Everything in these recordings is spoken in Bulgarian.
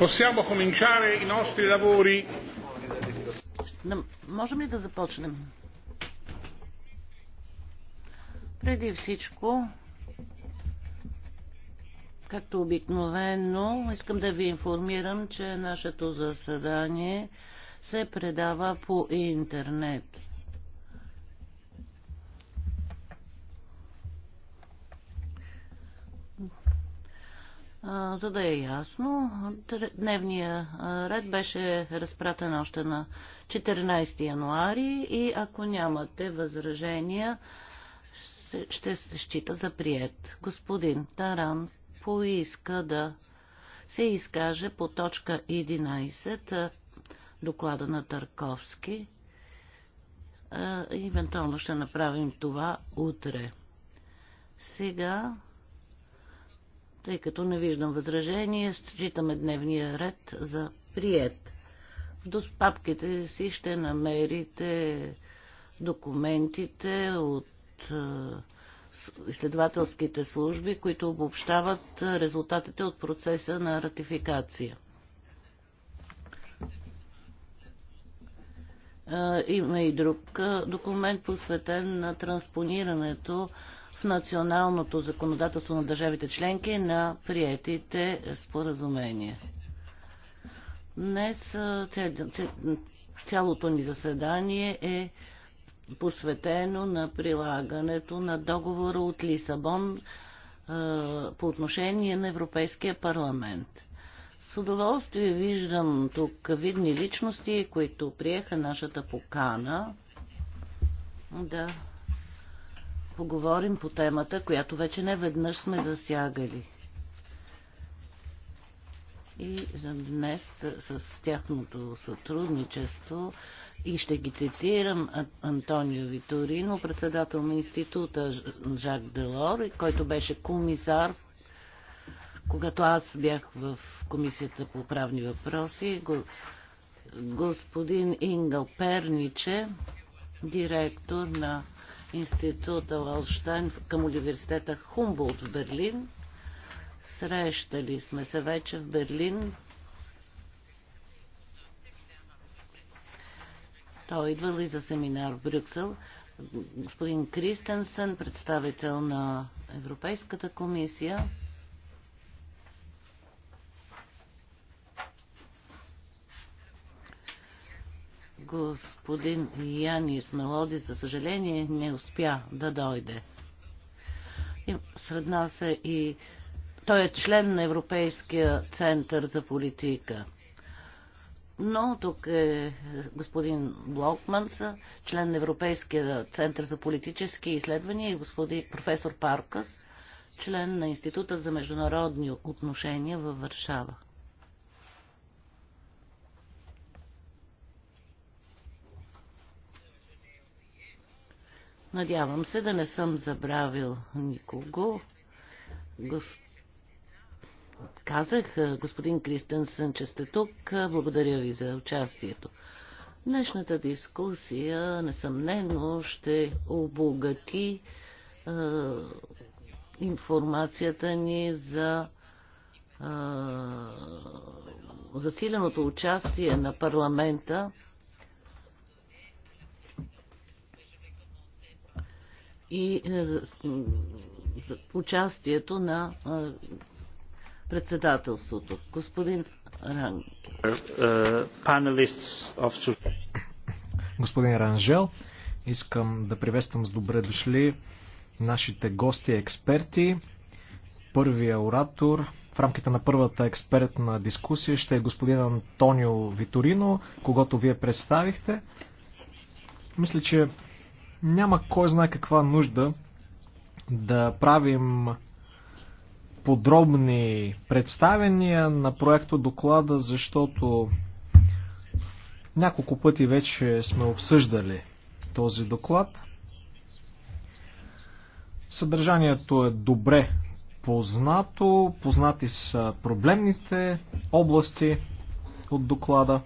Possiamo cominciare i nostri lavori? Можем ли да започнем? Преди всичко, както обикновено, искам да ви информирам, че нашето заседание се предава по интернет. за да е ясно, дневния ред беше разпратен още на 14 януари и ако нямате възражения, ще се счита за прият. Господин Таран поиска да се изкаже по точка 11 доклада на Търковски. Евентуално ще направим това утре. Сега тъй като не виждам възражение, считаме дневния ред за прият. В папките си ще намерите документите от изследователските служби, които обобщават резултатите от процеса на ратификация. Има и друг документ, посветен на транспонирането в националното законодателство на държавите членки на приятите споразумения. Днес цялото ни заседание е посветено на прилагането на договора от Лисабон по отношение на Европейския парламент. С удоволствие виждам тук видни личности, които приеха нашата покана да поговорим по темата, която вече не веднъж сме засягали. И за днес с, с тяхното сътрудничество и ще ги цитирам Антонио Витурино, председател на института Жак Делор, който беше комисар, когато аз бях в комисията по правни въпроси, господин Ингъл Перниче, директор на института Уолштайн към университета Хумболт в Берлин. Срещали сме се вече в Берлин. Той идва ли за семинар в Брюксел? Господин Кристенсен, представител на Европейската комисия. господин Янис Мелоди, за съжаление, не успя да дойде. И сред нас е и... Той е член на Европейския център за политика. Но тук е господин Блокманс, член на Европейския център за политически изследвания и господин професор Паркас, член на Института за международни отношения във Варшава. Надявам се да не съм забравил никого. Гос... Казах, господин Кристенсен, че сте тук. Благодаря ви за участието. Днешната дискусия, несъмнено, ще обогати е, информацията ни за е, засиленото участие на парламента и е, за, участието на е, председателството. Господин Ран. Господин Ранжел, искам да приветствам с добре дошли нашите гости и експерти. Първия оратор в рамките на първата експертна дискусия ще е господин Антонио Виторино, когато вие представихте. Мисля, че няма кой знае каква нужда да правим подробни представения на проекта доклада, защото няколко пъти вече сме обсъждали този доклад. Съдържанието е добре познато, познати са проблемните области от доклада.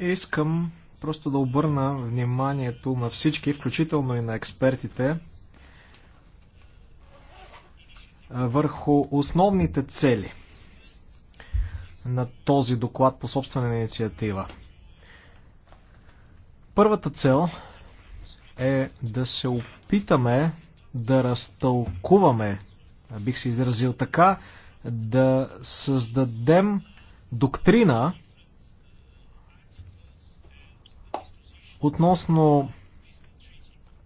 Искам просто да обърна вниманието на всички, включително и на експертите, върху основните цели на този доклад по собствена инициатива. Първата цел е да се опитаме да разтълкуваме, бих се изразил така, да създадем доктрина, Относно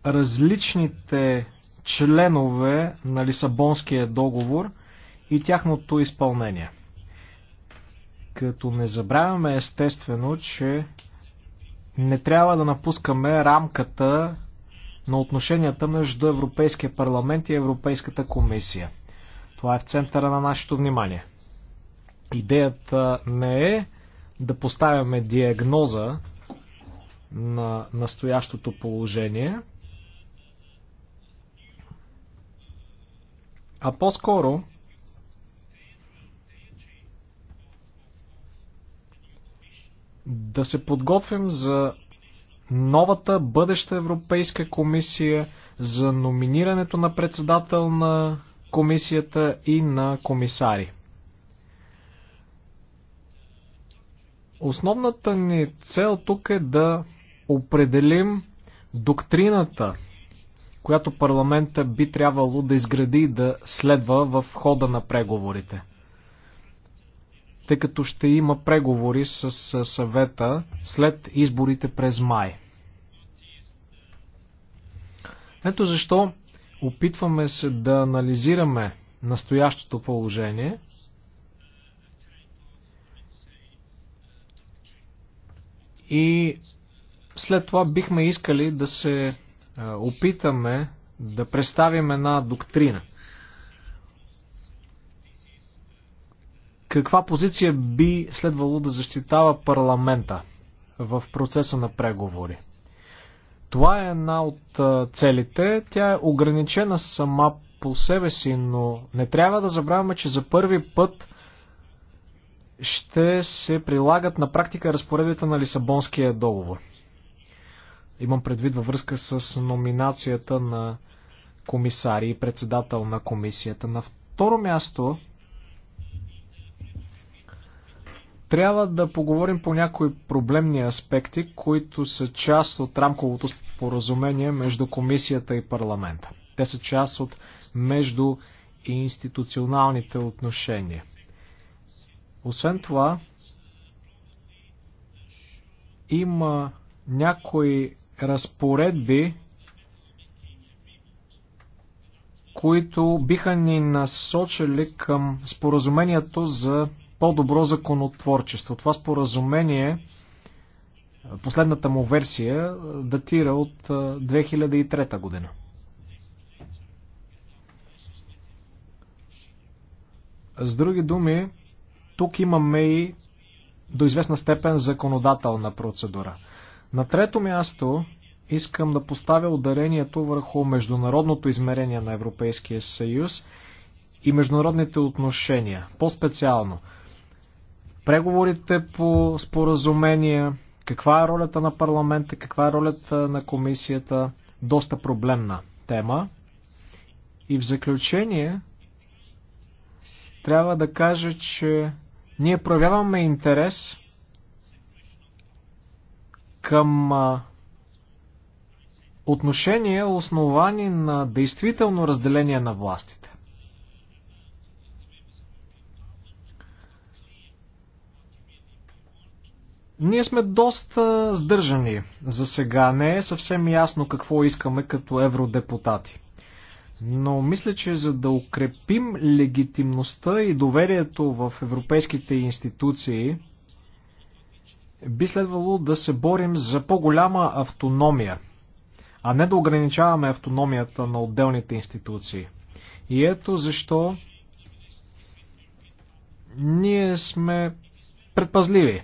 различните членове на Лисабонския договор и тяхното изпълнение. Като не забравяме естествено, че не трябва да напускаме рамката на отношенията между Европейския парламент и Европейската комисия. Това е в центъра на нашето внимание. Идеята не е да поставяме диагноза на настоящото положение, а по-скоро да се подготвим за новата бъдеща Европейска комисия, за номинирането на председател на комисията и на комисари. Основната ни цел тук е да определим доктрината, която парламента би трябвало да изгради и да следва в хода на преговорите. Тъй като ще има преговори с съвета след изборите през май. Ето защо опитваме се да анализираме настоящото положение. И след това бихме искали да се е, опитаме да представим една доктрина. Каква позиция би следвало да защитава парламента в процеса на преговори? Това е една от е, целите. Тя е ограничена сама по себе си, но не трябва да забравяме, че за първи път ще се прилагат на практика разпоредите на Лисабонския договор. Имам предвид във връзка с номинацията на комисари и председател на комисията. На второ място трябва да поговорим по някои проблемни аспекти, които са част от рамковото споразумение между комисията и парламента. Те са част от между институционалните отношения. Освен това, има някои разпоредби, които биха ни насочили към споразумението за по-добро законотворчество. Това споразумение, последната му версия, датира от 2003 година. С други думи, тук имаме и до известна степен законодателна процедура. На трето място искам да поставя ударението върху международното измерение на Европейския съюз и международните отношения. По-специално, преговорите по споразумения, каква е ролята на парламента, каква е ролята на комисията, доста проблемна тема. И в заключение, трябва да кажа, че ние проявяваме интерес към отношения, основани на действително разделение на властите. Ние сме доста сдържани за сега. Не е съвсем ясно какво искаме като евродепутати. Но мисля, че за да укрепим легитимността и доверието в европейските институции, би следвало да се борим за по-голяма автономия, а не да ограничаваме автономията на отделните институции. И ето защо ние сме предпазливи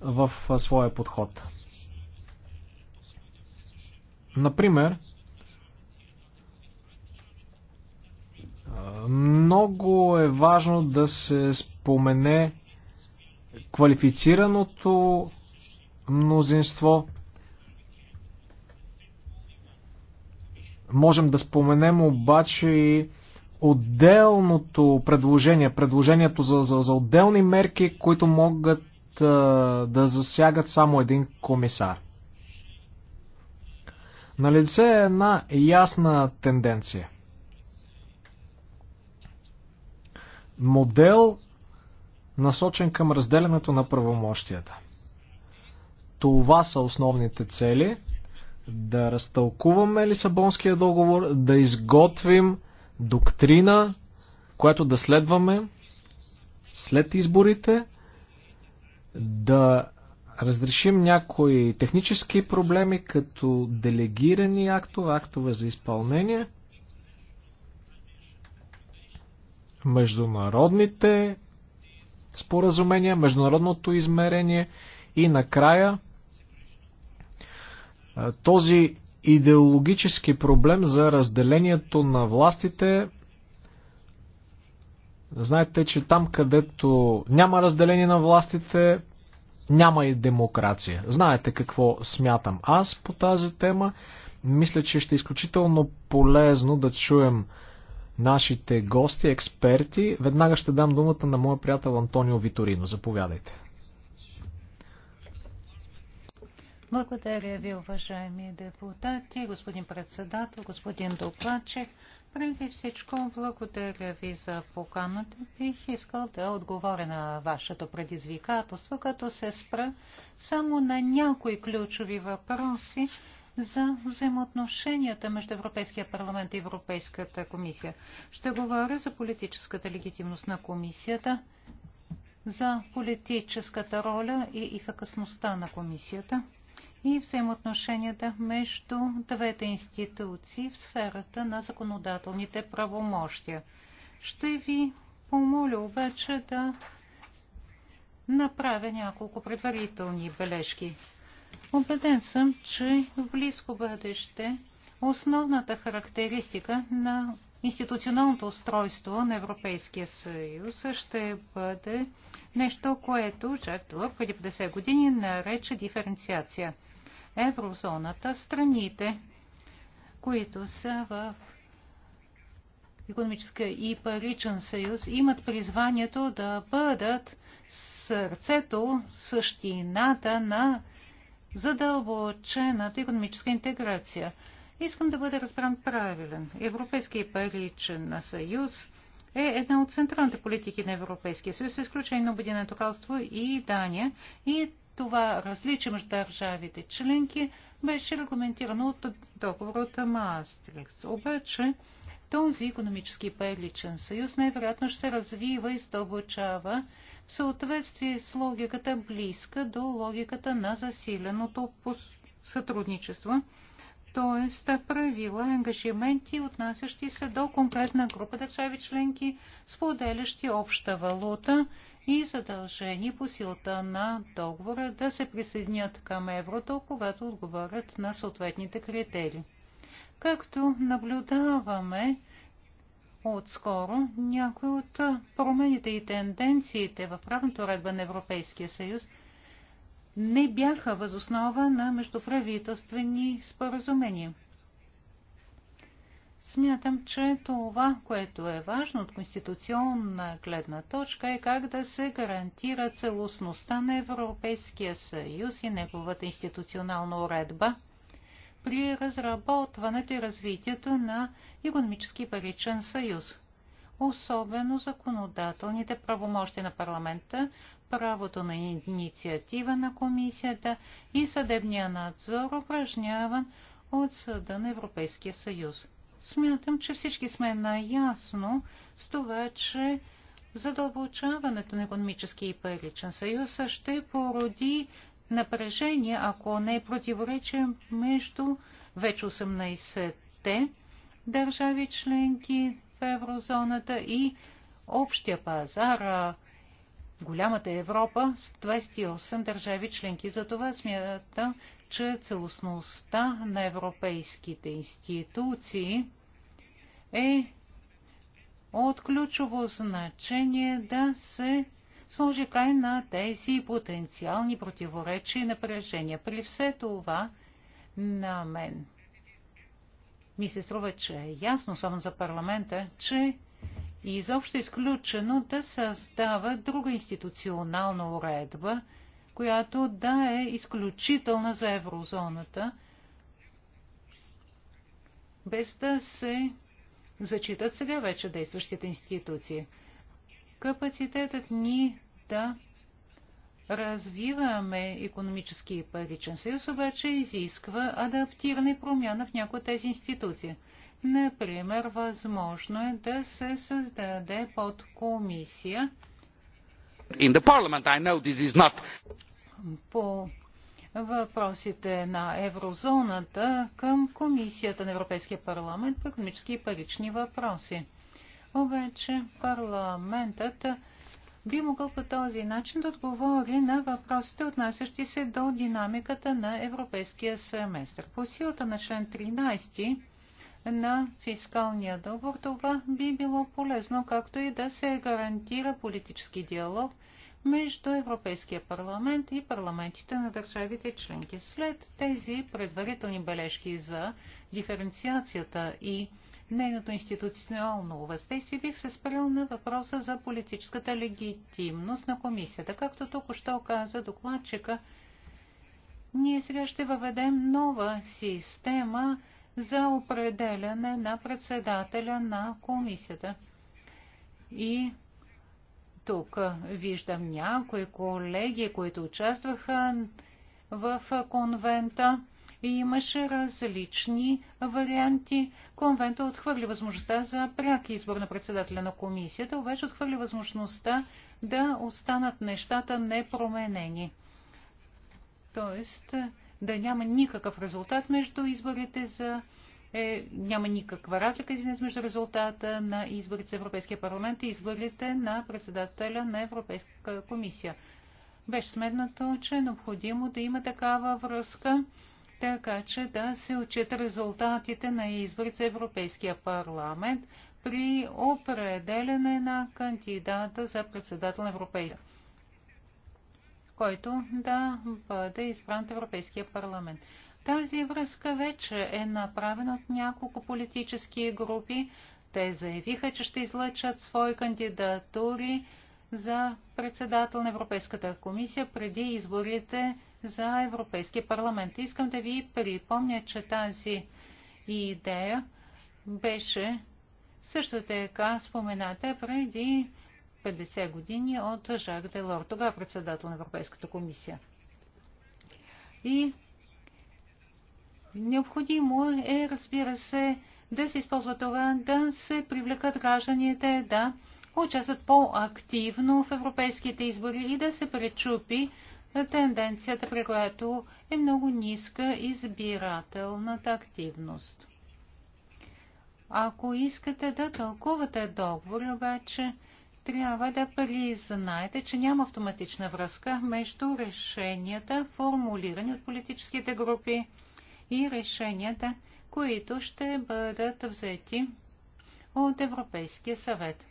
в своя подход. Например, много е важно да се спомене квалифицираното мнозинство. Можем да споменем обаче и отделното предложение, предложението за, за, за отделни мерки, които могат а, да засягат само един комисар. Налице е една ясна тенденция. Модел насочен към разделянето на правомощията. Това са основните цели. Да разтълкуваме Лисабонския договор, да изготвим доктрина, която да следваме след изборите, да разрешим някои технически проблеми, като делегирани актове, актове за изпълнение, международните споразумения, международното измерение и накрая този идеологически проблем за разделението на властите. Знаете, че там, където няма разделение на властите, няма и демокрация. Знаете какво смятам аз по тази тема. Мисля, че ще е изключително полезно да чуем нашите гости, експерти. Веднага ще дам думата на моя приятел Антонио Виторино. Заповядайте. Благодаря ви, уважаеми депутати, господин председател, господин докладчик. Преди всичко, благодаря ви за поканата. Бих искал да отговоря на вашето предизвикателство, като се спра само на някои ключови въпроси, за взаимоотношенията между Европейския парламент и Европейската комисия. Ще говоря за политическата легитимност на комисията, за политическата роля и ефикасността на комисията и взаимоотношенията между двете институции в сферата на законодателните правомощия. Ще ви помоля обаче да направя няколко предварителни бележки. Обеден съм, че в близко бъдеще основната характеристика на институционалното устройство на Европейския съюз ще бъде нещо, което Жак Дълъг преди 50 години нарече диференциация. Еврозоната, страните, които са в економическа и паричен съюз, имат призванието да бъдат сърцето, същината на задълбочената економическа интеграция. Искам да бъде разбран правилен. Европейски паричен съюз е една от централните политики на Европейския съюз, изключение на Обединеното кралство и Дания. И това различие между държавите членки беше регламентирано от договор от Маастрихт. Обаче този економически паричен съюз най-вероятно ще се развива и стълбочава съответствие с логиката близка до логиката на засиленото сътрудничество, т.е. правила и ангажименти, отнасящи се до конкретна група държави членки, споделящи обща валута и задължени по силата на договора да се присъединят към еврото, когато отговарят на съответните критерии. Както наблюдаваме, отскоро някои от промените и тенденциите в правната уредба на Европейския съюз не бяха възоснова на междуправителствени споразумения. Смятам, че това, което е важно от конституционна гледна точка е как да се гарантира целостността на Европейския съюз и неговата институционална уредба – при разработването и развитието на економически паричен съюз. Особено законодателните правомощи на парламента, правото на инициатива на комисията и съдебния надзор, упражняван от Съда на Европейския съюз. Смятам, че всички сме наясно с това, че задълбочаването на економически и паричен съюз ще породи напрежение, ако не е противоречие между вече 18-те държави членки в еврозоната и общия пазар, голямата Европа с 28 държави членки. За това смятам, че целостността на европейските институции е от ключово значение да се сложи край на тези потенциални противоречи и напрежения. При все това на мен ми се струва, че е ясно, особено за парламента, че е изобщо изключено да създава друга институционална уредба, която да е изключителна за еврозоната, без да се зачитат сега вече действащите институции. Капацитетът ни да развиваме економически и паричен съюз, обаче изисква адаптиране и промяна в някои от тези институции. Например, възможно е да се създаде комисия In the parliament, I know this is not... по въпросите на еврозоната към Комисията на Европейския парламент по економически и парични въпроси. Обаче парламентът би могъл по този начин да отговори на въпросите, отнасящи се до динамиката на европейския семестър. По силата на член 13 на фискалния договор, това би било полезно, както и да се гарантира политически диалог между Европейския парламент и парламентите на държавите членки. След тези предварителни бележки за диференциацията и нейното институционално въздействие, бих се спрял на въпроса за политическата легитимност на комисията. Както току-що каза докладчика, ние сега ще въведем нова система за определяне на председателя на комисията. И тук виждам някои колеги, които участваха в конвента и имаше различни варианти. Конвента отхвърли възможността за пряк избор на председателя на комисията, обаче отхвърли възможността да останат нещата непроменени. Тоест да няма никакъв резултат между изборите за е, няма никаква разлика извинете, между резултата на изборите за Европейския парламент и изборите на председателя на Европейска комисия. Беше сметнато, че е необходимо да има такава връзка така че да се отчет резултатите на изборите за Европейския парламент при определене на кандидата за председател на Европейския който да бъде избран в Европейския парламент. Тази връзка вече е направена от няколко политически групи. Те заявиха, че ще излъчат свои кандидатури за председател на Европейската комисия преди изборите за Европейския парламент. Искам да ви припомня, че тази идея беше също така спомената преди 50 години от Жак Делор, тогава председател на Европейската комисия. И необходимо е, разбира се, да се използва това, да се привлекат гражданите, да участват по-активно в европейските избори и да се пречупи тенденцията, при която е много ниска избирателната активност. Ако искате да тълкувате договор, обаче, трябва да признаете, че няма автоматична връзка между решенията, формулирани от политическите групи и решенията, които ще бъдат взети от Европейския съвет.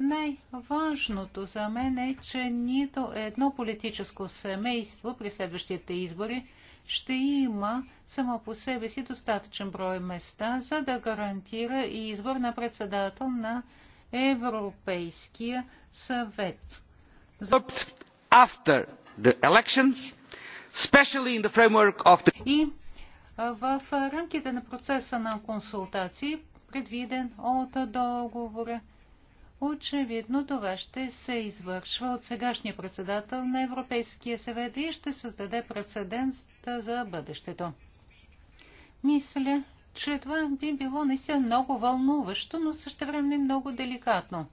Най-важното за мен е, че нито едно политическо семейство при следващите избори ще има само по себе си достатъчен брой места, за да гарантира и избор на председател на Европейския съвет. After the elections, especially in the framework of the... И в рамките на процеса на консултации, предвиден от договора Очевидно това ще се извършва от сегашния председател на Европейския съвет и ще създаде прецедент за бъдещето. Мисля, че това би било наистина много вълнуващо, но също време много деликатно.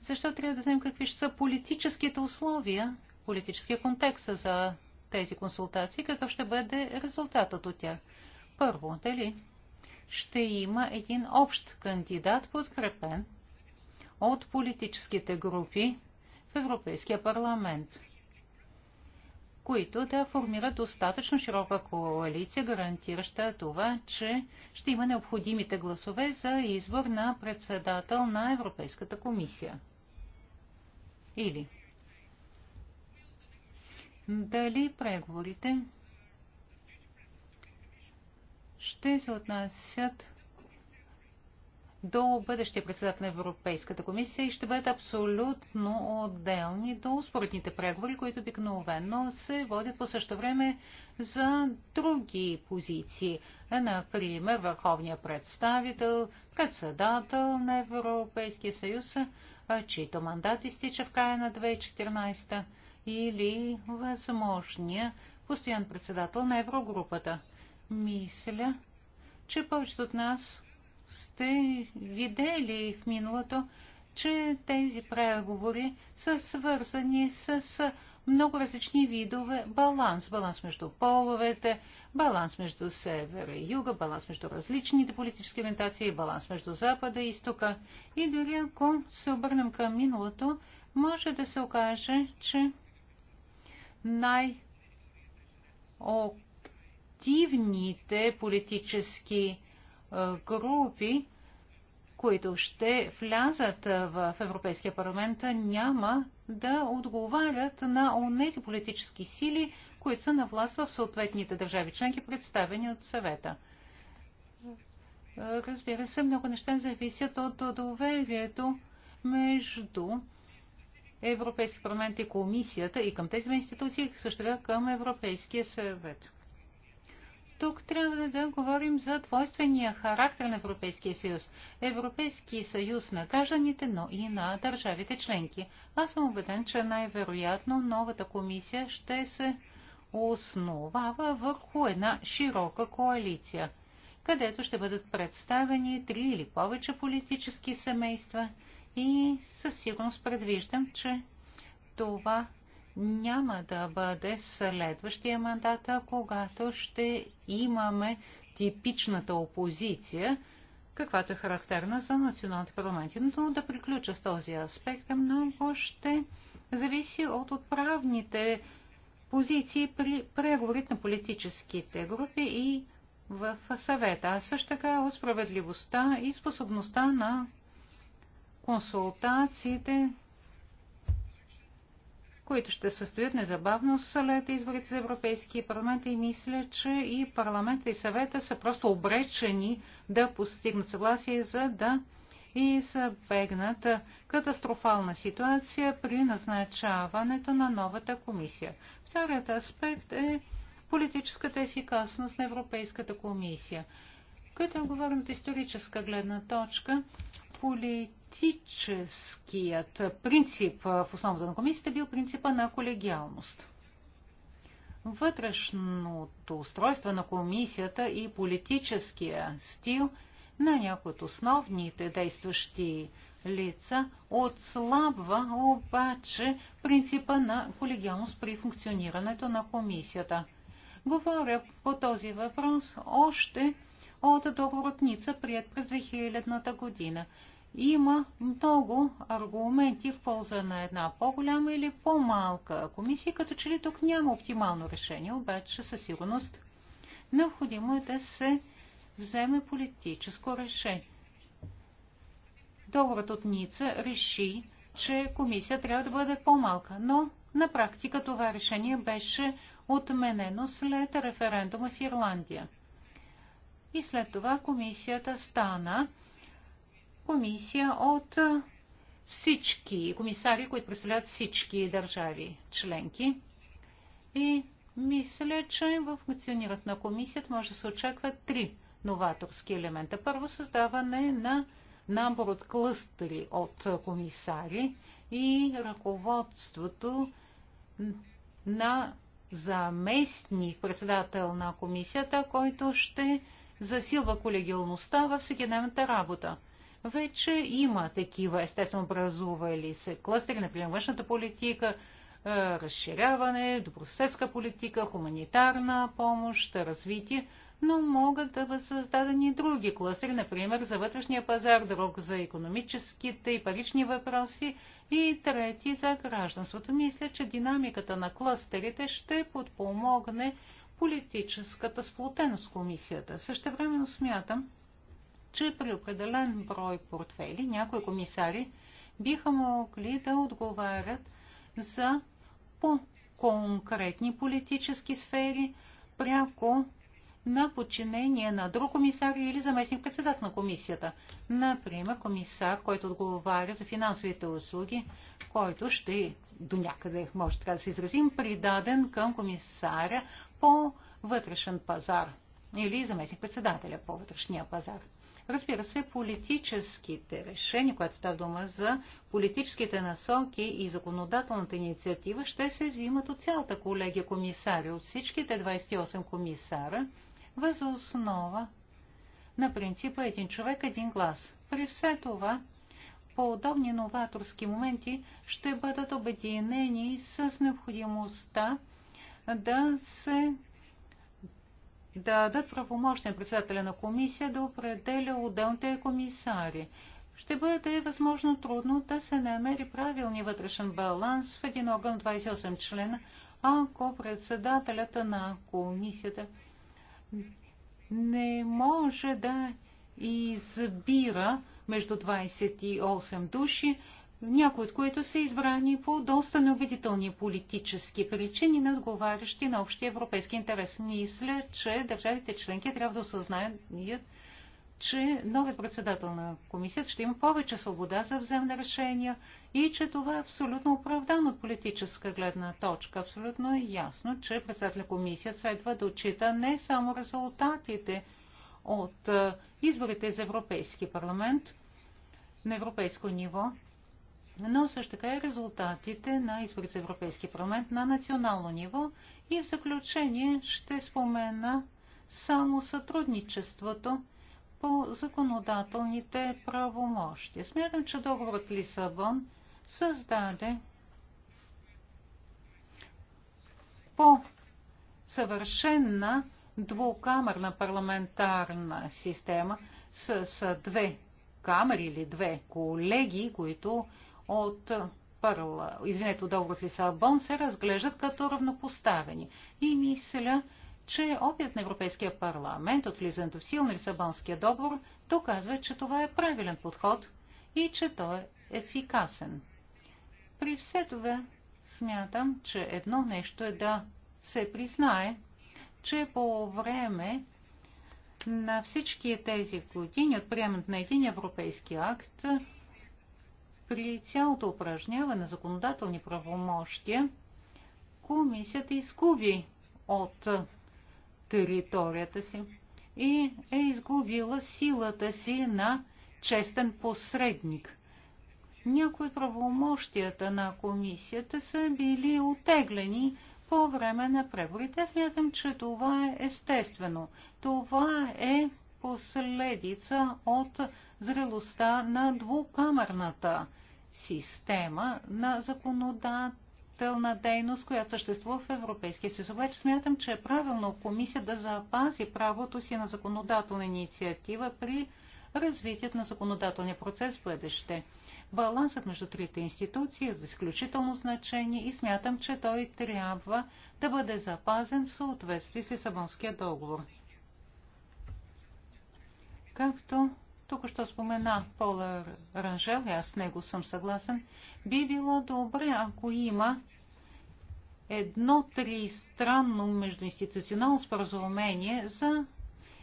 Защо трябва да знаем какви ще са политическите условия, политическия контекст за тези консултации, какъв ще бъде резултатът от тях? Първо, дали ще има един общ кандидат, подкрепен от политическите групи в Европейския парламент, които да формират достатъчно широка коалиция, гарантираща това, че ще има необходимите гласове за избор на председател на Европейската комисия. Или дали преговорите ще се отнасят до бъдещия председател на Европейската комисия и ще бъдат абсолютно отделни до споредните преговори, които обикновено се водят по също време за други позиции. Например, върховния представител, председател на Европейския съюз, чийто мандат изтича в края на 2014 или възможния постоян председател на Еврогрупата. Мисля, че повечето от нас сте видели в миналото, че тези преговори са свързани с много различни видове баланс. Баланс между половете, баланс между севера и юга, баланс между различните политически ориентации, баланс между запада и изтока. И дори ако се обърнем към миналото, може да се окаже, че най-активните политически групи, които ще влязат в Европейския парламент, няма да отговарят на онези политически сили, които са на власт в съответните държави членки, представени от съвета. Разбира се, много неща зависят от доверието между Европейски парламент и комисията и към тези институции, също така към Европейския съвет. Тук трябва да говорим за двойствения характер на Европейския съюз. Европейски съюз на гражданите, но и на държавите членки. Аз съм убеден, че най-вероятно новата комисия ще се основава върху една широка коалиция, където ще бъдат представени три или повече политически семейства и със сигурност предвиждам, че това няма да бъде следващия мандат, когато ще имаме типичната опозиция, каквато е характерна за националните парламенти. Но да приключа с този аспект, много ще зависи от отправните позиции при преговорите на политическите групи и в съвета, а също така от справедливостта и способността на консултациите които ще състоят незабавно след изборите за Европейски парламент и мисля, че и парламента и съвета са просто обречени да постигнат съгласие, за да и събегнат катастрофална ситуация при назначаването на новата комисия. Вторият аспект е политическата ефикасност на Европейската комисия. Като говорим от историческа гледна точка, полит Политическият принцип в основата на комисията е бил принципа на колегиалност. Вътрешното устройство на комисията и политическия стил на някои от основните действащи лица отслабва обаче принципа на колегиалност при функционирането на комисията. Говоря по този въпрос още от договорът Ница, прият през 2000-та година. Има много аргументи в полза на една по-голяма или по-малка комисия, като че ли тук няма оптимално решение, обаче със сигурност необходимо е да се вземе политическо решение. Договорът от Ница реши, че комисия трябва да бъде по-малка, но на практика това решение беше отменено след референдума в Ирландия. И след това комисията стана комисия от всички комисари, които представляват всички държави членки. И мисля, че в функционирането на комисията може да се очакват три новаторски елемента. Първо създаване на набор от клъстери от комисари и ръководството на заместник председател на комисията, който ще засилва колегиалността във всекидневната работа. Вече има такива, естествено, образували се кластери, например, външната политика, е, разширяване, добросъседска политика, хуманитарна помощ, развитие, но могат да бъдат създадени и други кластери, например за вътрешния пазар, друг за економическите и парични въпроси и трети за гражданството. Мисля, че динамиката на кластерите ще подпомогне политическата сплотеност в комисията. времено смятам, че при определен брой портфели някои комисари биха могли да отговарят за по-конкретни политически сфери пряко на подчинение на друг комисар или заместник председател на комисията. Например, комисар, който отговаря за финансовите услуги, който ще до някъде, може така да се изразим, придаден към комисаря по вътрешен пазар или заместник председателя по вътрешния пазар. Разбира се, политическите решения, когато става дума за политическите насоки и законодателната инициатива, ще се взимат от цялата колегия комисари, от всичките 28 комисара, въз основа на принципа един човек, един глас. При все това, по удобни новаторски моменти ще бъдат обединени с необходимостта да се да дадат правомощния председателя на комисия да определя отделните комисари. Ще бъде ли възможно трудно да се намери правилния вътрешен баланс в един огън 28 члена, ако председателят на комисията не може да избира между 28 души, някои от които са избрани по доста неубедителни политически причини, не отговарящи на общия европейски интерес. Мисля, че държавите членки трябва да осъзнаят, че новият председател на комисията ще има повече свобода за вземане решения и че това е абсолютно оправдано от политическа гледна точка. Абсолютно е ясно, че председател на комисията следва да отчита не само резултатите от изборите за Европейски парламент на европейско ниво, но също така и резултатите на изборите за Европейски парламент на национално ниво. И в заключение ще спомена само сътрудничеството по законодателните правомощи. Смятам, че договорът Лисабон създаде по-съвършенна двукамерна парламентарна система с две камери или две колеги, които от парла, извинете, от договор в Лисабон се разглеждат като равнопоставени. И мисля, че опит на Европейския парламент от влизането в сил на Лисабонския договор доказва, че това е правилен подход и че той е ефикасен. При все това смятам, че едно нещо е да се признае, че по време на всички тези години от приемането на един европейски акт при цялото упражняване на законодателни правомощия комисията изгуби от територията си и е изгубила силата си на честен посредник. Някои правомощията на комисията са били отеглени по време на преборите. Смятам, че това е естествено. Това е последица от зрелостта на двукамерната система на законодателна дейност, която съществува в Европейския съюз. Обаче смятам, че е правилно комисия да запази правото си на законодателна инициатива при развитието на законодателния процес в бъдеще. Балансът между трите институции е изключително значение и смятам, че той трябва да бъде запазен в съответствие с Лисабонския договор. Както тук ще спомена Пола Ранжел, аз с него съм съгласен, би било добре, ако има едно тристранно междуинституционално споразумение за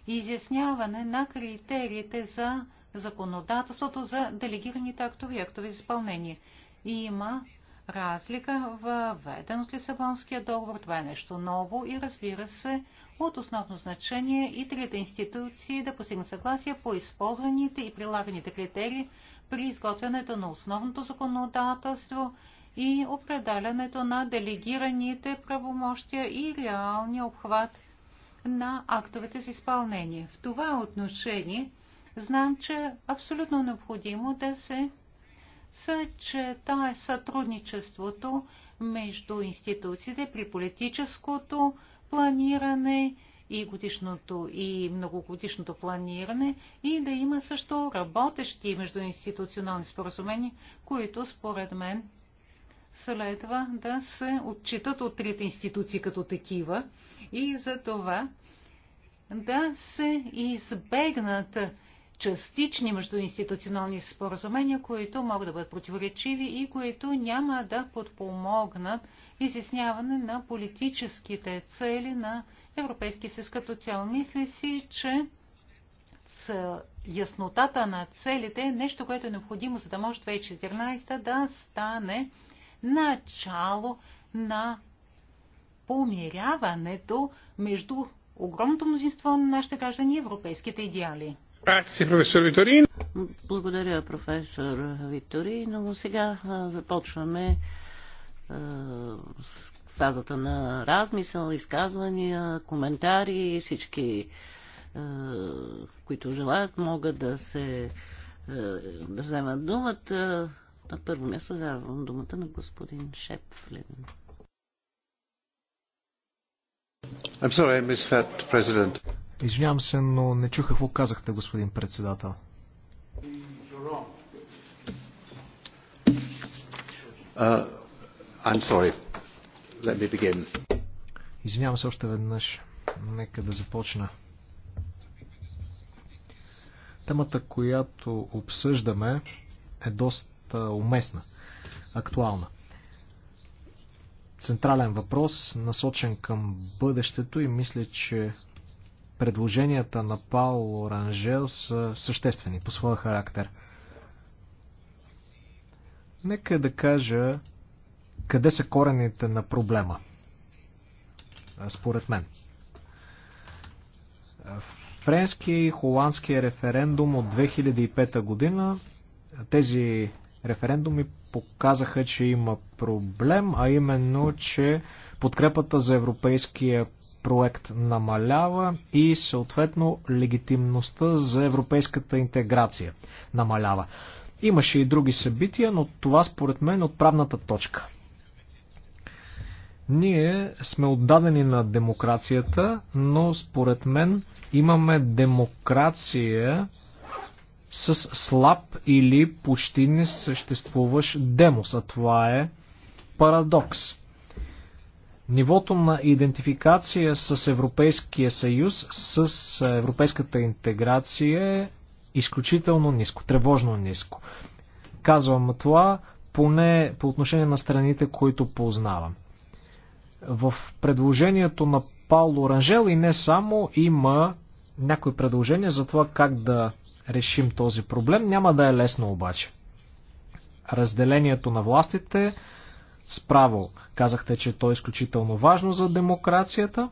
изясняване на критериите за законодателството за делегираните актови и актови за изпълнение. И има разлика, веден от Лисабонския договор. Това е нещо ново и разбира се от основно значение и трите институции да постигнат съгласие по използваните и прилаганите критерии при изготвянето на основното законодателство и определянето на делегираните правомощия и реалния обхват на актовете с изпълнение. В това отношение знам, че е абсолютно необходимо да се съчетае сътрудничеството между институциите при политическото планиране и годишното и многогодишното планиране и да има също работещи междуинституционални споразумения, които според мен следва да се отчитат от трите институции като такива и за това да се избегнат частични междуинституционални споразумения, които могат да бъдат противоречиви и които няма да подпомогнат изясняване на политическите цели на Европейския съюз като цяло. Мисля си, че с яснотата на целите е нещо, което е необходимо, за да може 2014 да стане начало на помиряването между огромното мнозинство на нашите граждани и европейските идеали. Благодаря, професор Викторино. Сега започваме с фазата на размисъл, изказвания, коментари. Всички, които желаят, могат да се да вземат думата. На първо място давам думата на господин Шепфлин. I'm sorry, I missed that, President. Извинявам се, но не чух какво казахте, господин председател. Uh, I'm sorry. Let me begin. Извинявам се още веднъж. Нека да започна. Темата, която обсъждаме, е доста уместна, актуална. Централен въпрос, насочен към бъдещето и мисля, че предложенията на Пауло Ранжел са съществени по своя характер. Нека да кажа къде са корените на проблема. Според мен. Френски и холандски референдум от 2005 година. Тези референдуми показаха, че има проблем, а именно, че подкрепата за Европейския проект намалява и съответно легитимността за европейската интеграция намалява. Имаше и други събития, но това според мен е отправната точка. Ние сме отдадени на демокрацията, но според мен имаме демокрация с слаб или почти не съществуващ демос, а това е парадокс. Нивото на идентификация с Европейския съюз, с европейската интеграция е изключително ниско, тревожно ниско. Казвам това поне по отношение на страните, които познавам. В предложението на Пауло Ранжел и не само има някои предложения за това как да решим този проблем. Няма да е лесно обаче. Разделението на властите Справо казахте, че то е изключително важно за демокрацията.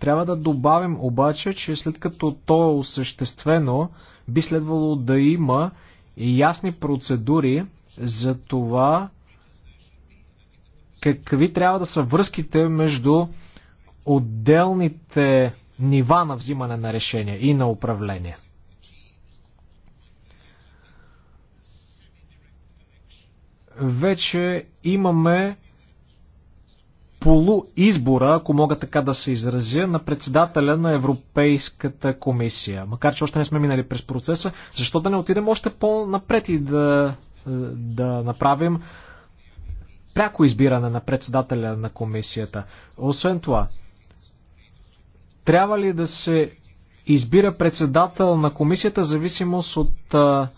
Трябва да добавим обаче, че след като то е осъществено, би следвало да има ясни процедури за това какви трябва да са връзките между отделните нива на взимане на решения и на управление. вече имаме полуизбора, ако мога така да се изразя, на председателя на Европейската комисия. Макар, че още не сме минали през процеса, защо да не отидем още по-напред и да, е, да направим пряко избиране на председателя на комисията. Освен това, трябва ли да се избира председател на комисията, зависимост от а, е,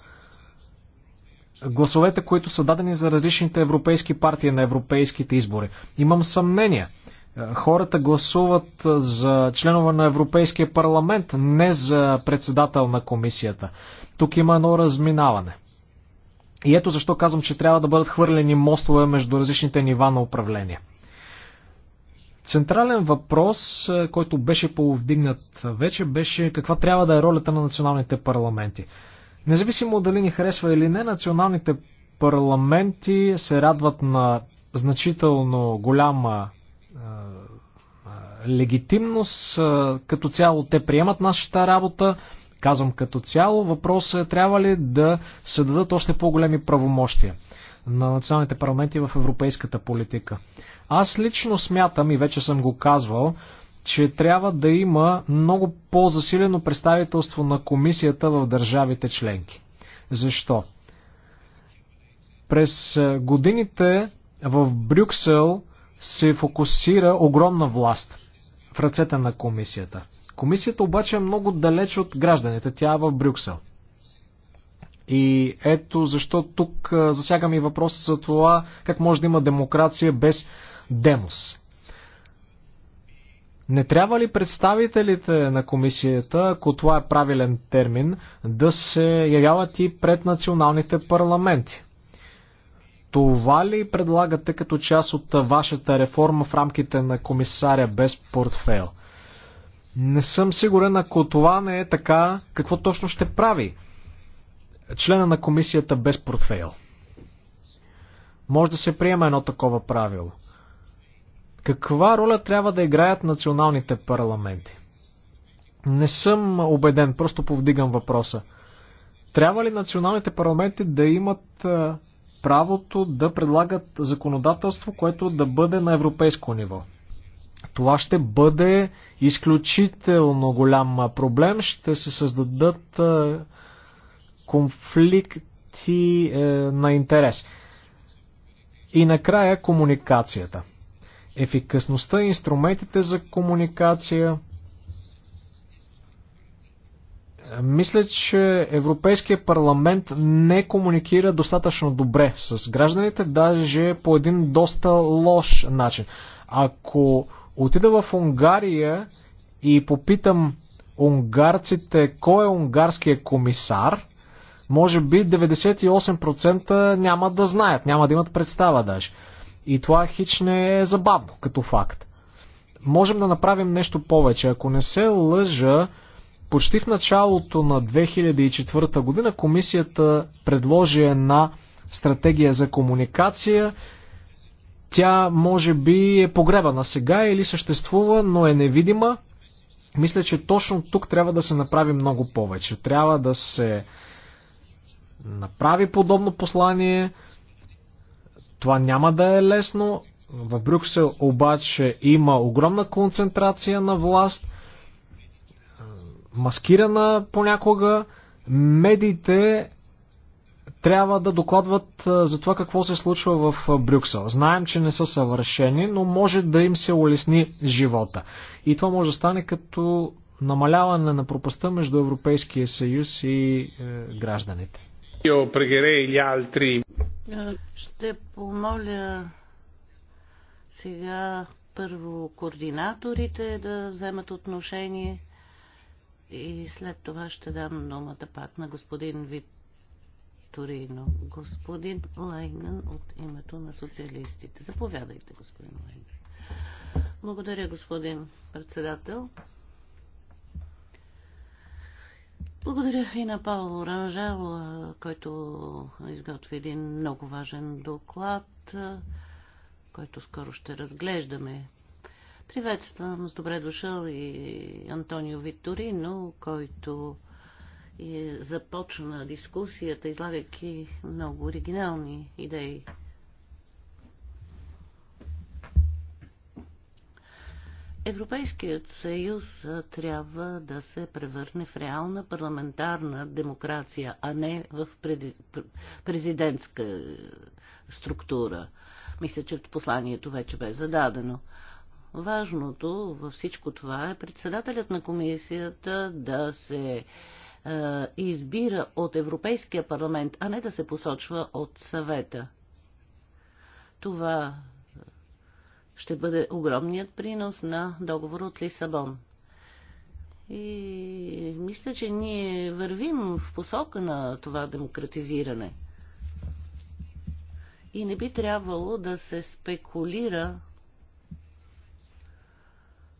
гласовете, които са дадени за различните европейски партии на европейските избори. Имам съмнение. Е, хората гласуват е, за членове на Европейския парламент, не за председател на комисията. Тук има едно разминаване. И ето защо казвам, че трябва да бъдат хвърлени мостове между различните нива на управление. Централен въпрос, е, който беше повдигнат вече, беше каква трябва да е ролята на националните парламенти. Независимо дали ни харесва или не, националните парламенти се радват на значително голяма легитимност. Като цяло те приемат нашата работа. Казвам като цяло, въпросът е трябва ли да се дадат още по-големи правомощия на националните парламенти в европейската политика. Аз лично смятам и вече съм го казвал, че трябва да има много по-засилено представителство на комисията в държавите членки. Защо? През годините в Брюксел се фокусира огромна власт в ръцете на комисията. Комисията обаче е много далеч от гражданите. Тя е в Брюксел. И ето защо тук засягам и въпроса за това как може да има демокрация без демос. Не трябва ли представителите на комисията, ако това е правилен термин, да се явяват и пред националните парламенти? Това ли предлагате като част от вашата реформа в рамките на комисаря без портфейл? Не съм сигурен, ако това не е така, какво точно ще прави члена на комисията без портфейл? Може да се приема едно такова правило. Каква роля трябва да играят националните парламенти? Не съм убеден, просто повдигам въпроса. Трябва ли националните парламенти да имат е, правото да предлагат законодателство, което да бъде на европейско ниво? Това ще бъде изключително голям е, проблем. Ще се създадат е, конфликти на интерес. И накрая комуникацията ефикасността, инструментите за комуникация. Мисля, че Европейския парламент не комуникира достатъчно добре с гражданите, даже по един доста лош начин. Ако отида в Унгария и попитам унгарците кой е унгарския комисар, може би 98% няма да знаят, няма да имат представа даже. И това хич не е забавно като факт. Можем да направим нещо повече. Ако не се лъжа, почти в началото на 2004 година комисията предложи една стратегия за комуникация. Тя може би е погребана сега или съществува, но е невидима. Мисля, че точно тук трябва да се направи много повече. Трябва да се направи подобно послание, това няма да е лесно. В Брюксел обаче има огромна концентрация на власт, маскирана понякога. Медиите трябва да докладват за това какво се случва в Брюксел. Знаем, че не са съвършени, но може да им се улесни живота. И това може да стане като намаляване на пропаста между Европейския съюз и е, гражданите. Ще помоля сега първо координаторите да вземат отношение и след това ще дам думата пак на господин Виторино. Господин Лайнен от името на социалистите. Заповядайте, господин Лайнен. Благодаря, господин председател. Благодаря и на Павло Ранжел, който изготви един много важен доклад, който скоро ще разглеждаме. Приветствам с добре дошъл и Антонио Виторино, който е започна дискусията, излагайки много оригинални идеи. Европейският съюз трябва да се превърне в реална парламентарна демокрация, а не в президентска е, структура. Мисля, че посланието вече бе зададено. Важното във всичко това е председателят на комисията да се е, избира от Европейския парламент, а не да се посочва от съвета. Това ще бъде огромният принос на договор от Лисабон. И мисля, че ние вървим в посока на това демократизиране. И не би трябвало да се спекулира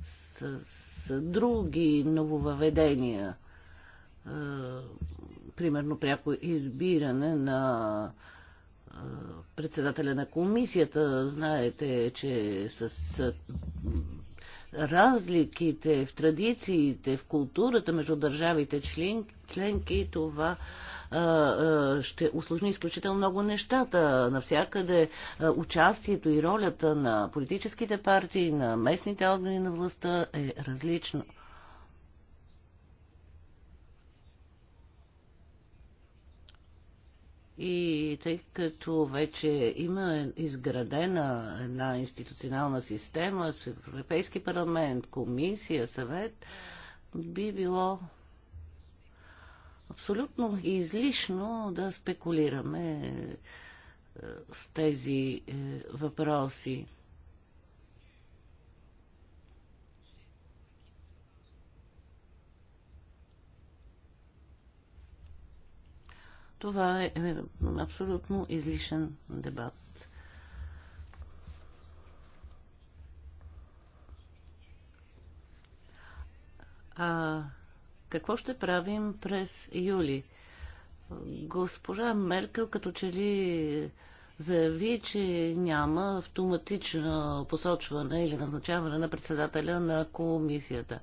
с, с други нововъведения. Е, примерно пряко избиране на е, председателя на комисията. Знаете, че с разликите в традициите, в културата между държавите член, членки, това а, а, ще усложни изключително много нещата. Навсякъде а, участието и ролята на политическите партии, на местните органи на властта е различно. И тъй като вече има изградена една институционална система с Европейски парламент, комисия, съвет, би било абсолютно излишно да спекулираме е, с тези е, въпроси. Това е, е абсолютно излишен дебат. А какво ще правим през юли? Госпожа Меркел като че ли заяви, че няма автоматично посочване или назначаване на председателя на комисията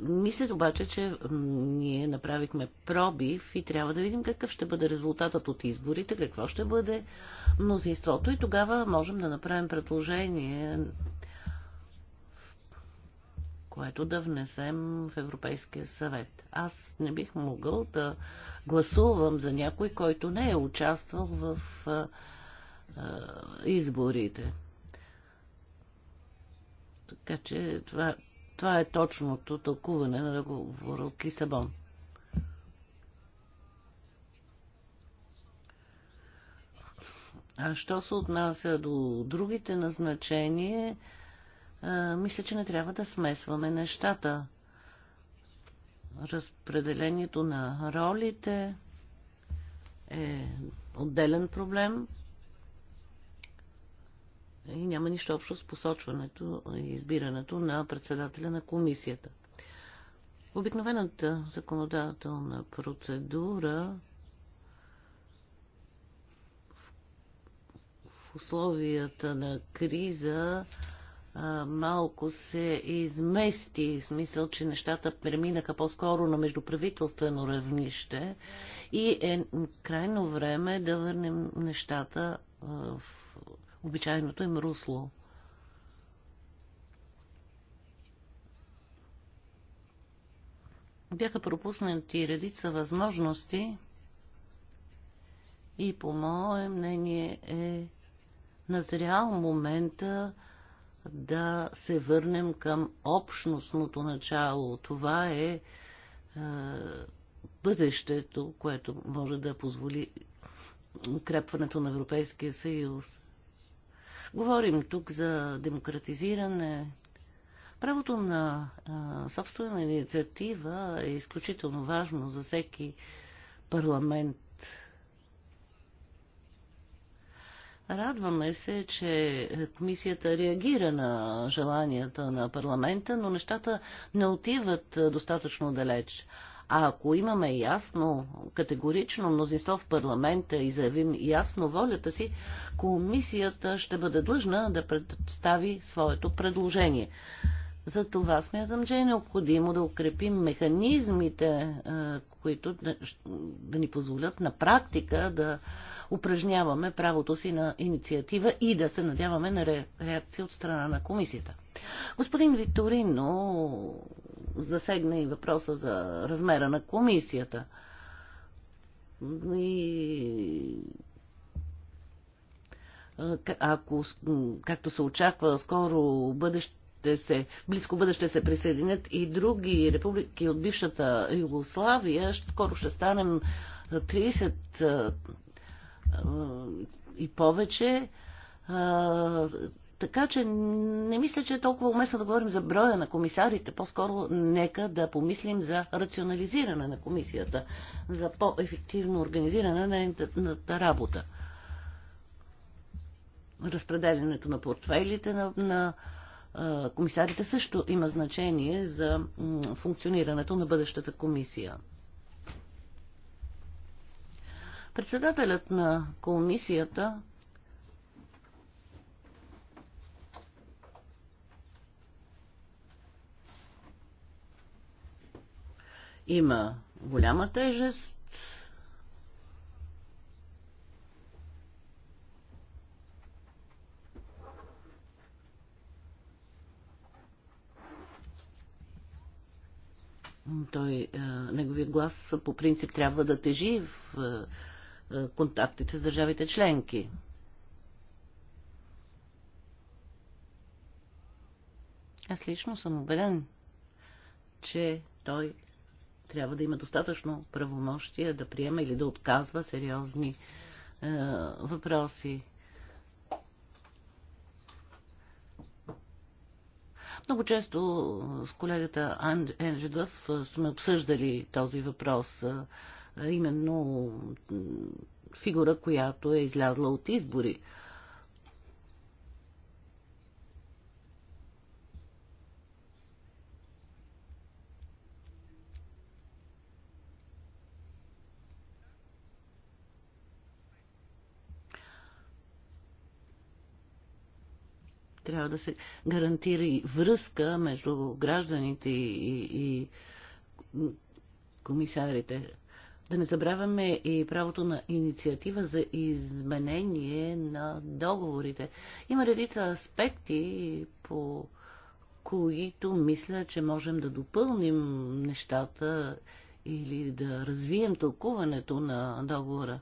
мисля обаче, че ние направихме пробив и трябва да видим какъв ще бъде резултатът от изборите, какво ще бъде мнозинството и тогава можем да направим предложение, което да внесем в Европейския съвет. Аз не бих могъл да гласувам за някой, който не е участвал в а, а, изборите. Така че това това е точното тълкуване на договора от Лисабон. А що се отнася до другите назначения, а, мисля, че не трябва да смесваме нещата. Разпределението на ролите е отделен проблем и няма нищо общо с посочването и избирането на председателя на комисията. Обикновената законодателна процедура в условията на криза малко се измести, в смисъл, че нещата преминаха по-скоро на междуправителствено равнище и е крайно време да върнем нещата в обичайното им русло. Бяха пропуснати редица възможности и по мое мнение е назрял момента да се върнем към общностното начало. Това е, е бъдещето, което може да позволи укрепването на Европейския съюз. Говорим тук за демократизиране. Правото на а, собствена инициатива е изключително важно за всеки парламент. Радваме се, че комисията реагира на желанията на парламента, но нещата не отиват достатъчно далеч. А ако имаме ясно, категорично мнозинство в парламента и заявим ясно волята си, комисията ще бъде длъжна да представи своето предложение. За това смятам, че е необходимо да укрепим механизмите, е, които да ни позволят на практика да упражняваме правото си на инициатива и да се надяваме на реакция от страна на комисията. Господин Виторино засегна и въпроса за размера на комисията. И ако, както се очаква, скоро бъдеще се, близко бъдеще се присъединят и други републики от бившата Югославия, скоро ще станем 30 и повече. Така че не мисля, че е толкова уместно да говорим за броя на комисарите. По-скоро нека да помислим за рационализиране на комисията, за по-ефективно организиране на нейната работа. Разпределянето на портфейлите на, на а, комисарите също има значение за функционирането на бъдещата комисия. Председателят на комисията Има голяма тежест. Той, е, неговият глас по принцип трябва да тежи в е, е, контактите с държавите членки. Аз лично съм убеден, че той трябва да има достатъчно правомощия да приема или да отказва сериозни е, въпроси. Много често с колегата Енджедъв е, сме обсъждали този въпрос, е, е, именно фигура, която е излязла от избори. трябва да се гарантира и връзка между гражданите и, и, комисарите. Да не забравяме и правото на инициатива за изменение на договорите. Има редица аспекти, по които мисля, че можем да допълним нещата или да развием тълкуването на договора.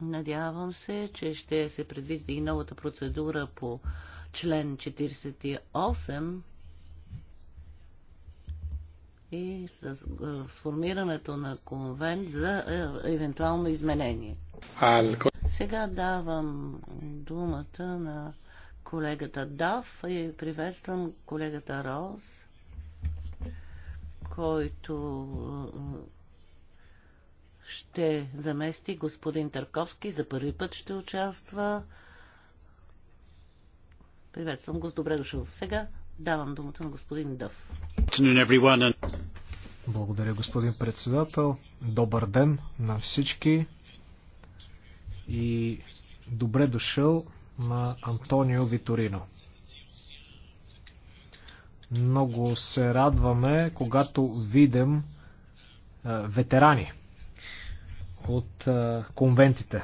Надявам се, че ще се предвиди и новата процедура по член 48 и с сформирането на конвент за евентуално изменение. Сега давам думата на колегата Дав и приветствам колегата Роз, който ще замести господин Търковски. За първи път ще участва. Приветствам го. Добре дошъл. Сега давам думата на господин Дъв. Благодаря, господин председател. Добър ден на всички. И добре дошъл на Антонио Виторино. Много се радваме, когато видим ветерани от конвентите.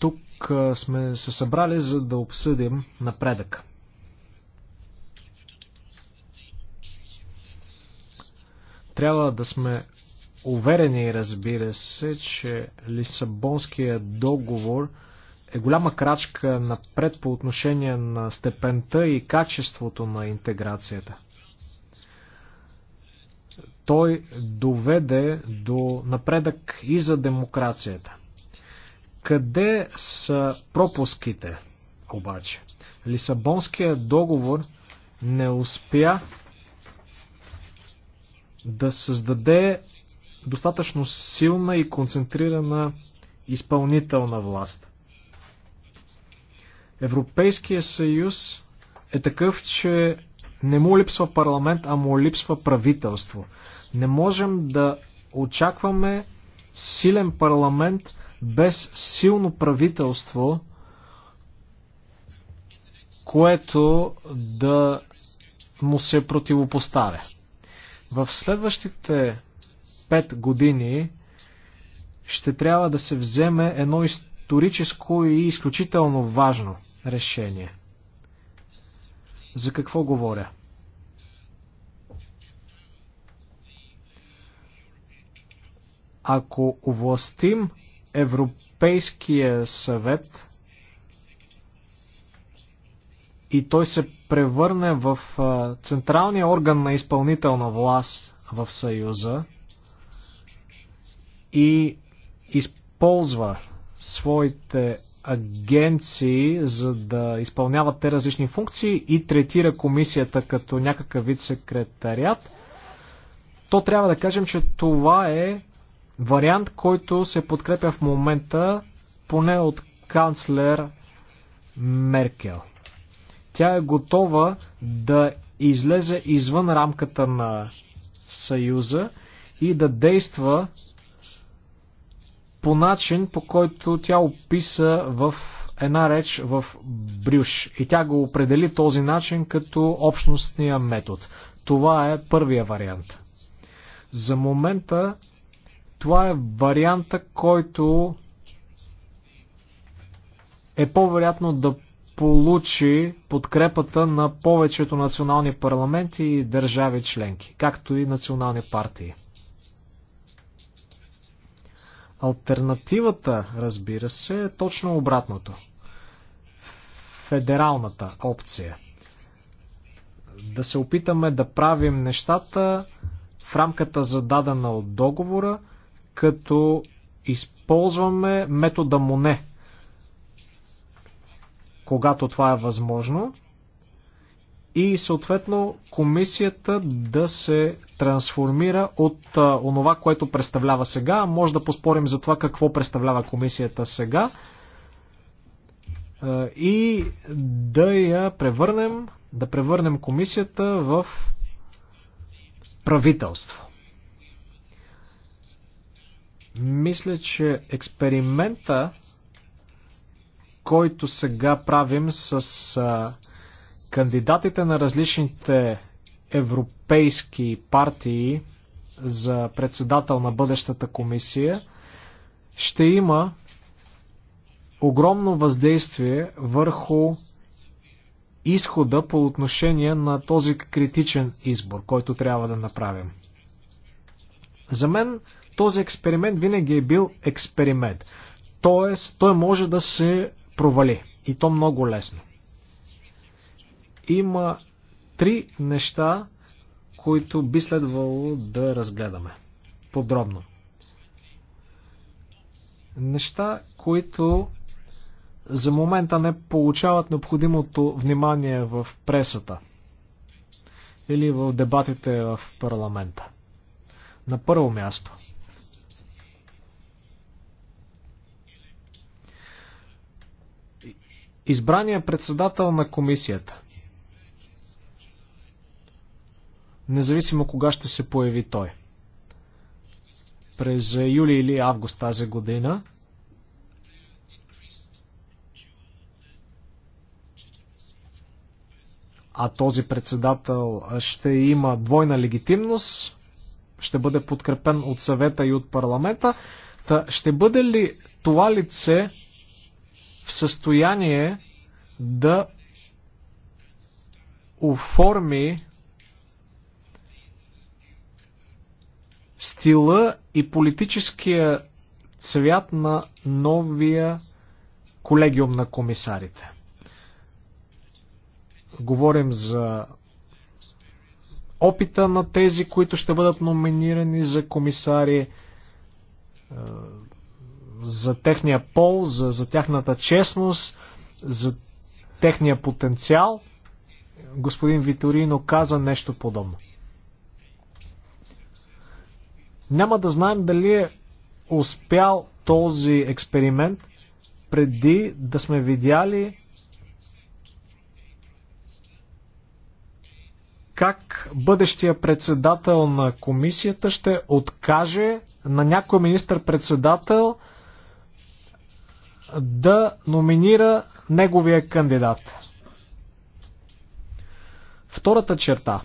Тук сме се събрали за да обсъдим напредък. Трябва да сме уверени, разбира се, че Лисабонския договор е голяма крачка напред по отношение на степента и качеството на интеграцията. Той доведе до напредък и за демокрацията. Къде са пропуските обаче? Лисабонският договор не успя да създаде достатъчно силна и концентрирана изпълнителна власт. Европейския съюз е такъв, че не му липсва парламент, а му липсва правителство. Не можем да очакваме силен парламент без силно правителство, което да му се противопоставя. В следващите пет години ще трябва да се вземе едно историческо и изключително важно решение. За какво говоря? Ако овластим Европейския съвет и той се превърне в централния орган на изпълнителна власт в Съюза и използва своите агенции, за да изпълняват те различни функции и третира комисията като някакъв вид секретариат, то трябва да кажем, че това е Вариант, който се подкрепя в момента поне от канцлер Меркел. Тя е готова да излезе извън рамката на Съюза и да действа по начин, по който тя описа в една реч в Брюш. И тя го определи този начин като общностния метод. Това е първия вариант. За момента това е варианта, който е по-вероятно да получи подкрепата на повечето национални парламенти и държави членки, както и национални партии. Альтернативата, разбира се, е точно обратното. Федералната опция. Да се опитаме да правим нещата в рамката зададена от договора – като използваме метода Моне, когато това е възможно и съответно комисията да се трансформира от а, онова, което представлява сега. Може да поспорим за това какво представлява комисията сега а, и да я превърнем, да превърнем комисията в правителство. Мисля, че експеримента, който сега правим с кандидатите на различните европейски партии за председател на бъдещата комисия, ще има огромно въздействие върху изхода по отношение на този критичен избор, който трябва да направим. За мен този експеримент винаги е бил експеримент. Тоест, той може да се провали. И то много лесно. Има три неща, които би следвало да разгледаме подробно. Неща, които за момента не получават необходимото внимание в пресата или в дебатите в парламента. На първо място – избрания председател на комисията. Независимо кога ще се появи той. През юли или август тази година а този председател ще има двойна легитимност, ще бъде подкрепен от съвета и от парламента. Та ще бъде ли това лице в състояние да оформи стила и политическия цвят на новия колегиум на комисарите. Говорим за опита на тези, които ще бъдат номинирани за комисари, за техния пол, за, за тяхната честност, за техния потенциал. Господин Виторино каза нещо подобно. Няма да знаем дали е успял този експеримент преди да сме видяли как бъдещия председател на комисията ще откаже на някой министър-председател да номинира неговия кандидат. Втората черта.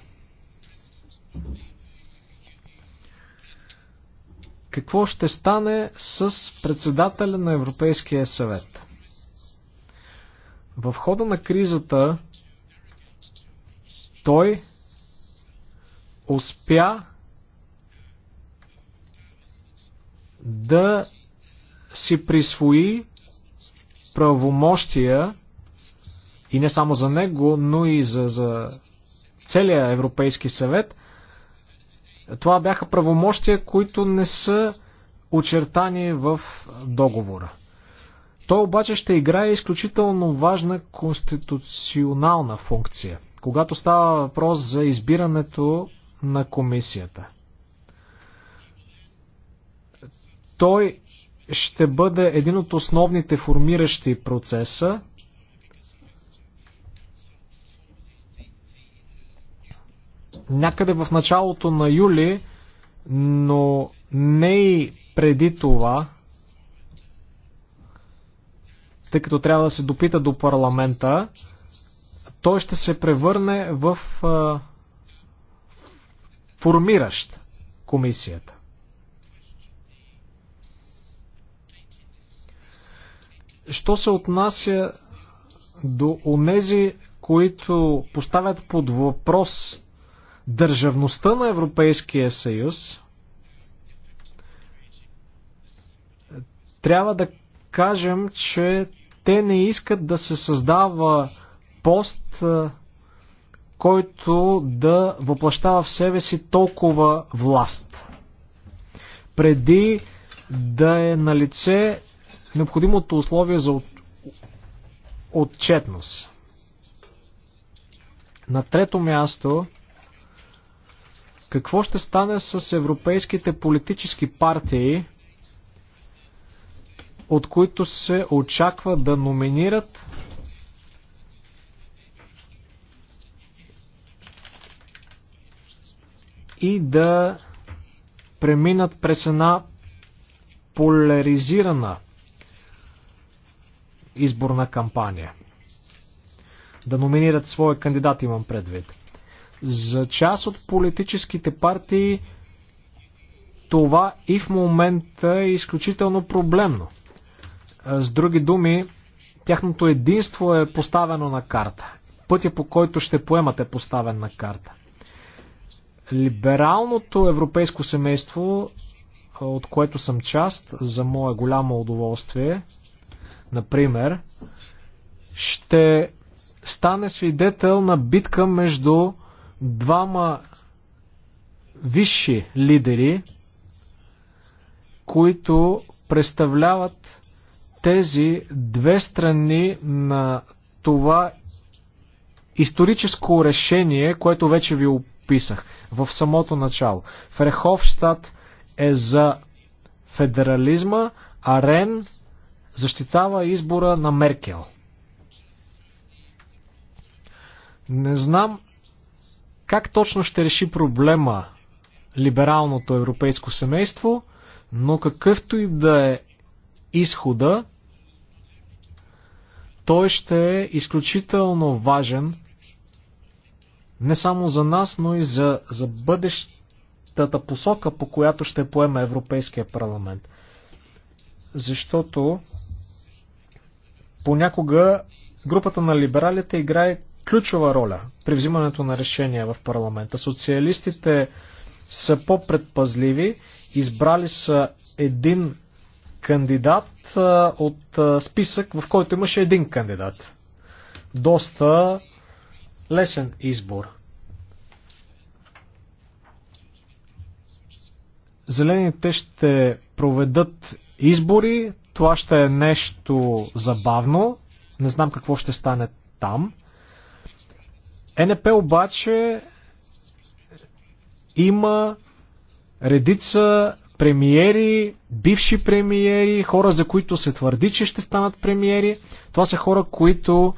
Какво ще стане с председателя на Европейския съвет? В хода на кризата той успя да си присвои правомощия и не само за него, но и за, за целия Европейски съвет. Това бяха правомощия, които не са очертани в договора. Той обаче ще играе изключително важна конституционална функция, когато става въпрос за избирането на комисията. Той ще бъде един от основните формиращи процеса. Някъде в началото на юли, но не и преди това, тъй като трябва да се допита до парламента, той ще се превърне в а, формиращ комисията. Що се отнася до онези, които поставят под въпрос държавността на Европейския съюз, трябва да кажем, че те не искат да се създава пост, който да въплащава в себе си толкова власт. Преди да е на лице необходимото условие за от... отчетност. На трето място, какво ще стане с европейските политически партии, от които се очаква да номинират и да преминат през една поляризирана изборна кампания. Да номинират своя кандидат, имам предвид. За част от политическите партии това и в момента е изключително проблемно. С други думи, тяхното единство е поставено на карта. Пътя по който ще поемат е поставен на карта. Либералното европейско семейство, от което съм част, за мое голямо удоволствие, например, ще стане свидетел на битка между двама висши лидери, които представляват тези две страни на това историческо решение, което вече ви описах в самото начало. Фреховщад е за федерализма, а Рен защитава избора на Меркел. Не знам как точно ще реши проблема либералното европейско семейство, но какъвто и да е изхода, той ще е изключително важен не само за нас, но и за, за бъдещата посока, по която ще поеме Европейския парламент защото понякога групата на либералите играе ключова роля при взимането на решения в парламента. Социалистите са по-предпазливи, избрали са един кандидат от списък, в който имаше един кандидат. Доста лесен избор. Зелените ще проведат избори. Това ще е нещо забавно. Не знам какво ще стане там. НП обаче има редица премиери, бивши премиери, хора, за които се твърди, че ще станат премиери. Това са хора, които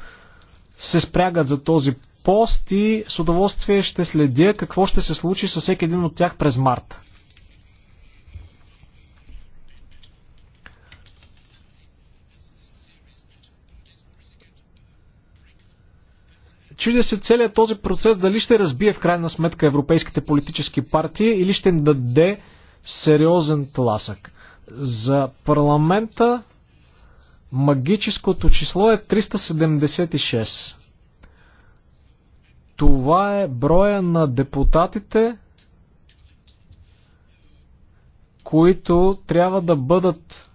се спрягат за този пост и с удоволствие ще следя какво ще се случи с всеки един от тях през март. Чудя се целият този процес дали ще разбие в крайна сметка европейските политически партии или ще им даде сериозен тласък. За парламента магическото число е 376. Това е броя на депутатите, които трябва да бъдат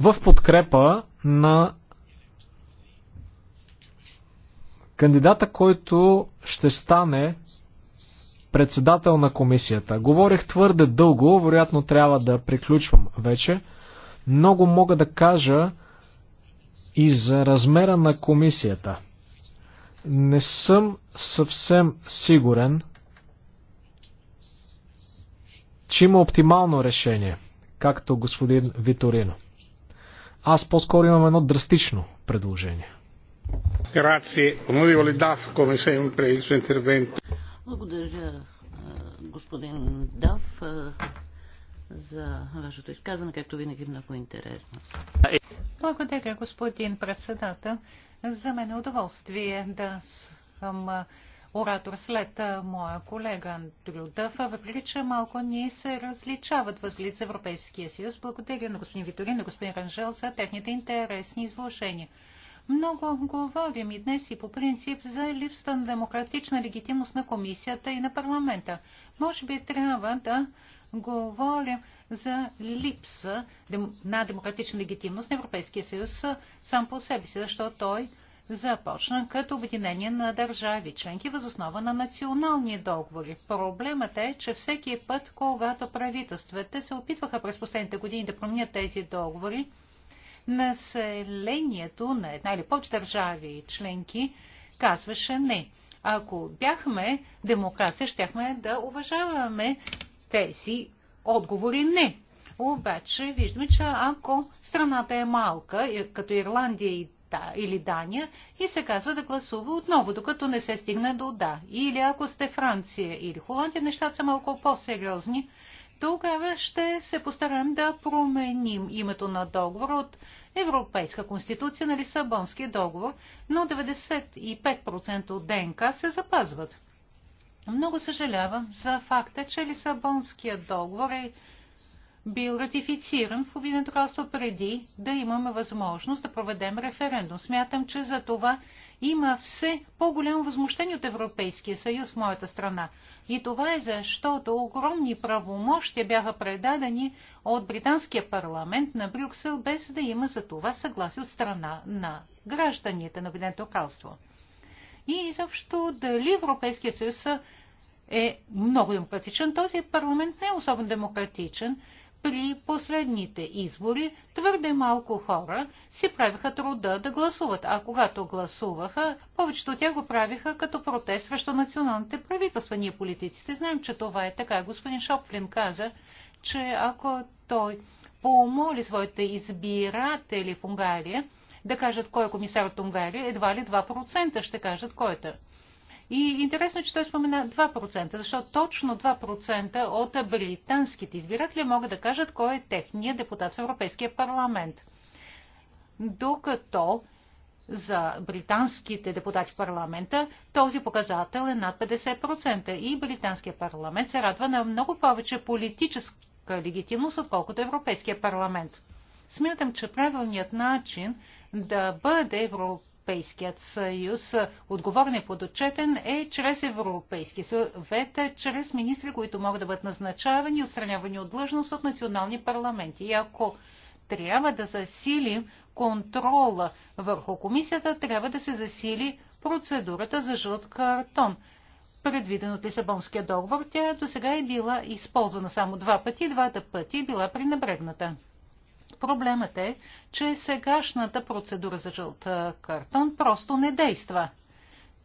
в подкрепа на Кандидата, който ще стане председател на комисията. Говорих твърде дълго, вероятно трябва да приключвам вече. Много мога да кажа и за размера на комисията. Не съм съвсем сигурен, че има оптимално решение, както господин Виторино. Аз по-скоро имам едно драстично предложение. Благодаря, господин Дав, за вашето изказване, както винаги е много интересно. Благодаря, господин председател. За мен е удоволствие да съм оратор след моя колега Андрю Дъв, въпреки че малко ни се различават възглед с Европейския съюз. Благодаря на господин Виторин и на господин Ранжел за техните интересни изложения. Много говорим и днес и по принцип за липсата на демократична легитимност на комисията и на парламента. Може би трябва да говорим за липса на демократична легитимност на Европейския съюз сам по себе си, защото той започна като обединение на държави членки възоснова на национални договори. Проблемът е, че всеки път, когато правителствата се опитваха през последните години да променят тези договори, населението на една или повече държави и членки казваше не. Ако бяхме демокрация, щяхме да уважаваме тези отговори не. Обаче виждаме, че ако страната е малка, като Ирландия и да, или Дания и се казва да гласува отново, докато не се стигне до да. Или ако сте Франция или Холандия, нещата са малко по-сериозни, тогава ще се постараем да променим името на договор от Европейска конституция на Лисабонския договор, но 95% от ДНК се запазват. Много съжалявам за факта, че Лисабонския договор е бил ратифициран в Обединеното кралство преди да имаме възможност да проведем референдум. Смятам, че за това има все по-голямо възмущение от Европейския съюз в моята страна. И това е защото огромни правомощия бяха предадени от британския парламент на Брюксел, без да има за това съгласие от страна на гражданите на Обединеното кралство. И изобщо дали Европейския съюз е много демократичен, този парламент не е особено демократичен, при последните избори твърде малко хора си правиха труда да гласуват, а когато гласуваха, повечето тя го правиха като протест срещу националните правителства. Ние политиците знаем, че това е така. Господин Шопфлин каза, че ако той помоли своите избиратели в Унгария да кажат кой е комисар от Унгария, едва ли 2% ще кажат който. Е и интересно, е, че той спомена 2%, защото точно 2% от британските избиратели могат да кажат кой е техният депутат в Европейския парламент. Докато за британските депутати в парламента този показател е над 50% и британския парламент се радва на много повече политическа легитимност, отколкото Европейския парламент. Смятам, че правилният начин да бъде Европейския Европейският съюз отговорен и подотчетен е чрез Европейския съвет, чрез министри, които могат да бъдат назначавани и отстранявани от длъжност от национални парламенти. И ако трябва да засилим контрола върху комисията, трябва да се засили процедурата за жълт картон. Предвиден от Лисабонския договор, тя до сега е била използвана само два пъти, двата пъти е била пренебрегната. Проблемът е, че сегашната процедура за жълт картон просто не действа.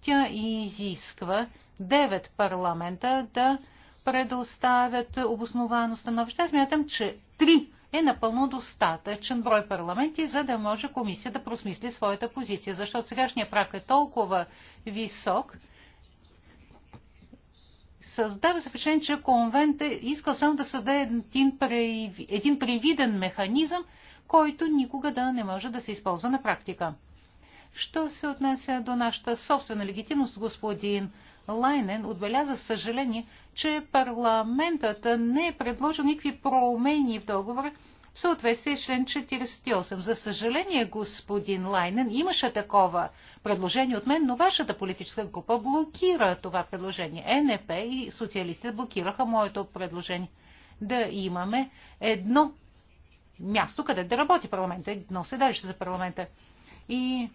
Тя изисква 9 парламента да предоставят обосновано становище. Смятам, че 3 е напълно достатъчен брой парламенти, за да може комисия да просмисли своята позиция, защото сегашният прак е толкова висок, Създава се впечатление, че конвент е искал само да създаде един, прави, един привиден механизъм, който никога да не може да се използва на практика. Що се отнася до нашата собствена легитимност, господин Лайнен отбеляза съжаление, че парламентът не е предложил никакви промени в договора, в съответствие с член 48. За съжаление, господин Лайнен, имаше такова предложение от мен, но вашата политическа група блокира това предложение. Е НП и социалистите блокираха моето предложение да имаме едно място, къде да работи парламента, едно седалище за парламента. И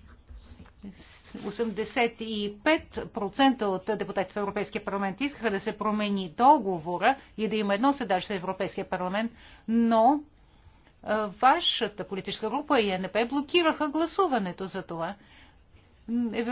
85% от депутатите в Европейския парламент искаха да се промени договора и да има едно седалище в Европейския парламент, но вашата политическа група и НП блокираха гласуването за това. Е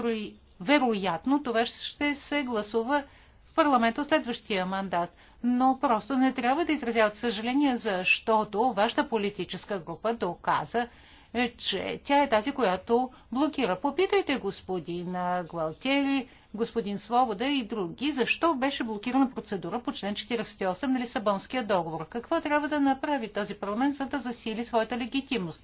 вероятно това ще се гласува в парламента следващия мандат. Но просто не трябва да изразяват съжаление, защото вашата политическа група доказа, е, че тя е тази, която блокира. Попитайте господин Гвалтери, господин Свобода и други, защо беше блокирана процедура по член 48 на Лисабонския договор? Какво трябва да направи този парламент, за да засили своята легитимност?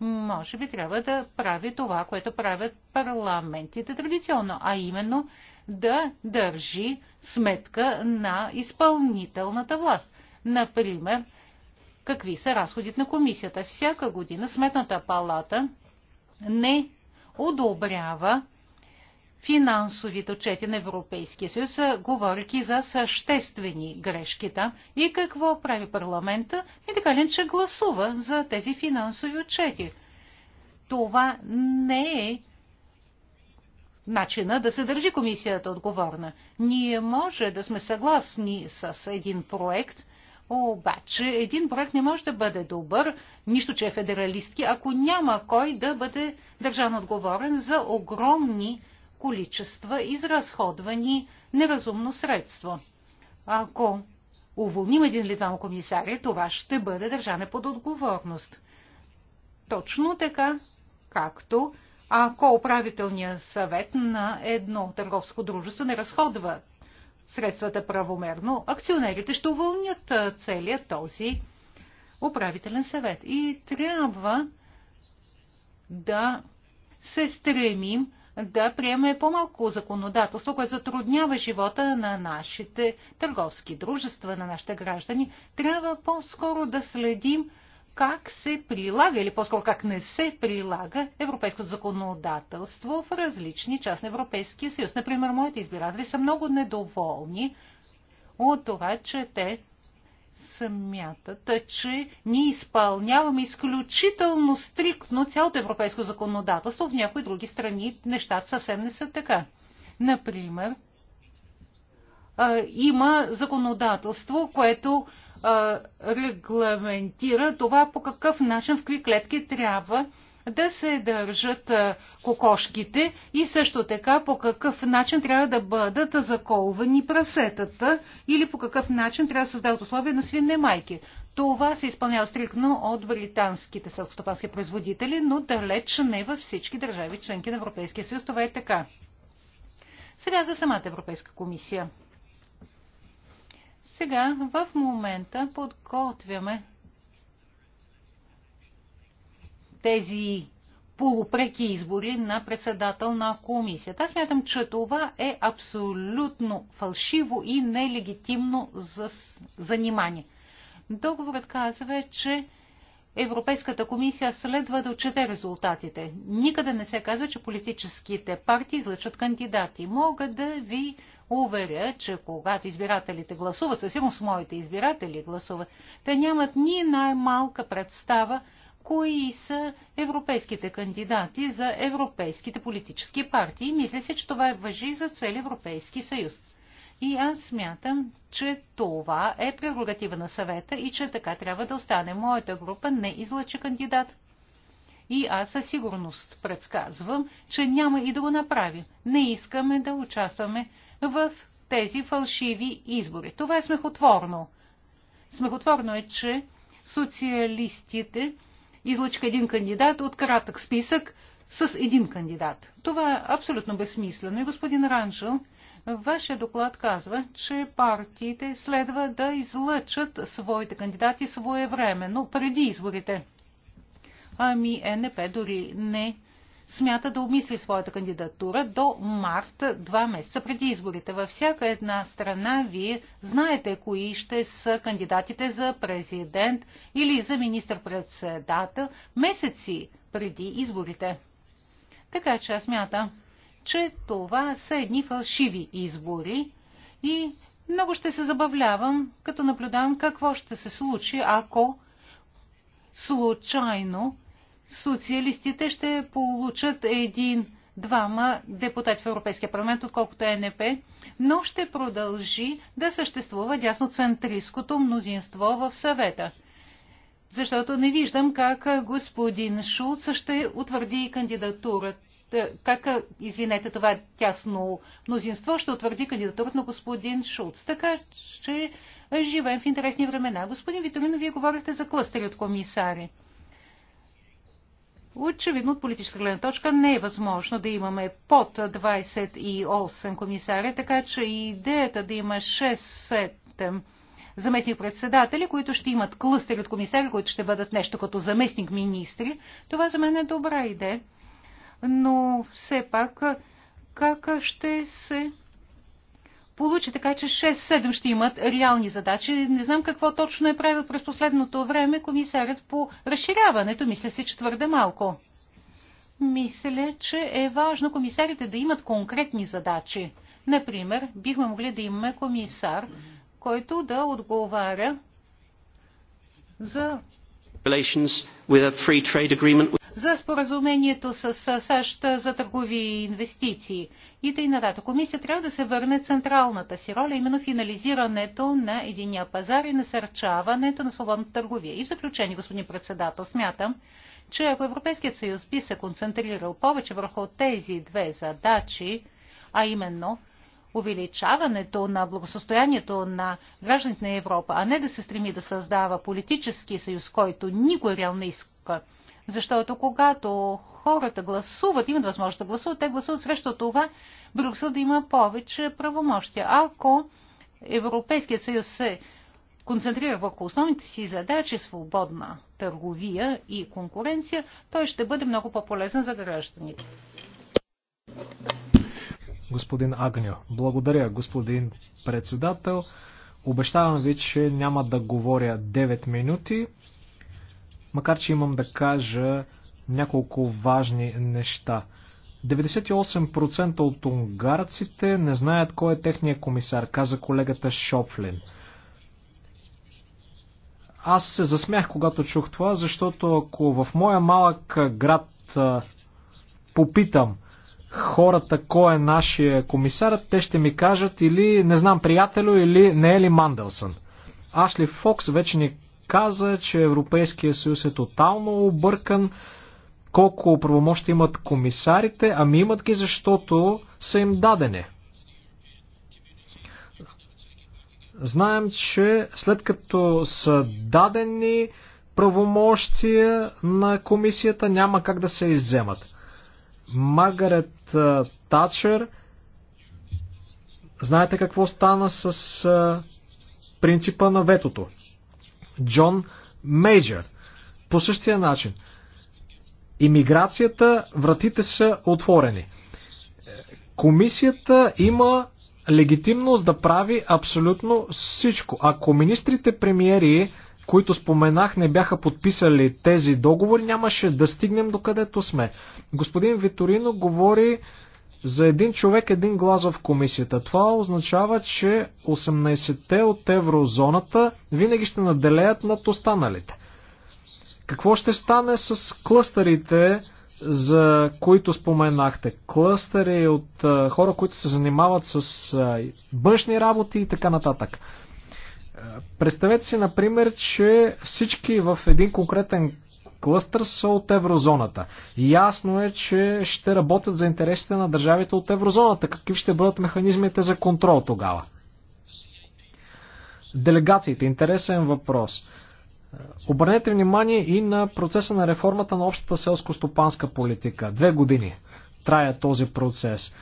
Може би трябва да прави това, което правят парламентите традиционно, а именно да държи сметка на изпълнителната власт. Например, какви са разходите на комисията. Всяка година Сметната палата не одобрява финансовите отчети на Европейския съюз, говоряки за съществени грешки там и какво прави парламента и така ли, че гласува за тези финансови отчети. Това не е начина да се държи комисията отговорна. Ние може да сме съгласни с един проект, обаче един проект не може да бъде добър, нищо, че е федералистки, ако няма кой да бъде държан отговорен за огромни количества изразходвани неразумно средство. Ако уволним един или двама комисари, това ще бъде държане под отговорност. Точно така, както ако управителният съвет на едно търговско дружество не разходва средствата правомерно, акционерите ще уволнят целият този управителен съвет. И трябва да се стремим да приеме по-малко законодателство, което затруднява живота на нашите търговски дружества, на нашите граждани. Трябва по-скоро да следим как се прилага или по-скоро как не се прилага европейското законодателство в различни части на Европейския съюз. Например, моите избиратели са много недоволни от това, че те смятат, е, че ние изпълняваме изключително стриктно цялото европейско законодателство. В някои други страни нещата съвсем не са така. Например, има законодателство, което регламентира това по какъв начин в какви клетки трябва да се държат кокошките и също така по какъв начин трябва да бъдат заколвани прасетата или по какъв начин трябва да създават условия на свинне майки. Това се изпълнява стрикно от британските селскостопански производители, но далеч не във всички държави членки на Европейския съюз. Това е така. Сега за самата Европейска комисия. Сега в момента подготвяме тези полупреки избори на председател на комисията. Аз смятам, че това е абсолютно фалшиво и нелегитимно за занимание. Договорът казва, че Европейската комисия следва да отчете резултатите. Никъде не се казва, че политическите партии излъчат кандидати. Мога да ви уверя, че когато избирателите гласуват, със сигурност моите избиратели гласуват, те нямат ни най-малка представа кои са европейските кандидати за европейските политически партии. Мисля се, че това е въжи за цели Европейски съюз. И аз смятам, че това е прерогатива на съвета и че така трябва да остане. Моята група не излъчи кандидат. И аз със сигурност предсказвам, че няма и да го направи. Не искаме да участваме в тези фалшиви избори. Това е смехотворно. Смехотворно е, че социалистите излъчка един кандидат от кратък списък с един кандидат. Това е абсолютно безсмислено. И господин Ранжел, вашия доклад казва, че партиите следва да излъчат своите кандидати своевременно, преди изборите. Ами е НП дори не смята да обмисли своята кандидатура до март, два месеца преди изборите. Във всяка една страна вие знаете кои ще са кандидатите за президент или за министър-председател месеци преди изборите. Така че аз мятам, че това са едни фалшиви избори и много ще се забавлявам, като наблюдавам какво ще се случи, ако случайно социалистите ще получат един двама депутати в Европейския парламент, отколкото ЕНП, но ще продължи да съществува дясноцентристското мнозинство в съвета. Защото не виждам как господин Шулц ще утвърди кандидатурата как, извинете, това тясно мнозинство ще утвърди кандидатурата на господин Шулц. Така че живеем в интересни времена. Господин Виторино, вие говорихте за клъстери от комисари. Очевидно от политическа гледна точка не е възможно да имаме под 28 комисаря, така че идеята да има 6-7 заместник председатели, които ще имат клъстери от комисари, които ще бъдат нещо като заместник-министри, това за мен е добра идея. Но все пак как ще се получи така, че 6-7 ще имат реални задачи. Не знам какво точно е правил през последното време комисарят по разширяването. Мисля си, че твърде малко. Мисля, че е важно комисарите да имат конкретни задачи. Например, бихме могли да имаме комисар, който да отговаря за за споразумението с САЩ за търгови и инвестиции. И тъй нататък. Комисия трябва да се върне централната си роля, именно финализирането на единия пазар и насърчаването на свободната търговия. И в заключение, господин председател, смятам, че ако Европейският съюз би се концентрирал повече върху тези две задачи, а именно увеличаването на благосостоянието на гражданите на Европа, а не да се стреми да създава политически съюз, който никой реално не иска. Защото когато хората гласуват, имат възможност да гласуват, те гласуват срещу това Брюксел да има повече правомощия. Ако Европейският съюз се концентрира върху основните си задачи свободна търговия и конкуренция, той ще бъде много по-полезен за гражданите. Господин Агньо, благодаря, господин председател. Обещавам ви, че няма да говоря 9 минути макар че имам да кажа няколко важни неща. 98% от унгарците не знаят кой е техния комисар, каза колегата Шоплин. Аз се засмях, когато чух това, защото ако в моя малък град попитам хората кой е нашия комисар, те ще ми кажат или не знам приятелю, или не е ли Мандълсън. Ашли Фокс вече ни каза, че Европейския съюз е тотално объркан. Колко правомощи имат комисарите? Ами имат ги, защото са им дадени. Знаем, че след като са дадени правомощия на комисията, няма как да се изземат. Маргарет Тачер, знаете какво стана с принципа на ветото? Джон Мейджър. По същия начин. Имиграцията, вратите са отворени. Комисията има легитимност да прави абсолютно всичко. Ако министрите премиери, които споменах, не бяха подписали тези договори, нямаше да стигнем до където сме. Господин Виторино говори за един човек един глас в комисията. Това означава, че 18-те от еврозоната винаги ще наделеят над останалите. Какво ще стане с клъстерите, за които споменахте? Клъстери от а, хора, които се занимават с а, бъншни работи и така нататък. Представете си, например, че всички в един конкретен клъстър са от еврозоната. Ясно е, че ще работят за интересите на държавите от еврозоната. Какви ще бъдат механизмите за контрол тогава? Делегациите. Интересен въпрос. Обърнете внимание и на процеса на реформата на общата селско-стопанска политика. Две години трая този процес.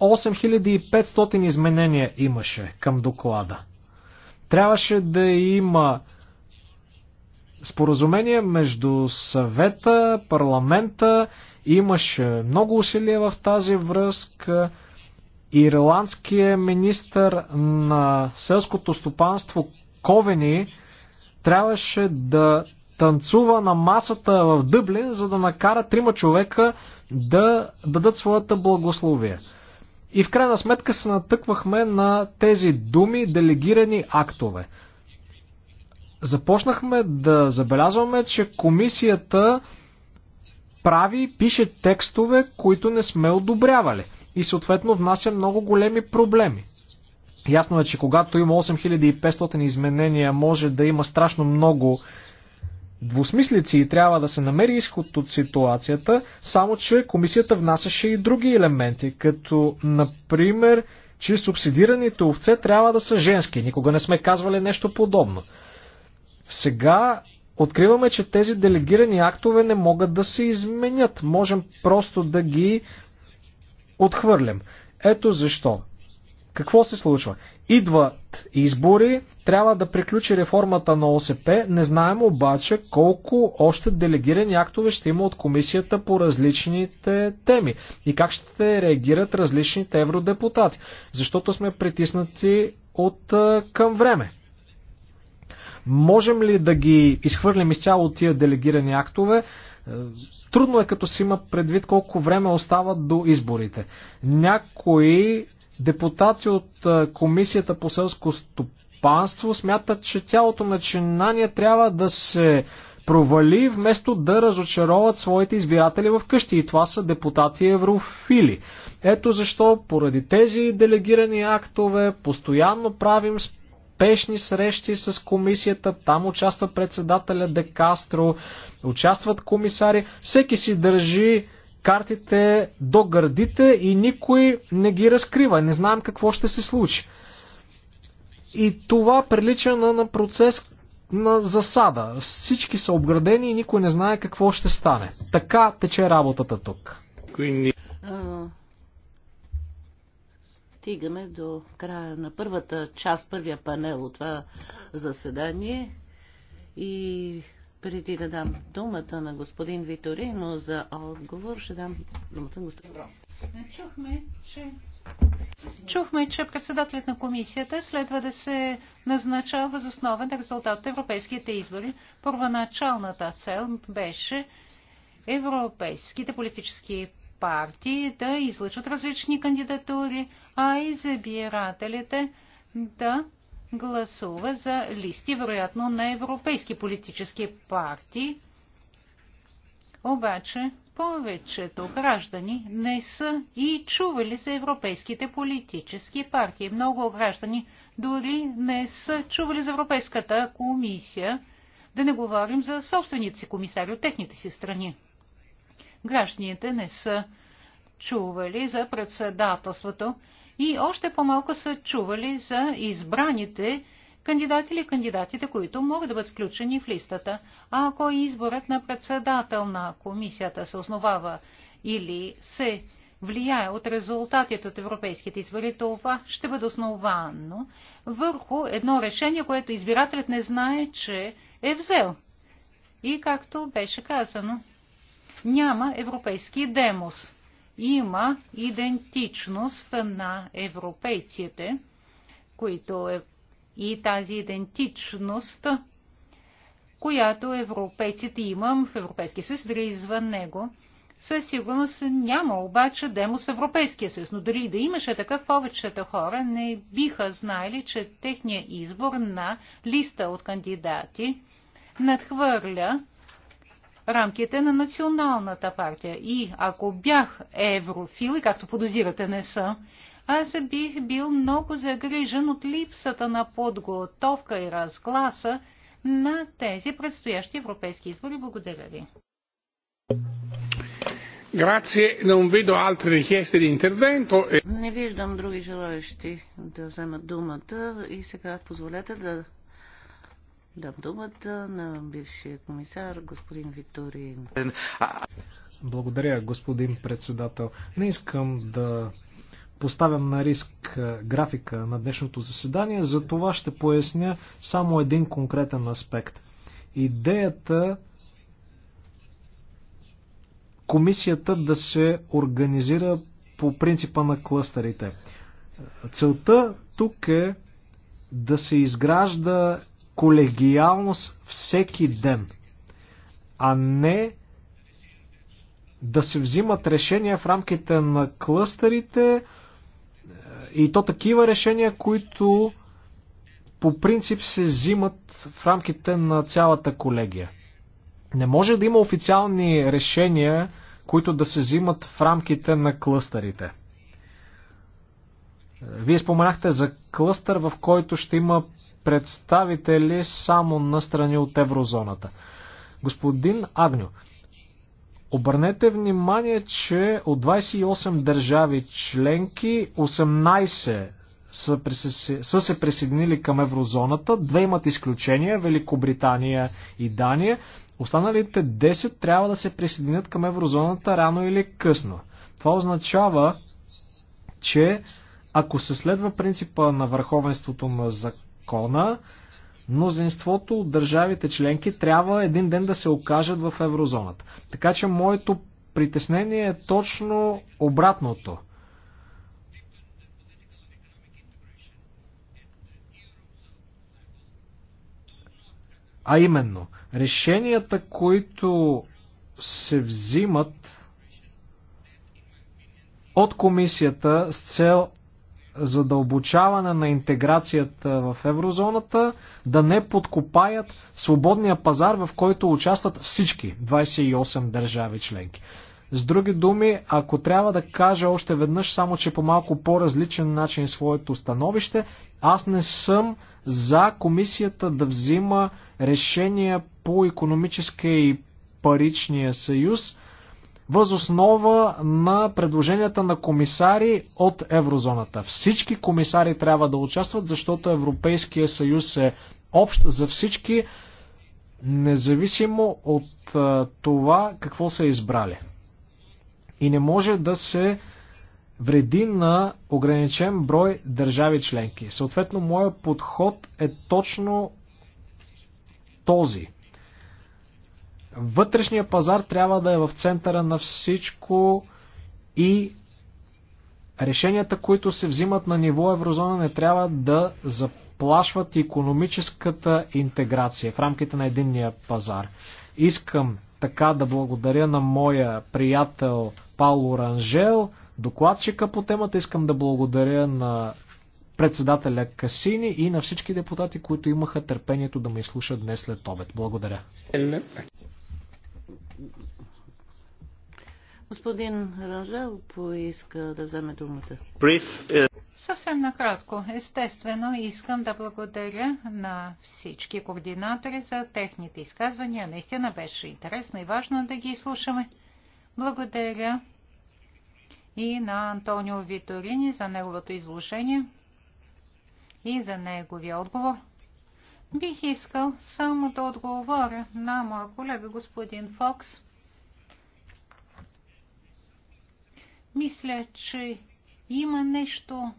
8500 изменения имаше към доклада. Трябваше да има споразумение между съвета, парламента. Имаше много усилия в тази връзка. Ирландският министр на селското стопанство Ковени трябваше да танцува на масата в Дъблин, за да накара трима човека да дадат своята благословие. И в крайна сметка се натъквахме на тези думи делегирани актове започнахме да забелязваме, че комисията прави, пише текстове, които не сме одобрявали и съответно внася много големи проблеми. Ясно е, че когато има 8500 изменения, може да има страшно много двусмислици и трябва да се намери изход от ситуацията, само че комисията внасяше и други елементи, като например, че субсидираните овце трябва да са женски. Никога не сме казвали нещо подобно. Сега откриваме, че тези делегирани актове не могат да се изменят. Можем просто да ги отхвърлям. Ето защо. Какво се случва? Идват избори, трябва да приключи реформата на ОСП, не знаем обаче колко още делегирани актове ще има от комисията по различните теми и как ще реагират различните евродепутати, защото сме притиснати от към време. Можем ли да ги изхвърлим изцяло от тия делегирани актове? Е, трудно е като си има предвид колко време остава до изборите. Някои депутати от е, Комисията по селско стопанство смятат, че цялото начинание трябва да се провали, вместо да разочароват своите избиратели в къщи. И това са депутати еврофили. Ето защо поради тези делегирани актове постоянно правим успешни срещи с комисията, там участва председателя Де Кастро, участват комисари, всеки си държи картите до гърдите и никой не ги разкрива. Не знаем какво ще се случи. И това прилича на, на процес на засада. Всички са обградени и никой не знае какво ще стане. Така тече работата тук стигаме до края на първата част, първия панел от това заседание. И преди да дам думата на господин Виторино за отговор, ще дам думата на господин Бронс. Чухме, че... Чухме, че председателят на комисията следва да се назначава за основен резултат от европейските избори. Първоначалната цел беше европейските политически партии да излъчат различни кандидатури, а избирателите да гласува за листи, вероятно на европейски политически партии. Обаче повечето граждани не са и чували за европейските политически партии. Много граждани дори не са чували за Европейската комисия, да не говорим за собствените си комисари от техните си страни гражданите не са чували за председателството и още по-малко са чували за избраните кандидати или кандидатите, които могат да бъдат включени в листата. А ако е изборът на председател на комисията се основава или се влияе от резултатите от европейските избори, това ще бъде основано върху едно решение, което избирателят не знае, че е взел. И както беше казано, няма европейски демос. Има идентичност на европейците, които е и тази идентичност, която европейците имам в Европейския съюз, дори извън него. Със сигурност няма обаче демос в Европейския съюз, но дори да имаше такъв, повечето хора не биха знали, че техният избор на листа от кандидати надхвърля рамките на националната партия. И ако бях еврофил, и както подозирате не са, аз бих бил много загрижен от липсата на подготовка и разгласа на тези предстоящи европейски избори. Благодаря ви. E- не виждам други желаящи да вземат думата и сега позволете да дам думата на бившия комисар господин Викторин. Благодаря, господин председател. Не искам да поставям на риск е, графика на днешното заседание, за това ще поясня само един конкретен аспект. Идеята комисията да се организира по принципа на клъстерите. Целта тук е да се изгражда колегиалност всеки ден, а не да се взимат решения в рамките на клъстерите е, и то такива решения, които по принцип се взимат в рамките на цялата колегия. Не може да има официални решения, които да се взимат в рамките на клъстерите. Е, вие споменахте за клъстър, в който ще има представители само на страни от еврозоната. Господин Агню, обърнете внимание, че от 28 държави членки 18 са, са се присъединили към еврозоната, две имат изключения Великобритания и Дания. Останалите 10 трябва да се присъединят към еврозоната рано или късно. Това означава, че ако се следва принципа на върховенството на закона, закона, мнозинството от държавите членки трябва един ден да се окажат в еврозоната. Така че моето притеснение е точно обратното. А именно, решенията, които се взимат от комисията с цел задълбочаване на интеграцията в еврозоната да не подкопаят свободния пазар, в който участват всички 28 държави членки. С други думи, ако трябва да кажа още веднъж, само че по малко по-различен начин своето становище, аз не съм за комисията да взима решения по економическия и паричния съюз, възоснова на предложенията на комисари от еврозоната. Всички комисари трябва да участват, защото Европейския съюз е общ за всички, независимо от това какво са избрали. И не може да се вреди на ограничен брой държави членки. Съответно, моят подход е точно този – Вътрешния пазар трябва да е в центъра на всичко и решенията, които се взимат на ниво еврозона, не трябва да заплашват економическата интеграция в рамките на единния пазар. Искам така да благодаря на моя приятел Пауло Ранжел, докладчика по темата. Искам да благодаря на председателя Касини и на всички депутати, които имаха търпението да ме изслушат днес след обед. Благодаря. Господин Ранжел поиска да вземе думата. Е, Съвсем накратко. Естествено, искам да благодаря на всички координатори за техните изказвания. Наистина беше интересно и важно да ги слушаме. Благодаря и на Антонио Виторини за неговото изложение и за неговия отговор. Бих искал само да отговоря на моя колега господин Фокс. Мисля, че има нещо,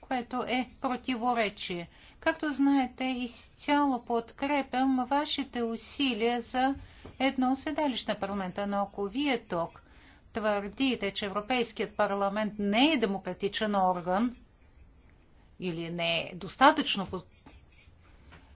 което е противоречие. Както знаете, изцяло подкрепям вашите усилия за едно седалище на парламента, но ако вие тук твърдите, че Европейският парламент не е демократичен орган или не е достатъчно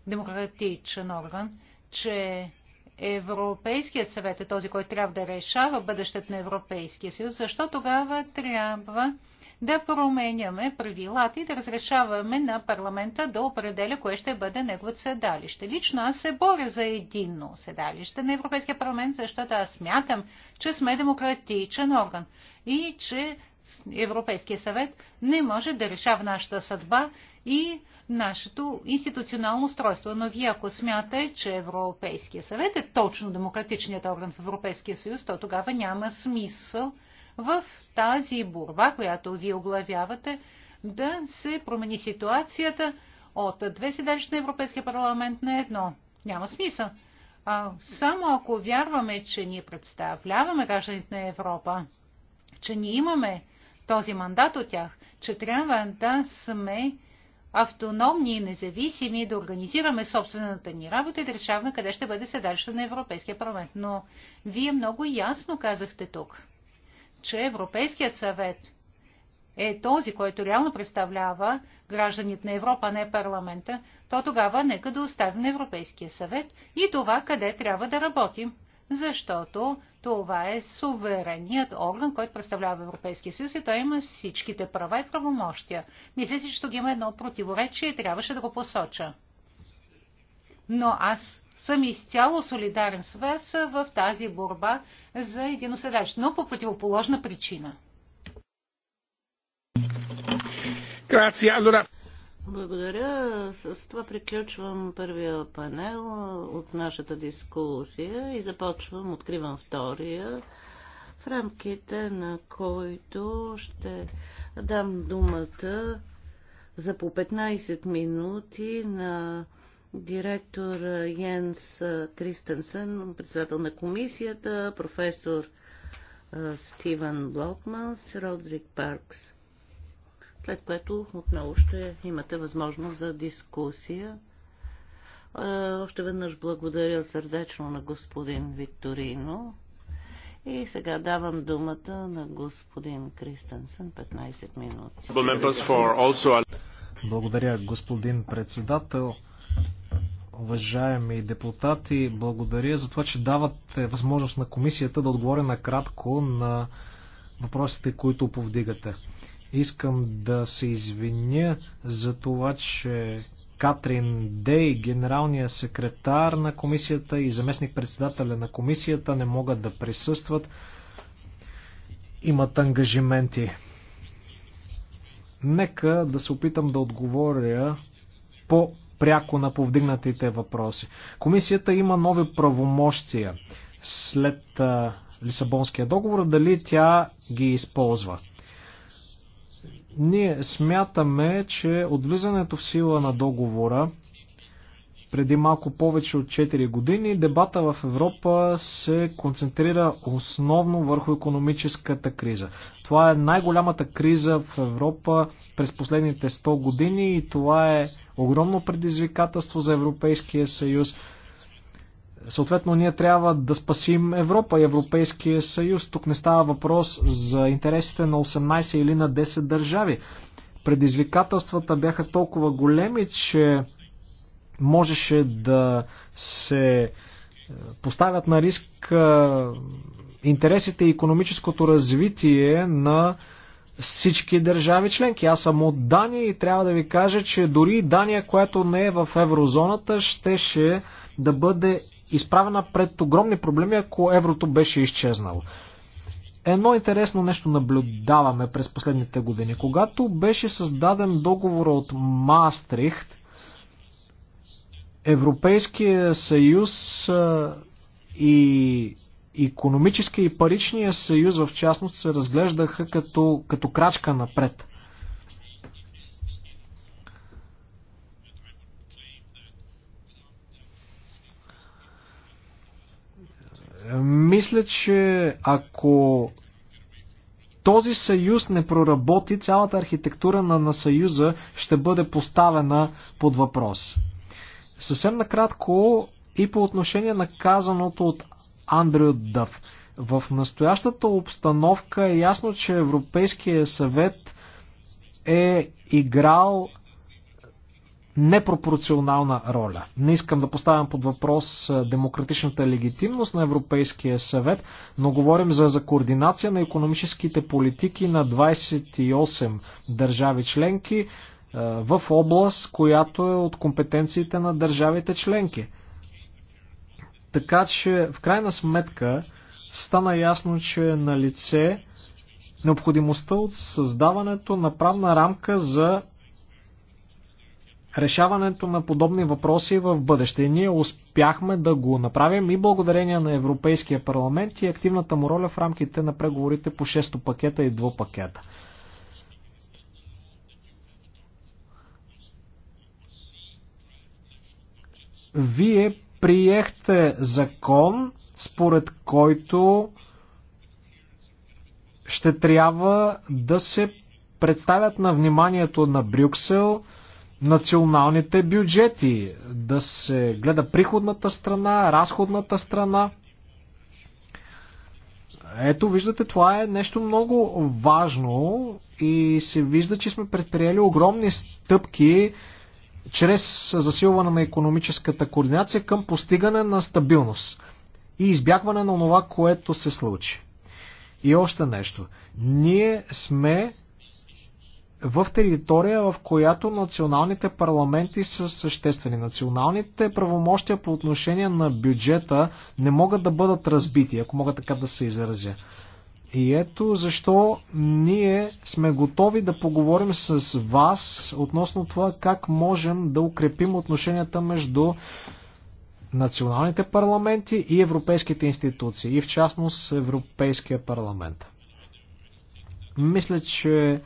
демократичен орган, че Европейският съвет е този, който трябва да решава бъдещето на Европейския съюз, защо тогава трябва да променяме правилата и да разрешаваме на парламента да определя кое ще бъде неговото седалище. Лично аз се боря за единно седалище на Европейския парламент, защото аз смятам, че сме демократичен орган и че Европейския съвет не може да решава нашата съдба и нашето институционално устройство. Но вие ако смятате, че Европейския съвет е точно демократичният орган в Европейския съюз, то тогава няма смисъл в тази борба, която вие оглавявате, да се промени ситуацията от две седалища на Европейския парламент на едно. Няма смисъл. А само ако вярваме, че ние представляваме гражданите на Европа, че ние имаме този мандат от тях, че трябва да сме автономни и независими, да организираме собствената ни работа и да решаваме къде ще бъде седалището на Европейския парламент. Но вие много ясно казахте тук, че Европейският съвет е този, който реално представлява гражданите на Европа, а не парламента, то тогава нека да оставим на Европейския съвет и това къде трябва да работим защото това е суверенният орган, който представлява Европейския съюз и той има всичките права и правомощия. Мисля си, че тук има едно противоречие и трябваше да го посоча. Но аз съм изцяло солидарен с вас в тази борба за единосъдач, но по противоположна причина. Grazie. Allora, благодаря. С това приключвам първия панел от нашата дискусия и започвам, откривам втория, в рамките на който ще дам думата за по 15 минути на директор Йенс Кристенсен, председател на комисията, професор Стивен Блокманс, Родрик Паркс след което отново ще имате възможност за дискусия. Още веднъж благодаря сърдечно на господин Викторино. И сега давам думата на господин Кристенсен, 15 минути. Благодаря, господин председател. Уважаеми депутати, благодаря за това, че давате възможност на комисията да отговори накратко на въпросите, които повдигате. Искам да се извиня за това, че Катрин Дей, генералния секретар на комисията и заместник председателя на комисията не могат да присъстват. Имат ангажименти. Нека да се опитам да отговоря по пряко на повдигнатите въпроси. Комисията има нови правомощия след Лисабонския договор, дали тя ги използва. Ние смятаме, че от влизането в сила на договора преди малко повече от 4 години дебата в Европа се концентрира основно върху економическата криза. Това е най-голямата криза в Европа през последните 100 години и това е огромно предизвикателство за Европейския съюз. Съответно, ние трябва да спасим Европа и Европейския съюз. Тук не става въпрос за интересите на 18 или на 10 държави. Предизвикателствата бяха толкова големи, че можеше да се е, поставят на риск е, интересите и економическото развитие на всички държави членки. Аз съм от Дания и трябва да ви кажа, че дори Дания, която не е в еврозоната, щеше да бъде изправена пред огромни проблеми, ако еврото беше изчезнало. Едно интересно нещо наблюдаваме през последните години. Когато беше създаден договор от Маастрихт, Европейския съюз и економическия и паричния съюз в частност се разглеждаха като, като крачка напред. Мисля, че ако този съюз не проработи, цялата архитектура на, на съюза ще бъде поставена под въпрос. Съвсем накратко и по отношение на казаното от Андрю Дъв. В настоящата обстановка е ясно, че Европейския съвет е играл непропорционална роля. Не искам да поставям под въпрос е, демократичната легитимност на Европейския съвет, но говорим за, за координация на економическите политики на 28 държави членки е, в област, която е от компетенциите на държавите членки. Така че, в крайна сметка, стана ясно, че е на лице необходимостта от създаването на правна рамка за решаването на подобни въпроси в бъдеще. Ние успяхме да го направим и благодарение на Европейския парламент и активната му роля в рамките на преговорите по 6 пакета и 2 пакета. Вие приехте закон, според който ще трябва да се представят на вниманието на Брюксел националните бюджети, да се гледа приходната страна, разходната страна. Ето, виждате, това е нещо много важно и се вижда, че сме предприели огромни стъпки чрез засилване на економическата координация към постигане на стабилност и избягване на това, което се случи. И още нещо. Ние сме в територия, в която националните парламенти са съществени. Националните правомощия по отношение на бюджета не могат да бъдат разбити, ако мога така да се изразя. И ето защо ние сме готови да поговорим с вас относно това как можем да укрепим отношенията между националните парламенти и европейските институции, и в частност Европейския парламент. Мисля, че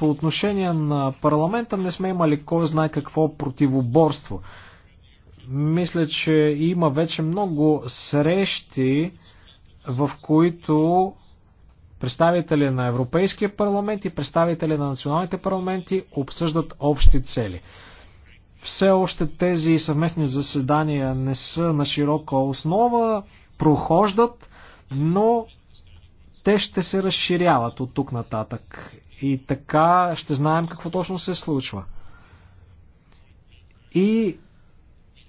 по отношение на парламента не сме имали кой знае какво противоборство. Мисля, че има вече много срещи, в които представители на Европейския парламент и представители на националните парламенти обсъждат общи цели. Все още тези съвместни заседания не са на широка основа, прохождат, но те ще се разширяват от тук нататък. И така ще знаем какво точно се случва. И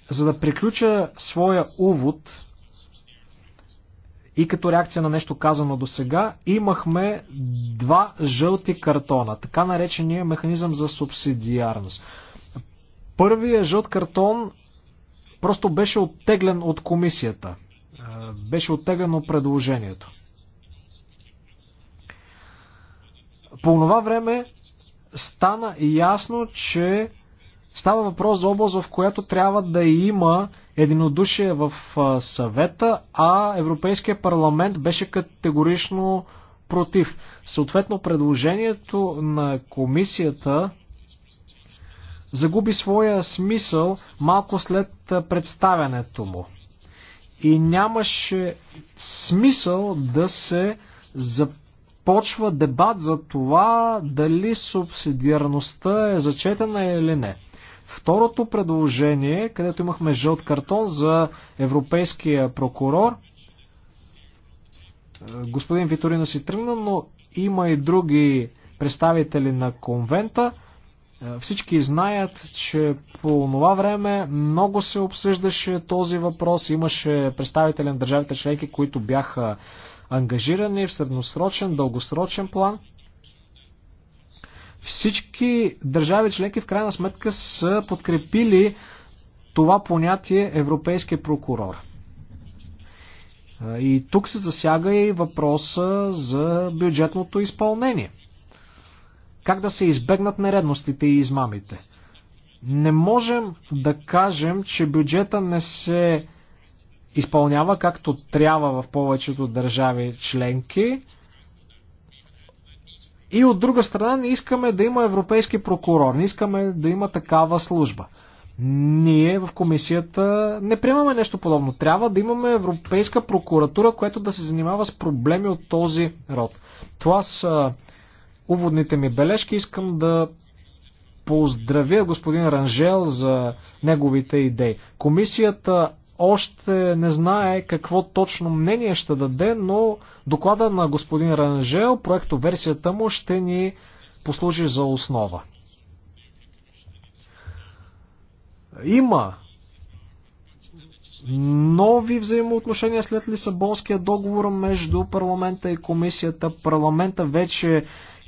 за да приключа своя увод и като реакция на нещо казано до сега, имахме два жълти картона, така наречения механизъм за субсидиарност. Първият жълт картон просто беше оттеглен от комисията. Беше оттеглено предложението. По това време стана ясно, че става въпрос за област, в която трябва да има единодушие в съвета, а Европейския парламент беше категорично против. Съответно, предложението на комисията загуби своя смисъл малко след представянето му. И нямаше смисъл да се запази Почва дебат за това дали субсидиарността е зачетена или не. Второто предложение, където имахме жълт картон за европейския прокурор, е, господин Виторина си тръгна, но има и други представители на конвента. Е, всички знаят, че по това време много се обсъждаше този въпрос. Имаше представители на държавите членки, които бяха ангажирани в средносрочен, дългосрочен план. Всички държави членки в крайна сметка са подкрепили това понятие европейския прокурор. И тук се засяга и въпроса за бюджетното изпълнение. Как да се избегнат нередностите и измамите? Не можем да кажем, че бюджета не се изпълнява както трябва в повечето държави членки. И от друга страна не искаме да има европейски прокурор, не искаме да има такава служба. Ние в комисията не приемаме нещо подобно. Трябва да имаме европейска прокуратура, която да се занимава с проблеми от този род. Това са уводните ми бележки. Искам да поздравя господин Ранжел за неговите идеи. Комисията още не знае какво точно мнение ще даде, но доклада на господин Ранжел, проекто версията му ще ни послужи за основа. Има нови взаимоотношения след Лисабонския договор между парламента и комисията. Парламента вече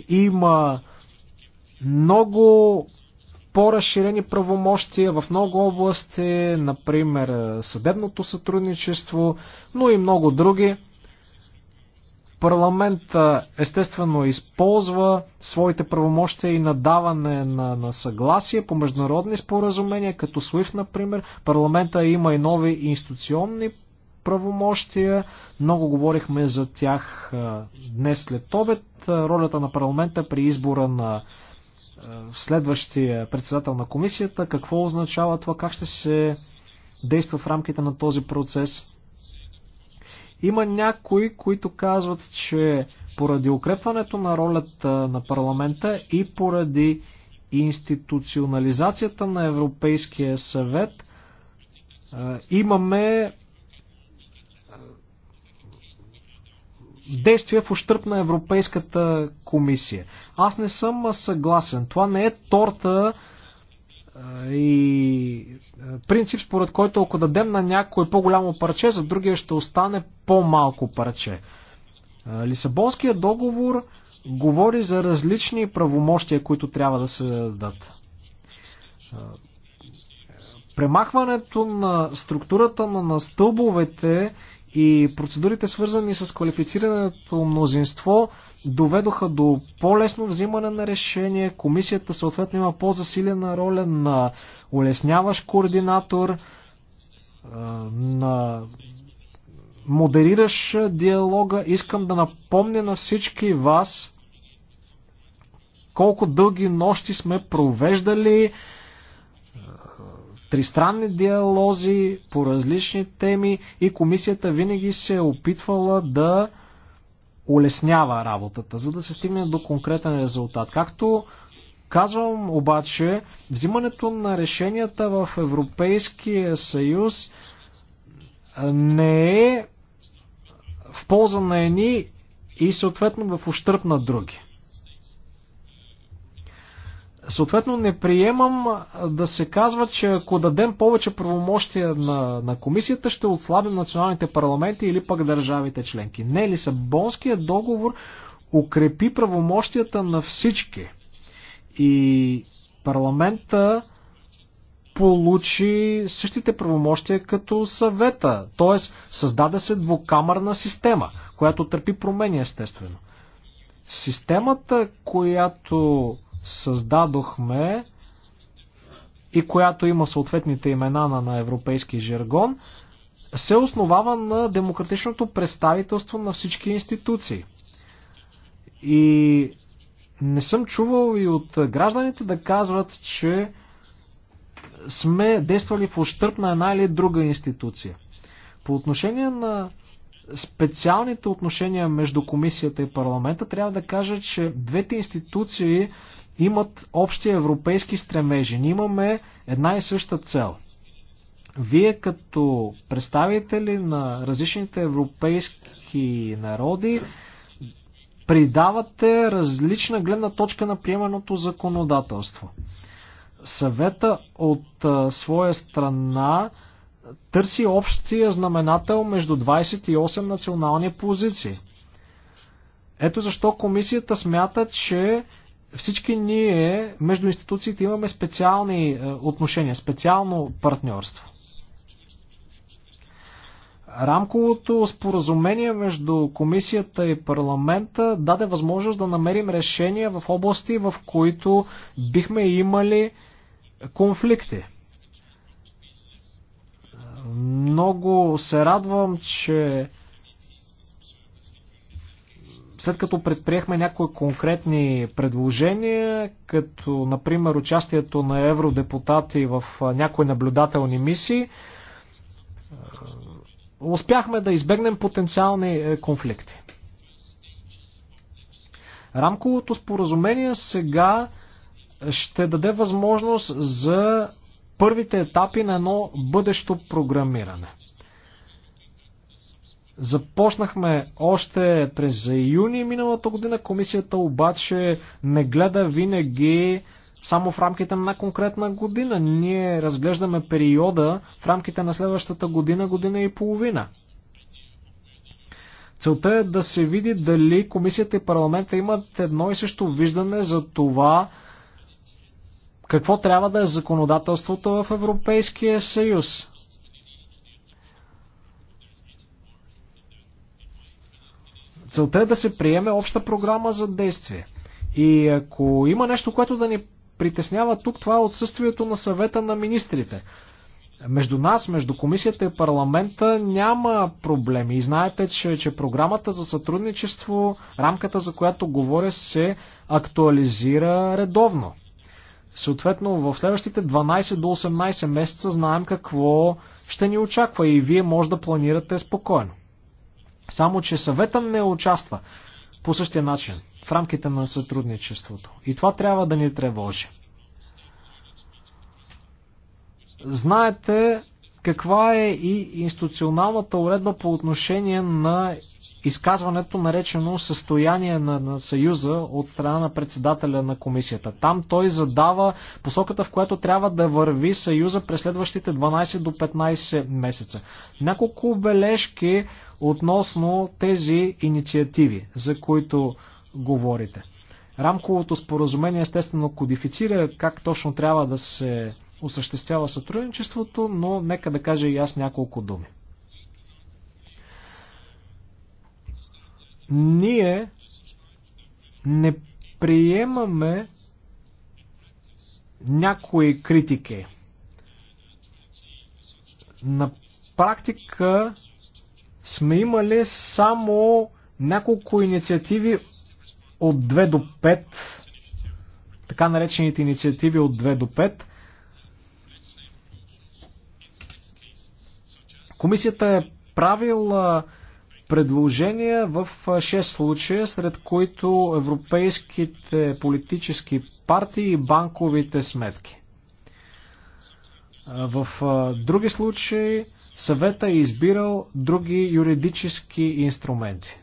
има много по-разширени правомощия в много области, например е, съдебното сътрудничество, но и много други. Парламента естествено използва своите правомощия и надаване на, на съгласие по международни споразумения, като SWIFT, например. Парламента има и нови институционни правомощия. Много говорихме за тях е, днес след обед. Е, ролята на парламента при избора на е, следващия председател на комисията. Какво означава това? Как ще се действа в рамките на този процес? Има някои, които казват, че поради укрепването на ролята на парламента и поради институционализацията на Европейския съвет е, имаме действия в ущърп на Европейската комисия. Аз не съм съгласен. Това не е торта и принцип, според който ако дадем на някой по-голямо парче, за другия ще остане по-малко парче. Лисабонският договор говори за различни правомощия, които трябва да се дадат. Премахването на структурата на стълбовете и процедурите свързани с квалифицираното мнозинство доведоха до по-лесно взимане на решение. Комисията съответно има по-засилена роля на улесняващ координатор, на модерираш диалога. Искам да напомня на всички вас колко дълги нощи сме провеждали тристранни диалози по различни теми и комисията винаги се е опитвала да улеснява работата, за да се стигне до конкретен резултат. Както казвам обаче, взимането на решенията в Европейския съюз не е в полза на едни и съответно в ущърп на други. Съответно не приемам да се казва, че ако дадем повече правомощия на, на комисията, ще отслабим националните парламенти или пък държавите членки. Не, Лисабонският договор укрепи правомощията на всички. И парламента получи същите правомощия като съвета. Т.е. създаде се двукамърна система, която търпи промени естествено. Системата, която създадохме и която има съответните имена на, на европейски жаргон, се основава на демократичното представителство на всички институции. И не съм чувал и от гражданите да казват, че сме действали в ущърп на една или друга институция. По отношение на специалните отношения между комисията и парламента, трябва да кажа, че двете институции имат общи европейски стремежи. Ние имаме една и съща цел. Вие като представители на различните европейски народи придавате различна гледна точка на приеманото законодателство. Съвета от а, своя страна търси общия знаменател между 28 национални позиции. Ето защо комисията смята, че всички ние между институциите имаме специални е, отношения, специално партньорство. Рамковото споразумение между комисията и парламента даде възможност да намерим решения в области, в които бихме имали конфликти. Много се радвам, че след като предприехме някои конкретни предложения, като например участието на евродепутати в някои наблюдателни мисии, успяхме да избегнем потенциални е, конфликти. Рамковото споразумение сега ще даде възможност за първите етапи на едно бъдещо програмиране. Започнахме още през юни миналата година, комисията обаче не гледа винаги само в рамките на конкретна година. Ние разглеждаме периода в рамките на следващата година, година и половина. Целта е да се види дали комисията и парламента имат едно и също виждане за това какво трябва да е законодателството в Европейския съюз. Целта е да се приеме обща програма за действие. И ако има нещо, което да ни притеснява тук, това е отсъствието на съвета на министрите. Между нас, между комисията и парламента няма проблеми. И знаете, че, че програмата за сътрудничество, рамката за която говоря, се актуализира редовно. Съответно, в следващите 12 до 18 месеца знаем какво ще ни очаква и вие може да планирате спокойно. Само, че съвета не участва по същия начин в рамките на сътрудничеството. И това трябва да ни тревожи. Знаете каква е и институционалната уредба по отношение на изказването, наречено състояние на, на Съюза от страна на председателя на комисията. Там той задава посоката, в която трябва да върви Съюза през следващите 12 до 15 месеца. Няколко бележки относно тези инициативи, за които говорите. Рамковото споразумение естествено кодифицира как точно трябва да се осъществява сътрудничеството, но нека да кажа и аз няколко думи. Ние не приемаме някои критики. На практика сме имали само няколко инициативи от 2 до 5, така наречените инициативи от 2 до 5. Комисията е правила предложения в 6 случая, сред които европейските политически партии и банковите сметки. В други случаи Съвета е избирал други юридически инструменти.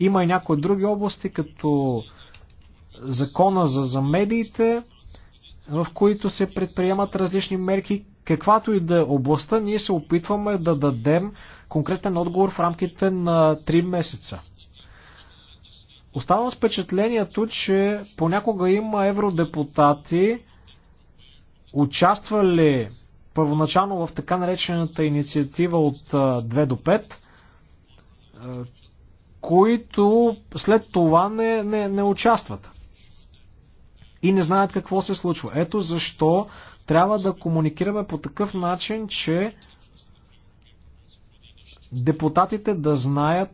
Има и някои други области, като закона за, за медиите, в които се предприемат различни мерки. Каквато и да е областта, ние се опитваме да дадем конкретен отговор в рамките на 3 месеца. Оставам с впечатлението, че понякога има евродепутати, участвали първоначално в така наречената инициатива от 2 до 5, които след това не, не, не участват и не знаят какво се случва. Ето защо трябва да комуникираме по такъв начин, че депутатите да знаят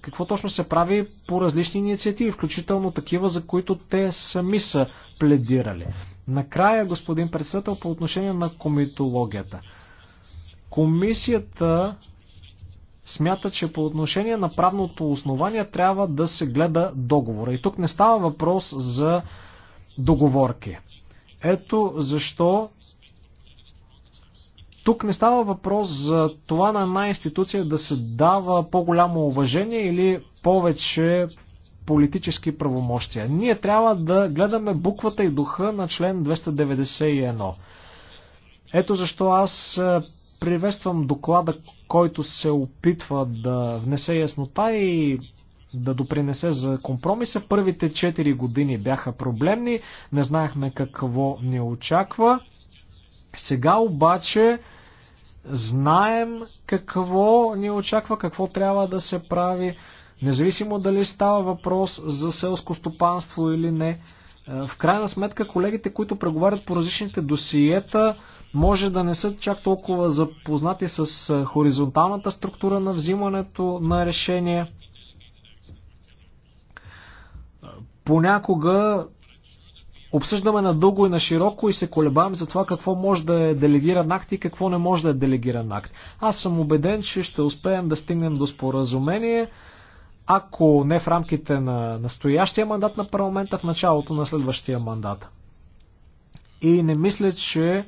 какво точно се прави по различни инициативи, включително такива, за които те сами са пледирали. Накрая, господин председател, по отношение на комитологията. Комисията смята, че по отношение на правното основание трябва да се гледа договора. И тук не става въпрос за договорки. Ето защо тук не става въпрос за това на една институция да се дава по-голямо уважение или повече политически правомощия. Ние трябва да гледаме буквата и духа на член 291. Ето защо аз е, приветствам доклада, който се опитва да внесе яснота и да допринесе за компромиса. Първите 4 години бяха проблемни, не знаехме какво ни очаква. Сега обаче знаем какво ни очаква, какво трябва да се прави. Независимо дали става въпрос за селско стопанство или не, е, в крайна сметка колегите, които преговарят по различните досиета, може да не са чак толкова запознати с е, хоризонталната структура на взимането на решение. Понякога обсъждаме надълго и на широко и се колебаем за това какво може да е делегиран акт и какво не може да е делегиран акт. Аз съм убеден, че ще успеем да стигнем до споразумение ако не в рамките на настоящия мандат на парламента, в началото на следващия мандат. И не мисля, че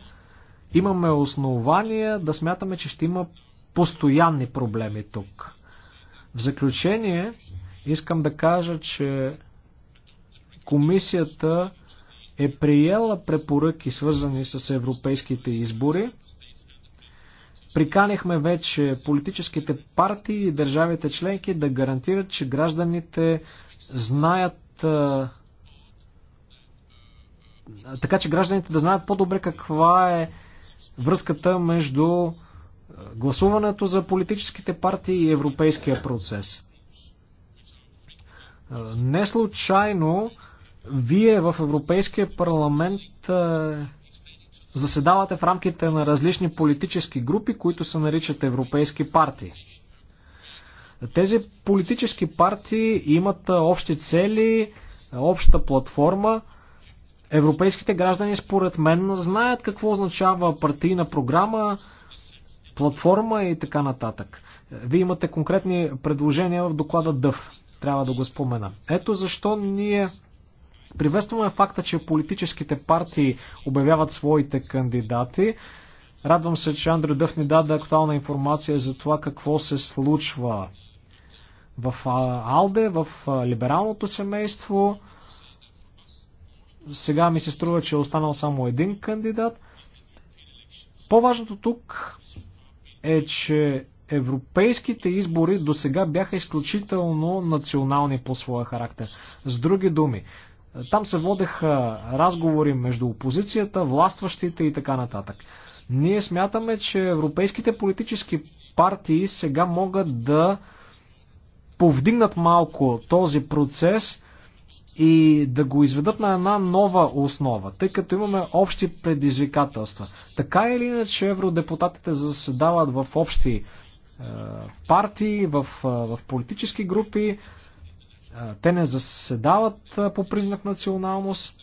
имаме основания да смятаме, че ще има постоянни проблеми тук. В заключение, искам да кажа, че комисията е приела препоръки, свързани с европейските избори. Приканихме вече политическите партии и държавите членки да гарантират, че гражданите знаят така че гражданите да знаят по-добре каква е връзката между гласуването за политическите партии и европейския процес. Не случайно вие в Европейския парламент заседавате в рамките на различни политически групи, които се наричат европейски партии. Тези политически партии имат общи цели, обща платформа. Европейските граждани, според мен, знаят какво означава партийна програма, платформа и така нататък. Вие имате конкретни предложения в доклада ДъВ. Трябва да го спомена. Ето защо ние Приветстваме факта, че политическите партии обявяват своите кандидати. Радвам се, че Андрю Дъв ни даде актуална информация за това какво се случва в Алде, в либералното семейство. Сега ми се струва, че е останал само един кандидат. По-важното тук е, че европейските избори до сега бяха изключително национални по своя характер. С други думи, там се водеха разговори между опозицията, властващите и така нататък. Ние смятаме, че европейските политически партии сега могат да повдигнат малко този процес и да го изведат на една нова основа, тъй като имаме общи предизвикателства. Така или иначе евродепутатите заседават в общи е, партии, в, е, в политически групи, те не заседават по признак националност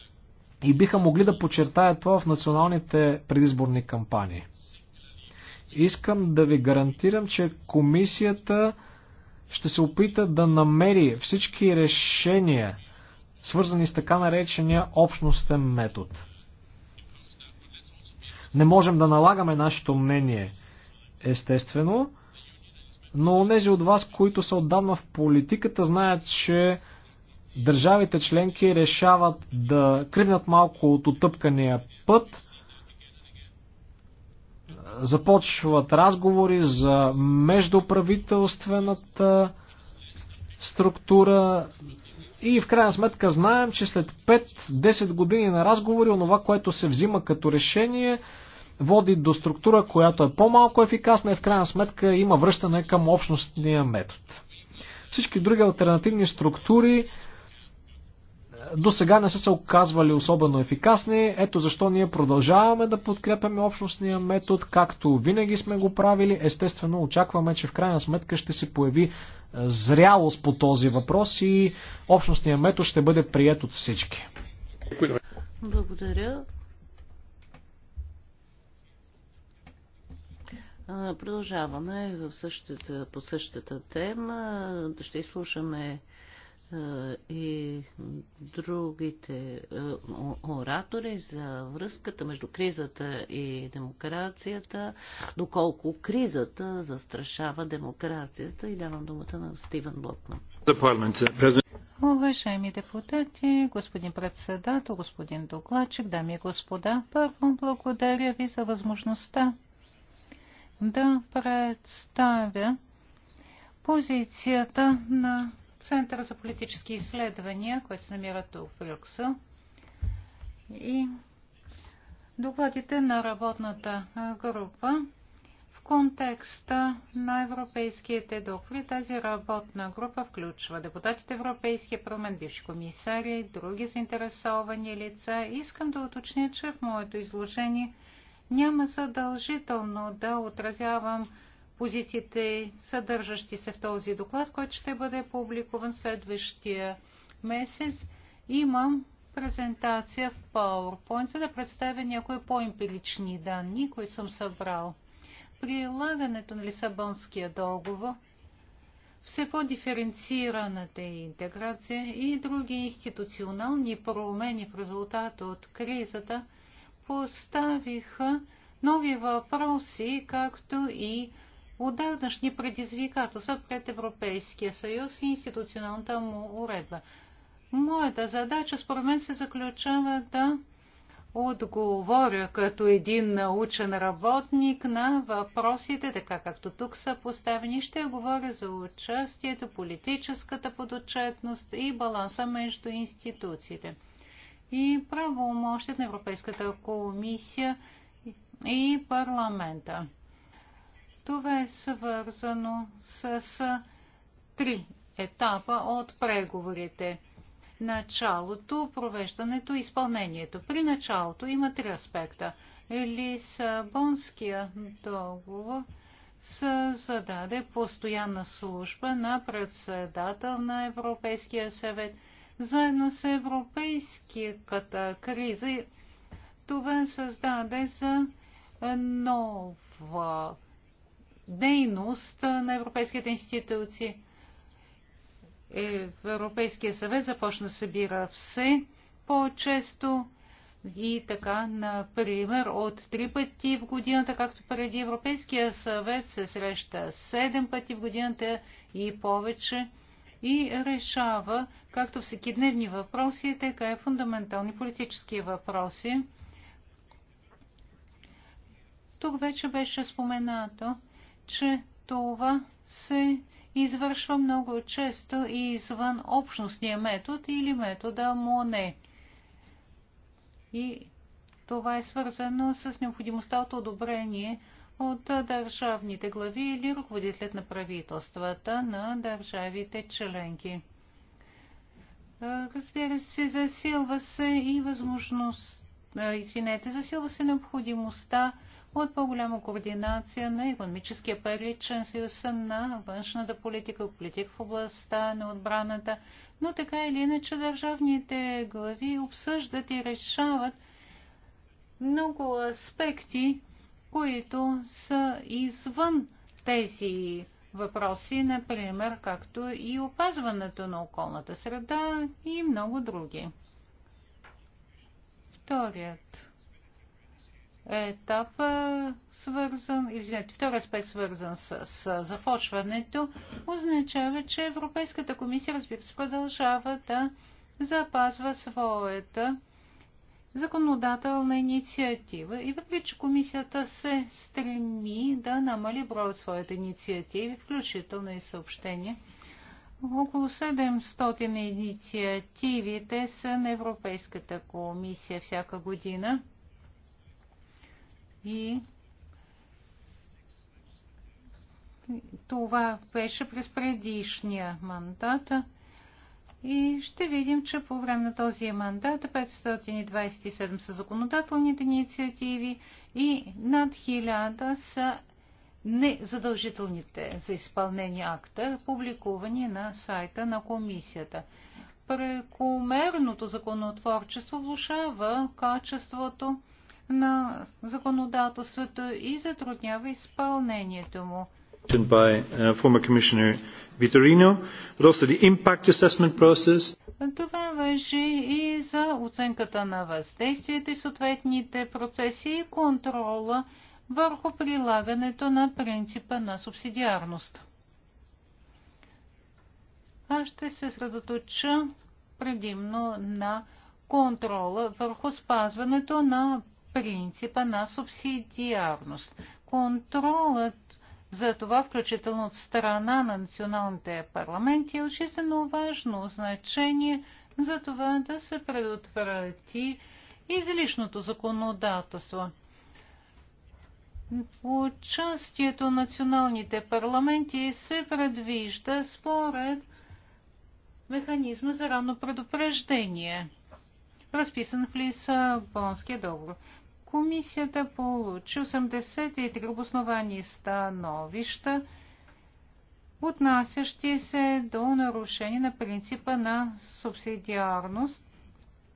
и биха могли да подчертаят това в националните предизборни кампании. Искам да ви гарантирам, че комисията ще се опита да намери всички решения, свързани с така наречения общностен метод. Не можем да налагаме нашето мнение, естествено, но онези от вас, които са отдавна в политиката, знаят, че държавите членки решават да кривнат малко от отъпкания път, започват разговори за междуправителствената структура и в крайна сметка знаем, че след 5-10 години на разговори, онова, което се взима като решение, води до структура, която е по-малко ефикасна и в крайна сметка има връщане към общностния метод. Всички други альтернативни структури е, до сега не са се оказвали особено ефикасни. Ето защо ние продължаваме да подкрепяме общностния метод, както винаги сме го правили. Естествено, очакваме, че в крайна сметка ще се появи е, зрялост по този въпрос и общностния метод ще бъде прият от всички. Благодаря. Продължаваме в същата, по същата тема. Ще изслушаме и другите оратори за връзката между кризата и демокрацията, доколко кризата застрашава демокрацията и давам думата на Стивен Блокман. Уважаеми депутати, господин председател, господин докладчик, дами и господа, първо благодаря ви за възможността да представя позицията на Центъра за политически изследвания, който се намира тук в Брюксел. И докладите на работната група в контекста на европейските доклади. Тази работна група включва депутатите Европейския парламент, бивши комисари, други заинтересовани лица. Искам да уточня, че в моето изложение – няма задължително да отразявам позициите, съдържащи се в този доклад, който ще бъде публикуван следващия месец. Имам презентация в PowerPoint, за да представя някои по-емпирични данни, които съм събрал. Прилагането на Лисабонския договор, все по-диференцираната интеграция и други институционални промени в резултат от кризата – поставиха нови въпроси, както и отдавнашни предизвикателства пред Европейския съюз и институционалната му уредба. Моята задача, според мен, се заключава да отговоря като един научен работник на въпросите, така както тук са поставени. Ще говоря за участието, политическата подотчетност и баланса между институциите и правомощият на Европейската комисия и парламента. Това е свързано с три етапа от преговорите. Началото, провеждането и изпълнението. При началото има три аспекта. Лисабонския договор се зададе постоянна служба на председател на Европейския съвет – заедно с европейската криза. Това създаде за нова дейност на европейските институции. Европейския съвет започна да събира все по-често и така, например, от три пъти в годината, както преди Европейския съвет се среща седем пъти в годината и повече и решава както всекидневни въпроси, е така и фундаментални политически въпроси. Тук вече беше споменато, че това се извършва много често и извън общностния метод или метода МОНЕ. И това е свързано с необходимостта от одобрение от държавните глави или ръководителят на правителствата на държавите членки. Разбира се, засилва се и възможност, извинете, засилва се необходимостта от по-голяма координация на економическия паричен съюз на външната политика, политик в областта на отбраната, но така или иначе държавните глави обсъждат и решават много аспекти които са извън тези въпроси, например, както и опазването на околната среда и много други. Вторият етап свързан, извинете, вторият аспект свързан с, с започването, означава, че Европейската комисия, разбира се, продължава да запазва своята законодателна инициатива и въпреки, че комисията се стреми да намали брой от своите инициативи, включително и съобщения, около 700 инициативите са на Европейската комисия всяка година и това беше през предишния мандат. И ще видим, че по време на този мандат 527 са законодателните инициативи и над 1000 са незадължителните за изпълнение акта, публикувани на сайта на комисията. Прекомерното законотворчество влушава качеството на законодателството и затруднява изпълнението му by uh, former Commissioner Vitorino, but also the impact assessment process. Това въжи и за оценката на въздействието и съответните процеси и контрола върху прилагането на принципа на субсидиарност. Аз ще се средоточа предимно на контрола върху спазването на принципа на субсидиарност. Контролът за това, включително от страна на националните парламенти, е очистено важно значение за това да се предотврати излишното законодателство. Участието на националните парламенти се предвижда според механизма за ранно предупреждение, разписан в Лисабонския договор. Комисията получи 83 обосновани становища, отнасящи се до нарушение на принципа на субсидиарност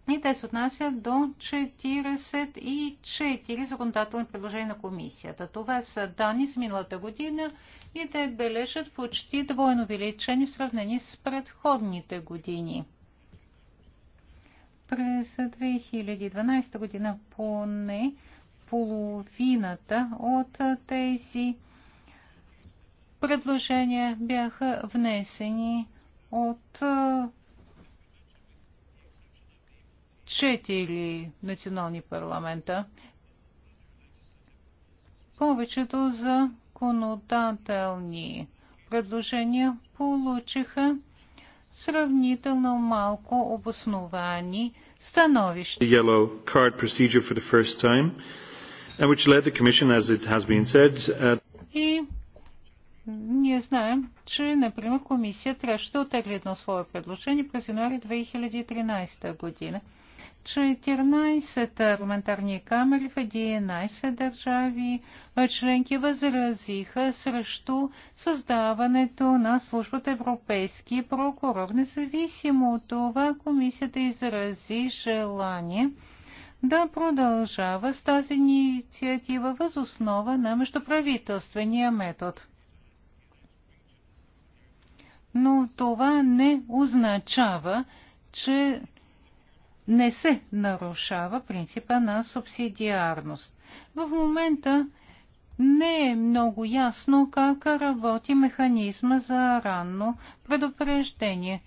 и те се отнасят до 44 законодателни предложения на комисията. Това са данни с миналата година и те бележат почти двойно увеличени в сравнение с предходните години. През 2012 година поне половината от тези предложения бяха внесени от четири национални парламента. Повечето законодателни предложения получиха сравнително малко обосновани становища. Uh, И ние знаем, че, например, комисия трябваше да отегли едно свое предложение през януари 2013 година. 14 парламентарни камери в 11 държави членки възразиха срещу създаването на службата Европейски прокурор. Независимо от това, комисията изрази желание да продължава с тази инициатива възоснова на междуправителствения метод. Но това не означава, че не се нарушава принципа на субсидиарност. В момента не е много ясно как работи механизма за ранно предупреждение.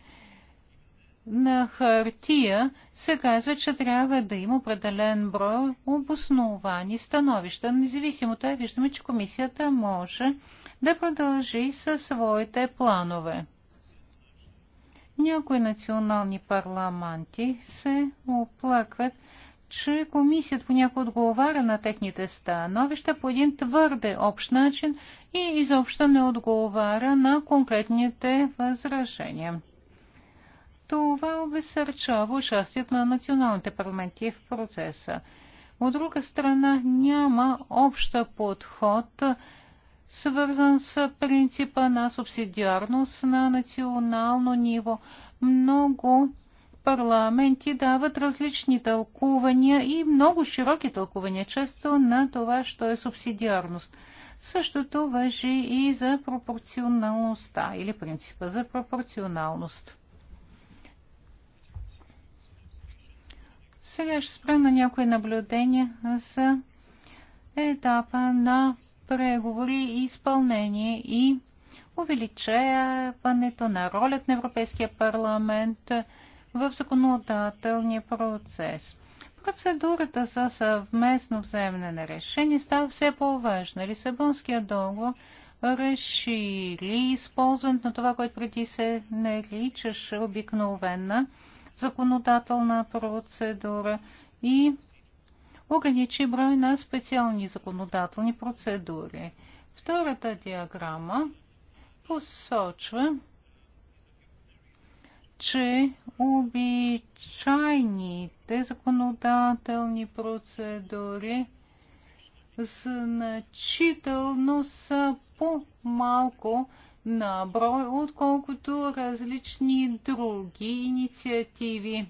На хартия се казва, че трябва да има определен брой обосновани становища. Независимо това, виждаме, че комисията може да продължи със своите планове. Някои национални парламенти се оплакват, че комисията понякога отговаря на техните становища по един твърде общ начин и изобщо не отговаря на конкретните възражения. Това обесърчава участието на националните парламенти в процеса. От друга страна няма обща подход свързан с принципа на субсидиарност на национално ниво. Много парламенти дават различни тълкувания и много широки тълкувания често на това, що е субсидиарност. Същото въжи и за пропорционалността или принципа за пропорционалност. Сега ще спра на някои наблюдения за етапа на преговори и изпълнение и увеличаването на ролята на Европейския парламент в законодателния процес. Процедурата за съвместно вземане на решение става все по-важна. Лисабонския договор разшири използването на това, което преди се наричаше обикновена законодателна процедура и ограничи брой на специални законодателни процедури. Втората диаграма посочва, че обичайните законодателни процедури значително са по-малко на брой, отколкото различни други инициативи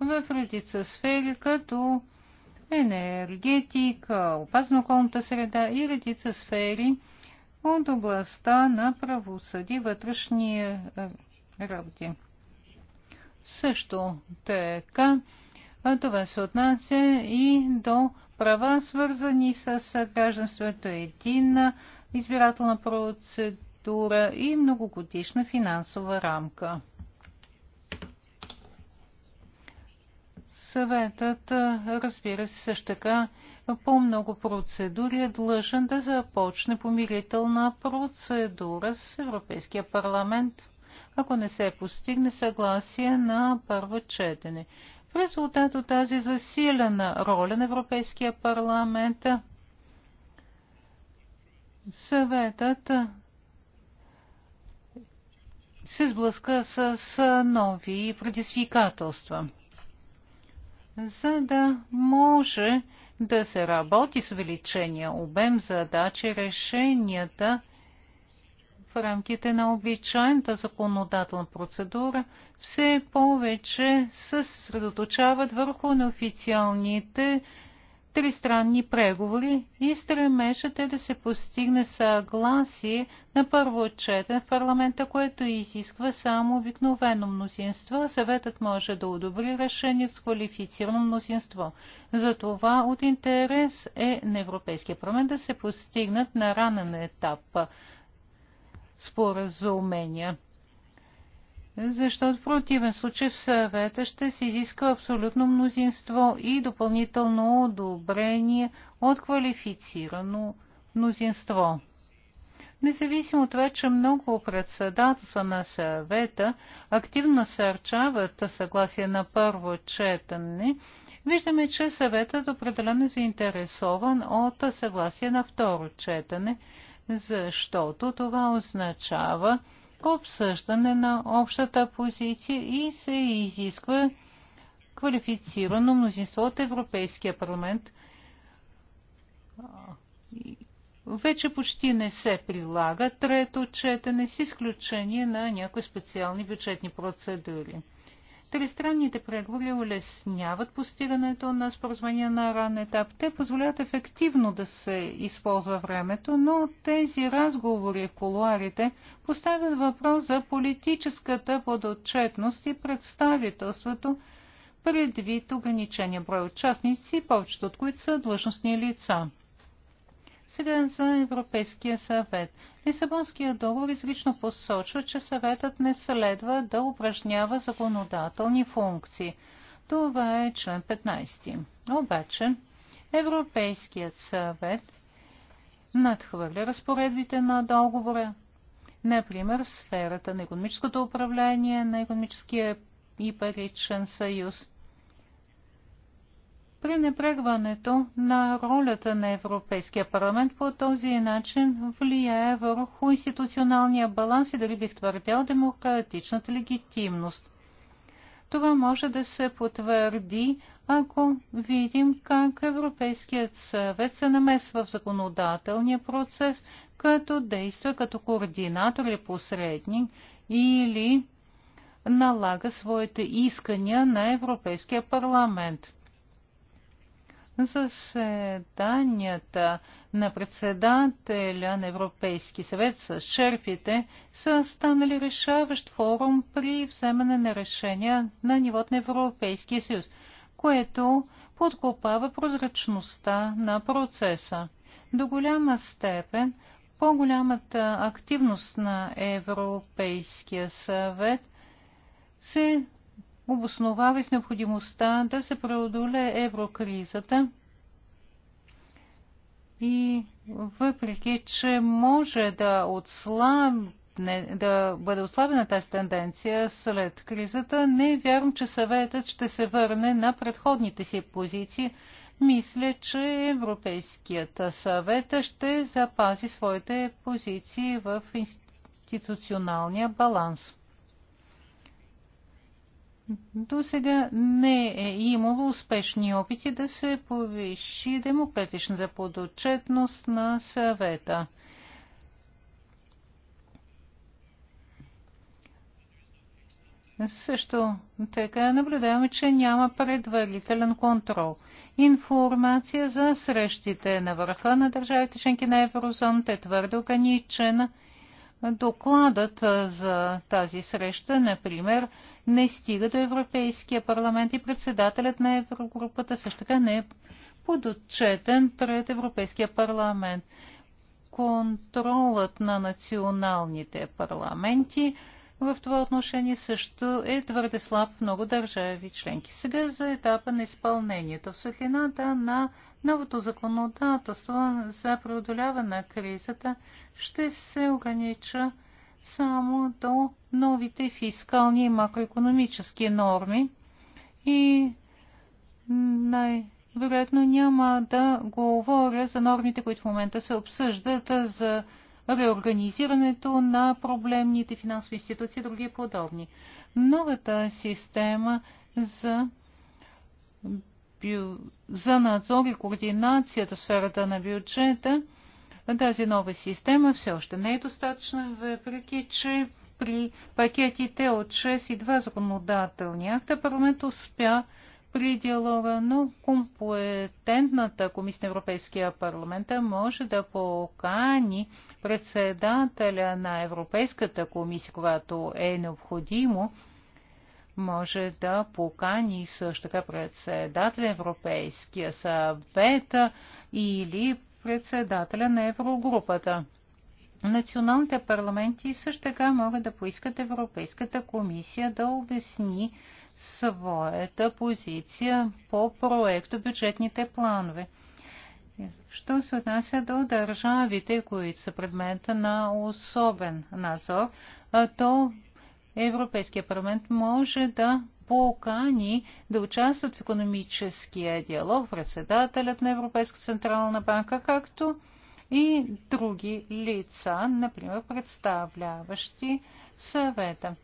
в редица сфери, като енергетика, опазна околната среда и редица сфери от областта на правосъди вътрешни е, работи. Също така това се отнася и до права, свързани с гражданството, единна избирателна процедура и многогодишна финансова рамка. Съветът, разбира се, също така по много процедури е длъжен да започне помирителна процедура с Европейския парламент, ако не се постигне съгласие на първо четене. В резултат от тази засилена роля на Европейския парламент, съветът се сблъска с нови предизвикателства за да може да се работи с увеличения обем задачи, решенията в рамките на обичайната законодателна процедура все повече се съсредоточават върху неофициалните тристранни преговори и стремежът е да се постигне съгласие на първо четен в парламента, което изисква само обикновено мнозинство. Съветът може да одобри решение с квалифицирано мнозинство. Затова от интерес е на Европейския парламент да се постигнат на ранен етап споразумения защото в противен случай в съвета ще се изисква абсолютно мнозинство и допълнително одобрение от квалифицирано мнозинство. Независимо от това, че много председателства на съвета активно насърчават съгласие на първо четене, виждаме, че съветът определено е заинтересован от съгласие на второ четене, защото това означава, обсъждане на общата позиция и се изисква квалифицирано мнозинство от Европейския парламент. Вече почти не се прилага трето четене с изключение на някои специални бюджетни процедури. Тристранните преговори улесняват постигането на споразумение на ранен етап. Те позволяват ефективно да се използва времето, но тези разговори в колуарите поставят въпрос за политическата подотчетност и представителството предвид ограничения брой участници, повечето от които са длъжностни лица. Сега за Европейския съвет. Лисабонския договор излично посочва, че съветът не следва да упражнява законодателни функции. Това е член 15. Обаче Европейският съвет надхвърля разпоредбите на договора, например в сферата на економическото управление на економическия и паричен съюз пренебрегването на ролята на Европейския парламент по този начин влияе върху институционалния баланс и дали бих твърдял демократичната легитимност. Това може да се потвърди, ако видим как Европейският съвет се намесва в законодателния процес, като действа като координатор или посредник или налага своите искания на Европейския парламент. Заседанията на председателя на Европейски съвет с шерпите са станали решаващ форум при вземане на решения на нивото на Европейския съюз, което подкопава прозрачността на процеса. До голяма степен по-голямата активност на Европейския съвет се обосновава и с необходимостта да се преодолее еврокризата. И въпреки, че може да отслаби не, да бъде ослабена тази тенденция след кризата, не е вярвам, че съветът ще се върне на предходните си позиции. Мисля, че Европейският съвет ще запази своите позиции в институционалния баланс. До сега не е имало успешни опити да се повиши демократичната подотчетност на съвета. Също така наблюдаваме, че няма предварителен контрол. Информация за срещите на върха на държавите членки на еврозоната е твърде ограничена – Докладът за тази среща, например, не стига до Европейския парламент и председателят на Еврогрупата също така не е подотчетен пред Европейския парламент. Контролът на националните парламенти – в това отношение също е твърде слаб в много държави членки. Сега е за етапа на изпълнението. В светлината на новото законодателство за преодоляване на кризата ще се огранича само до новите фискални и макроекономически норми и най-вероятно няма да говоря за нормите, които в момента се обсъждат за реорганизирането на проблемните финансови институции и други подобни. Новата система за за надзор и координацията в сферата на бюджета, тази нова система все още не е достатъчна, въпреки че при пакетите от 6 и 2 законодателни акта парламент успя при диалога, но компетентната комисия на Европейския парламент може да покани председателя на Европейската комисия, когато е необходимо, може да покани също така председателя на Европейския съвет или председателя на Еврогрупата. Националните парламенти също така могат да поискат Европейската комисия да обясни своята позиция по проекто бюджетните планове. Що се отнася до държавите, които са предмета на особен надзор, то Европейския парламент може да покани да участват в економическия диалог председателят на Европейска централна банка, както и други лица, например представляващи съвета.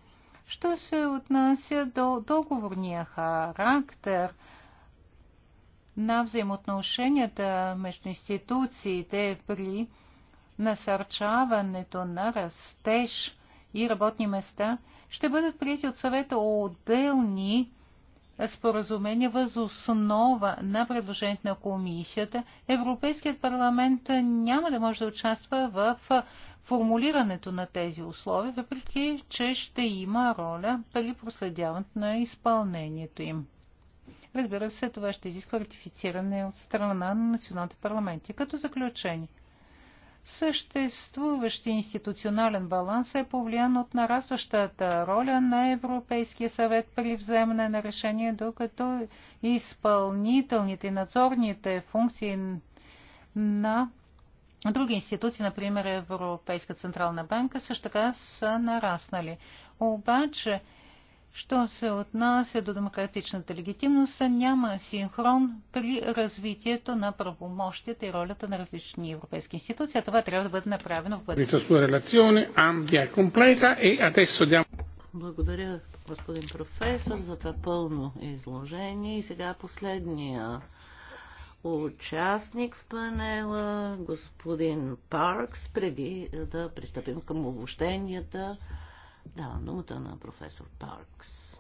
Що се отнася до договорния характер на взаимоотношенията между институциите при насърчаването на растеж и работни места, ще бъдат прияти от съвета отделни споразумения въз основа на предложението на комисията, Европейският парламент няма да може да участва в формулирането на тези условия, въпреки че ще има роля при проследяването на изпълнението им. Разбира се, това ще изисква ратифициране от страна на националните парламенти. Като заключение, съществуващия институционален баланс е повлиян от нарастващата роля на Европейския съвет при вземане на решение, докато изпълнителните и надзорните функции на Други институции, например Европейска централна банка, също така са нараснали. Обаче, що се отнася до демократичната легитимност, няма синхрон при развитието на правомощията и ролята на различни европейски институции, а това трябва да бъде направено в бъдеще. E e Благодаря, господин професор, за това пълно изложение. И сега последния участник в панела, господин Паркс, преди да пристъпим към обобщенията. Давам думата на професор Паркс.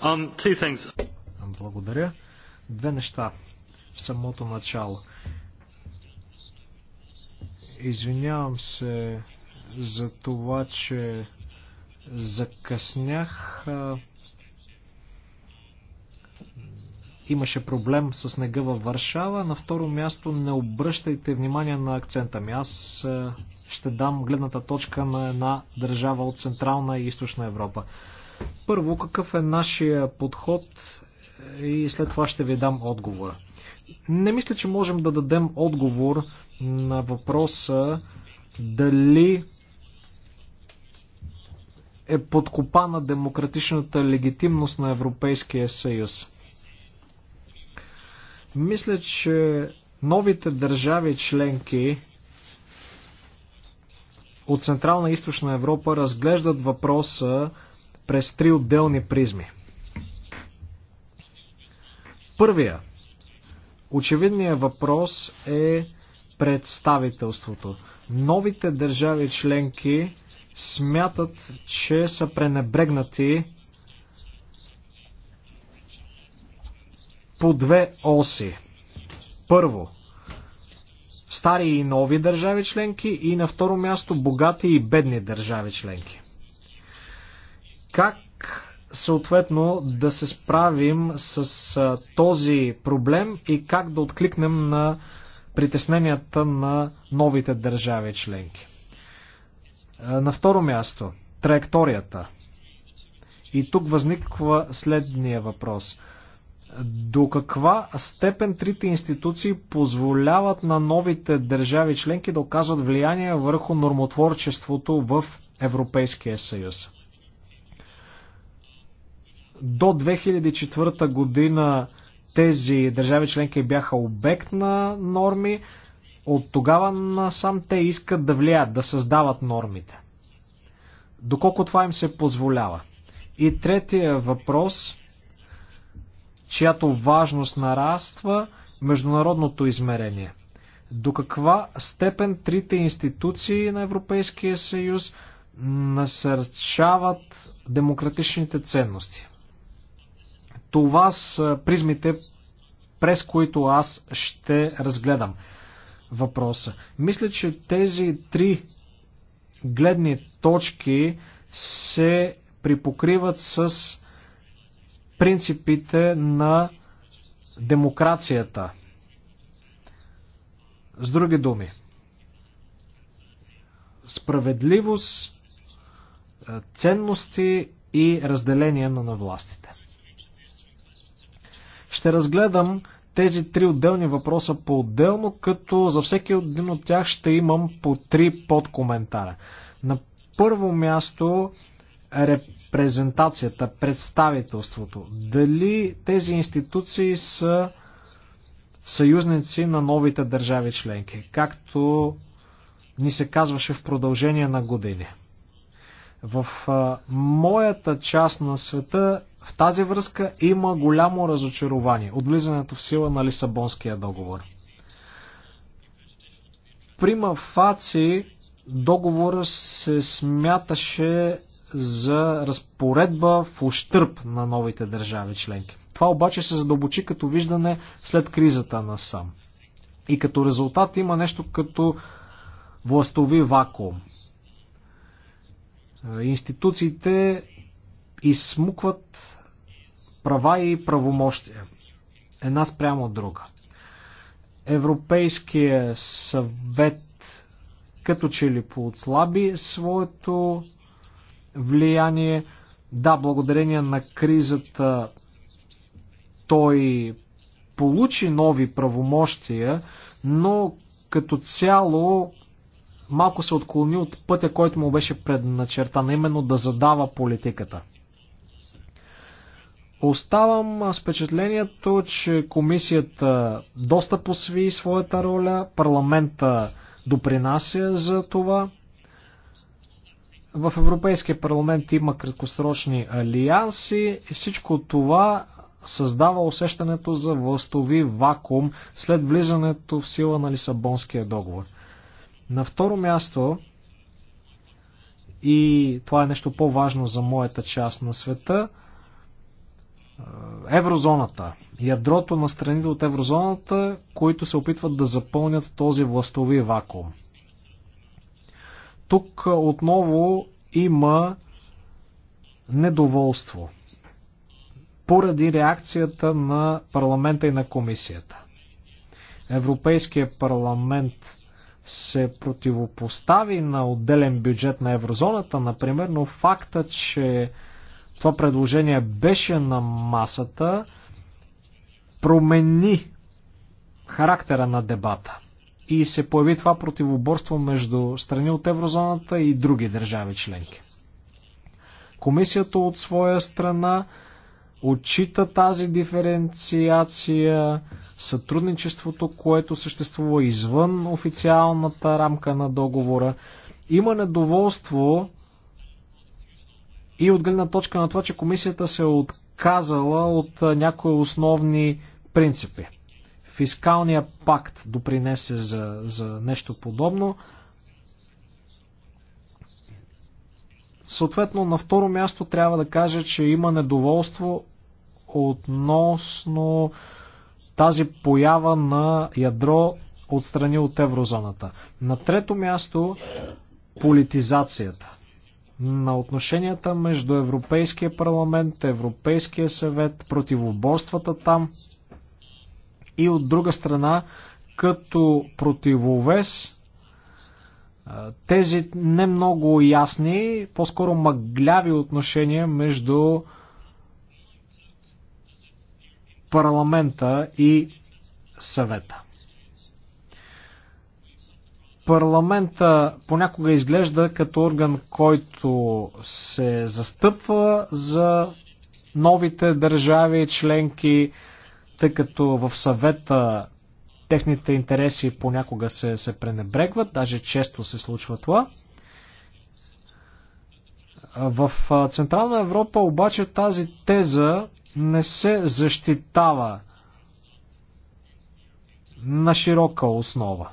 Um, Благодаря. Две неща в самото начало. Извинявам се за това, че закъснях. имаше проблем с снега във Варшава. На второ място не обръщайте внимание на акцента ми. Аз е, ще дам гледната точка на една държава от Централна и Източна Европа. Първо, какъв е нашия подход е, и след това ще ви дам отговора. Не мисля, че можем да дадем отговор на въпроса дали е подкопана демократичната легитимност на Европейския съюз. Мисля, че новите държави членки от Централна и Източна Европа разглеждат въпроса през три отделни призми. Първия, очевидният въпрос е представителството. Новите държави членки смятат, че са пренебрегнати по две оси. Първо, стари и нови държави членки и на второ място богати и бедни държави членки. Как съответно да се справим с този проблем и как да откликнем на притесненията на новите държави членки. На второ място, траекторията. И тук възниква следния въпрос до каква степен трите институции позволяват на новите държави членки да оказват влияние върху нормотворчеството в Европейския съюз. До 2004 година тези държави членки бяха обект на норми, от тогава насам те искат да влияят, да създават нормите. Доколко това им се позволява. И третия въпрос – чиято важност нараства международното измерение. До каква степен трите институции на Европейския съюз насърчават демократичните ценности? Това са призмите, през които аз ще разгледам въпроса. Мисля, че тези три гледни точки се припокриват с принципите на демокрацията. С други думи, справедливост, е, ценности и разделение на властите. Ще разгледам тези три отделни въпроса по-отделно, като за всеки един от тях ще имам по три подкоментара. На първо място репрезентацията, представителството. Дали тези институции са съюзници на новите държави членки, както ни се казваше в продължение на години. В а, моята част на света в тази връзка има голямо разочарование от влизането в сила на Лисабонския договор. Прима фаци договора се смяташе за разпоредба в ущърп на новите държави членки. Това обаче се задълбочи като виждане след кризата на сам. И като резултат има нещо като властови вакуум. Институциите изсмукват права и правомощия. Една спрямо от друга. Европейския съвет като че ли поотслаби своето влияние. Да, благодарение на кризата той получи нови правомощия, но като цяло малко се отклони от пътя, който му беше предначертан, именно да задава политиката. Оставам с впечатлението, че комисията доста посви своята роля, парламента допринася за това. В Европейския парламент има краткосрочни алианси и всичко това създава усещането за властови вакуум след влизането в сила на Лисабонския договор. На второ място, и това е нещо по-важно за моята част на света, е, еврозоната, ядрото на страните от еврозоната, които се опитват да запълнят този властови вакуум. Тук отново има недоволство поради реакцията на парламента и на комисията. Европейския парламент се противопостави на отделен бюджет на еврозоната, например, но факта, че това предложение беше на масата, промени характера на дебата и се появи това противоборство между страни от еврозоната и други държави членки. Комисията от своя страна отчита тази диференциация, сътрудничеството, което съществува извън официалната рамка на договора. Има недоволство и от гледна точка на това, че комисията се е отказала от някои основни принципи. Фискалния пакт допринесе за, за нещо подобно. Съответно, на второ място трябва да кажа, че има недоволство относно тази поява на ядро от страни от еврозоната. На трето място политизацията на отношенията между Европейския парламент, Европейския съвет, противоборствата там и от друга страна като противовес тези не много ясни, по-скоро мъгляви отношения между парламента и съвета. Парламента понякога изглежда като орган, който се застъпва за новите държави членки, тъй като в съвета техните интереси понякога се, се пренебрегват, даже често се случва това. В Централна Европа обаче тази теза не се защитава на широка основа.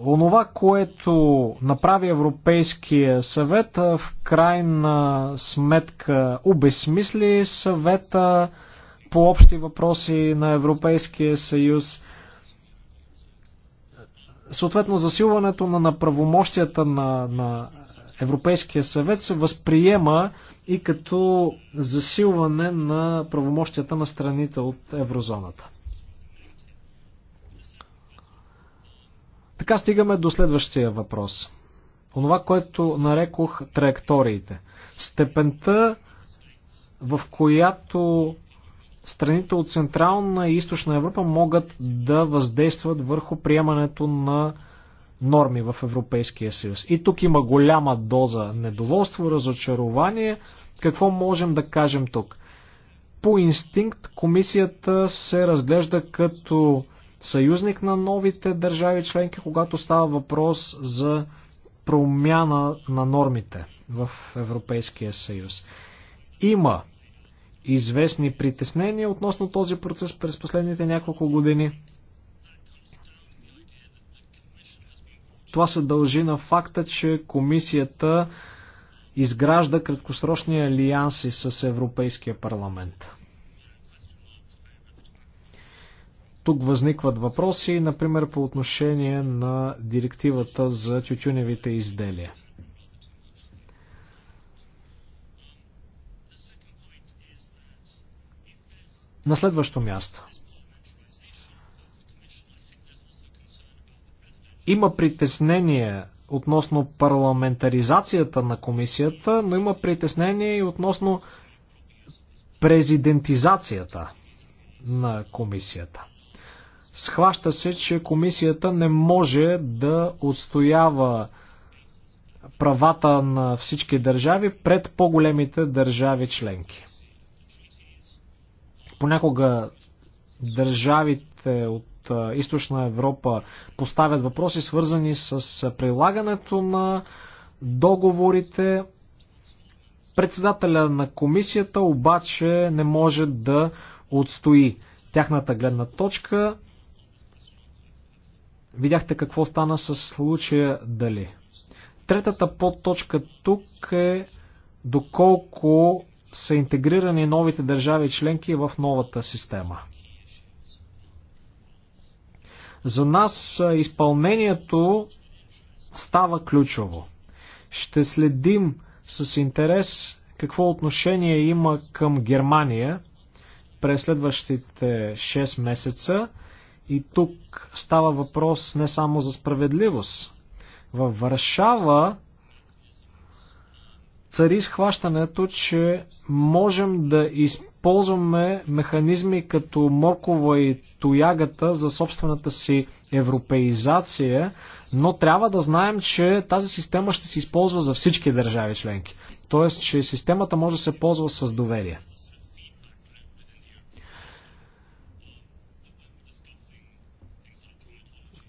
Онова, което направи Европейския съвет, в крайна сметка обесмисли съвета по общи въпроси на Европейския съюз. Съответно, засилването на правомощията на, на Европейския съвет се възприема и като засилване на правомощията на страните от еврозоната. Така стигаме до следващия въпрос. Онова, което нарекох траекториите. Степента, в която страните от Централна и Източна Европа могат да въздействат върху приемането на норми в Европейския съюз. И тук има голяма доза недоволство, разочарование. Какво можем да кажем тук? По инстинкт комисията се разглежда като съюзник на новите държави членки, когато става въпрос за промяна на нормите в Европейския съюз. Има известни притеснения относно този процес през последните няколко години. Това се дължи на факта, че комисията изгражда краткосрочни алианси с Европейския парламент. Тук възникват въпроси, например по отношение на директивата за тютюневите изделия. На следващо място. Има притеснение относно парламентаризацията на комисията, но има притеснение и относно президентизацията на комисията. Схваща се, че комисията не може да отстоява правата на всички държави пред по-големите държави членки. Понякога държавите от източна Европа поставят въпроси, свързани с прилагането на договорите. Председателя на комисията обаче не може да отстои тяхната гледна точка. Видяхте какво стана с случая Дали. Третата подточка тук е доколко са интегрирани новите държави членки в новата система. За нас изпълнението става ключово. Ще следим с интерес какво отношение има към Германия през следващите 6 месеца. И тук става въпрос не само за справедливост. Във Варшава цари схващането, че можем да използваме механизми като моркова и тоягата за собствената си европеизация, но трябва да знаем, че тази система ще се използва за всички държави членки. Тоест, че системата може да се ползва с доверие.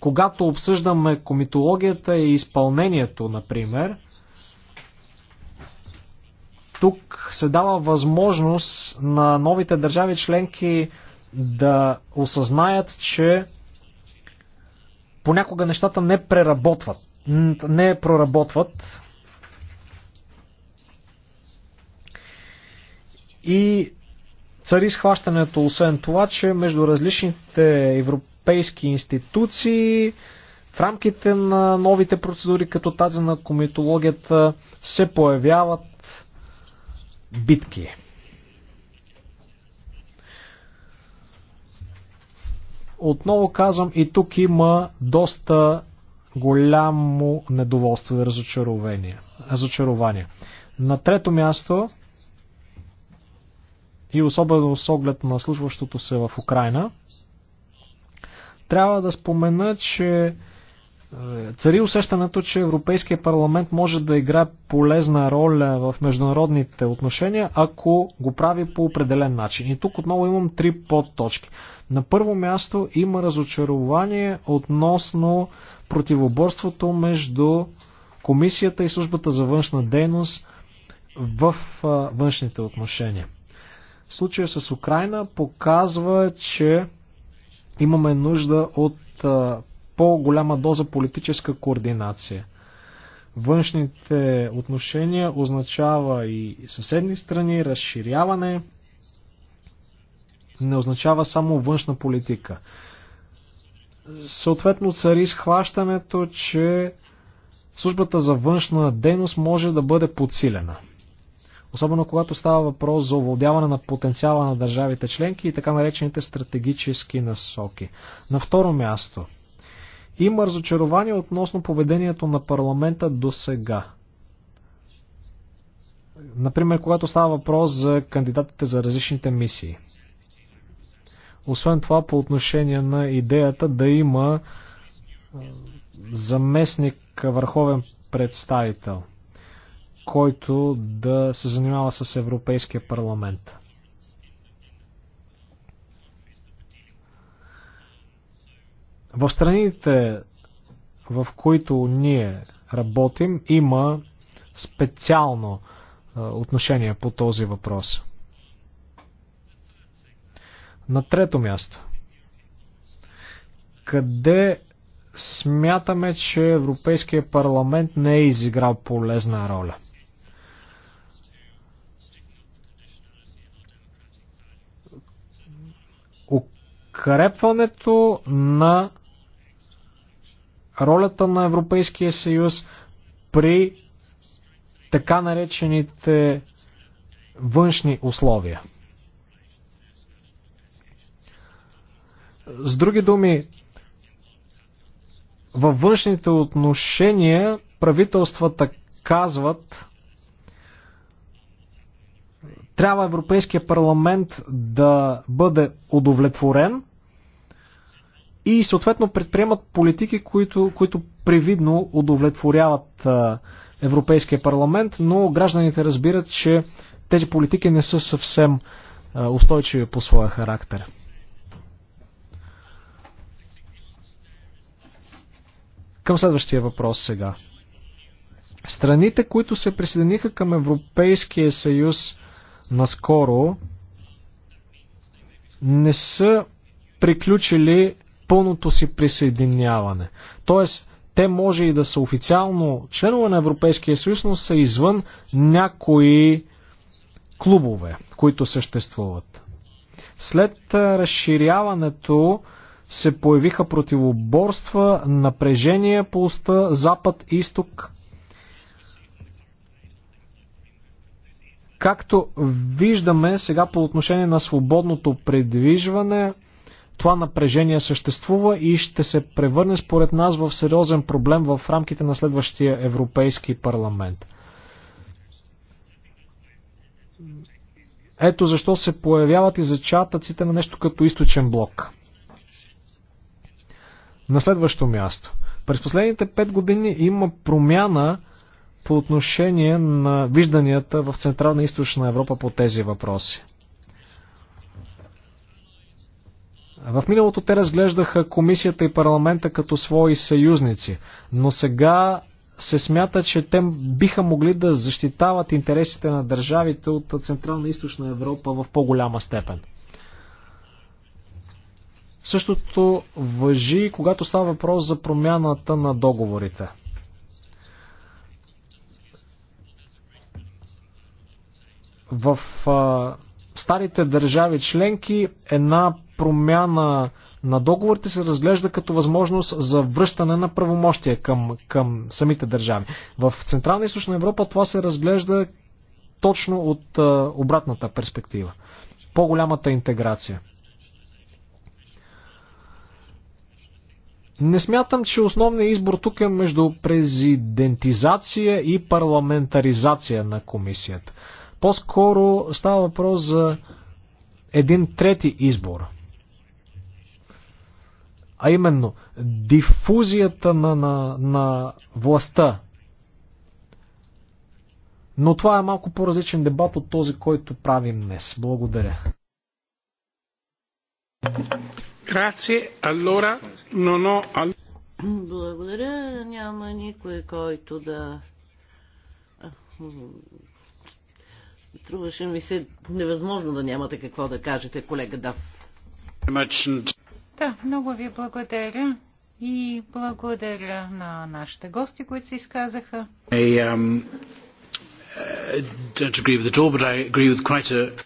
когато обсъждаме комитологията и изпълнението, например, тук се дава възможност на новите държави членки да осъзнаят, че понякога нещата не преработват, не проработват. И цари схващането, освен това, че между различните европейски европейски институции в рамките на новите процедури, като тази на комитологията, се появяват битки. Отново казвам, и тук има доста голямо недоволство и разочарование. разочарование. На трето място, и особено с оглед на случващото се в Украина, трябва да спомена, че е, цари усещането, че Европейския парламент може да играе полезна роля в международните отношения, ако го прави по определен начин. И тук отново имам три подточки. На първо място има разочарование относно противоборството между Комисията и службата за външна дейност в външните отношения. Случая с Украина показва, че Имаме нужда от по-голяма доза политическа координация. Външните отношения означава и съседни страни, разширяване, не означава само външна политика. Съответно цари схващането, че службата за външна дейност може да бъде подсилена. Особено когато става въпрос за овладяване на потенциала на държавите членки и така наречените стратегически насоки. На второ място. Има разочарование относно поведението на парламента до сега. Например, когато става въпрос за кандидатите за различните мисии. Освен това, по отношение на идеята да има заместник върховен представител – който да се занимава с Европейския парламент. В страните, в които ние работим, има специално отношение по този въпрос. На трето място. Къде смятаме, че Европейския парламент не е изиграл полезна роля? укрепването на ролята на Европейския съюз при така наречените външни условия. С други думи, във външните отношения правителствата казват трябва Европейския парламент да бъде удовлетворен и съответно предприемат политики, които, които привидно удовлетворяват Европейския парламент, но гражданите разбират, че тези политики не са съвсем устойчиви по своя характер. Към следващия въпрос сега. Страните, които се присъединиха към Европейския съюз наскоро не са приключили пълното си присъединяване. Тоест, те може и да са официално членове на Европейския съюз, но са извън някои клубове, които съществуват. След разширяването се появиха противоборства, напрежение по уста Запад-Изток. Както виждаме сега по отношение на свободното предвижване, това напрежение съществува и ще се превърне според нас в сериозен проблем в рамките на следващия Европейски парламент. Ето защо се появяват и зачатъците на нещо като източен блок. На следващо място. През последните 5 години има промяна по отношение на вижданията в Централна и Източна Европа по тези въпроси. В миналото те разглеждаха комисията и парламента като свои съюзници, но сега се смята, че те биха могли да защитават интересите на държавите от Централна и Източна Европа в по-голяма степен. Същото въжи, когато става въпрос за промяната на договорите – В а, старите държави членки една промяна на договорите се разглежда като възможност за връщане на правомощия към, към самите държави. В Централна и Източна Европа това се разглежда точно от а, обратната перспектива. По-голямата интеграция. Не смятам, че основният избор тук е между президентизация и парламентаризация на комисията. По-скоро става въпрос за един трети избор. А именно, дифузията на, на, на властта. Но това е малко по-различен дебат от този, който правим днес. Благодаря. Благодаря. Няма никой, който да Струваше ми се невъзможно да нямате какво да кажете, колега Дав. Да, много ви благодаря и благодаря на нашите гости, които се изказаха. Um, uh,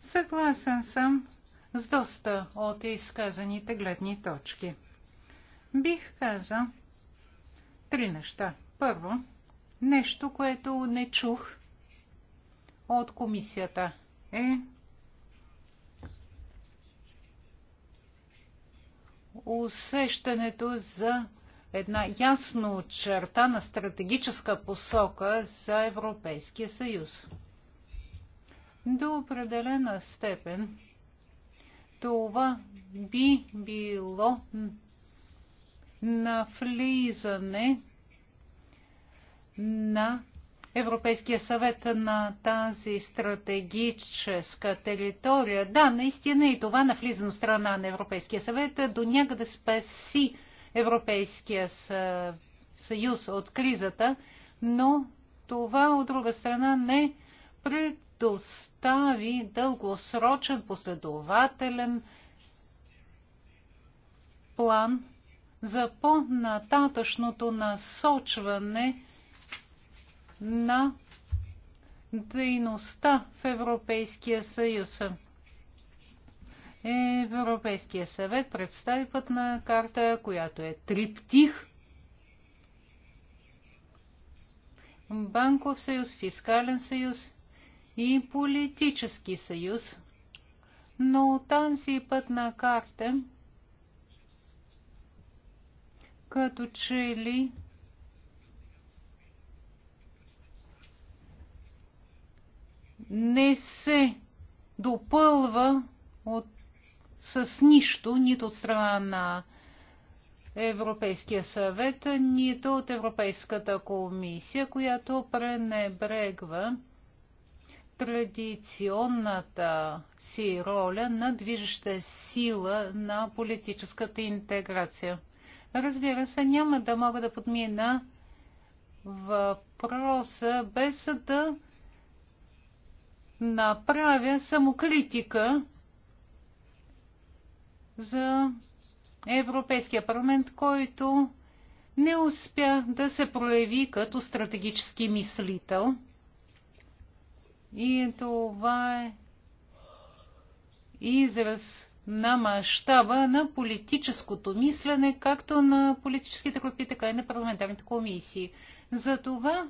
Съгласен съм с доста от изказаните гледни точки. Бих казал три неща. Първо, Нещо, което не чух от комисията е усещането за една ясно черта на стратегическа посока за Европейския съюз. До определена степен това би било на влизане на Европейския съвет на тази стратегическа територия. Да, наистина и това навлизано страна на Европейския съвет до някъде спаси Европейския съюз от кризата, но това от друга страна не предостави дългосрочен, последователен план за по-нататъчното насочване на дейността в Европейския съюз. Европейския съвет представи пътна карта, която е триптих. Банков съюз, фискален съюз и политически съюз. Но тази пътна карта като че ли не се допълва от, с нищо, нито от страна на Европейския съвет, нито от Европейската комисия, която пренебрегва традиционната си роля на движеща сила на политическата интеграция. Разбира се, няма да мога да подмина въпроса без да направя самокритика за Европейския парламент, който не успя да се прояви като стратегически мислител. И това е израз на мащаба на политическото мислене, както на политическите групи, така и на парламентарните комисии. Затова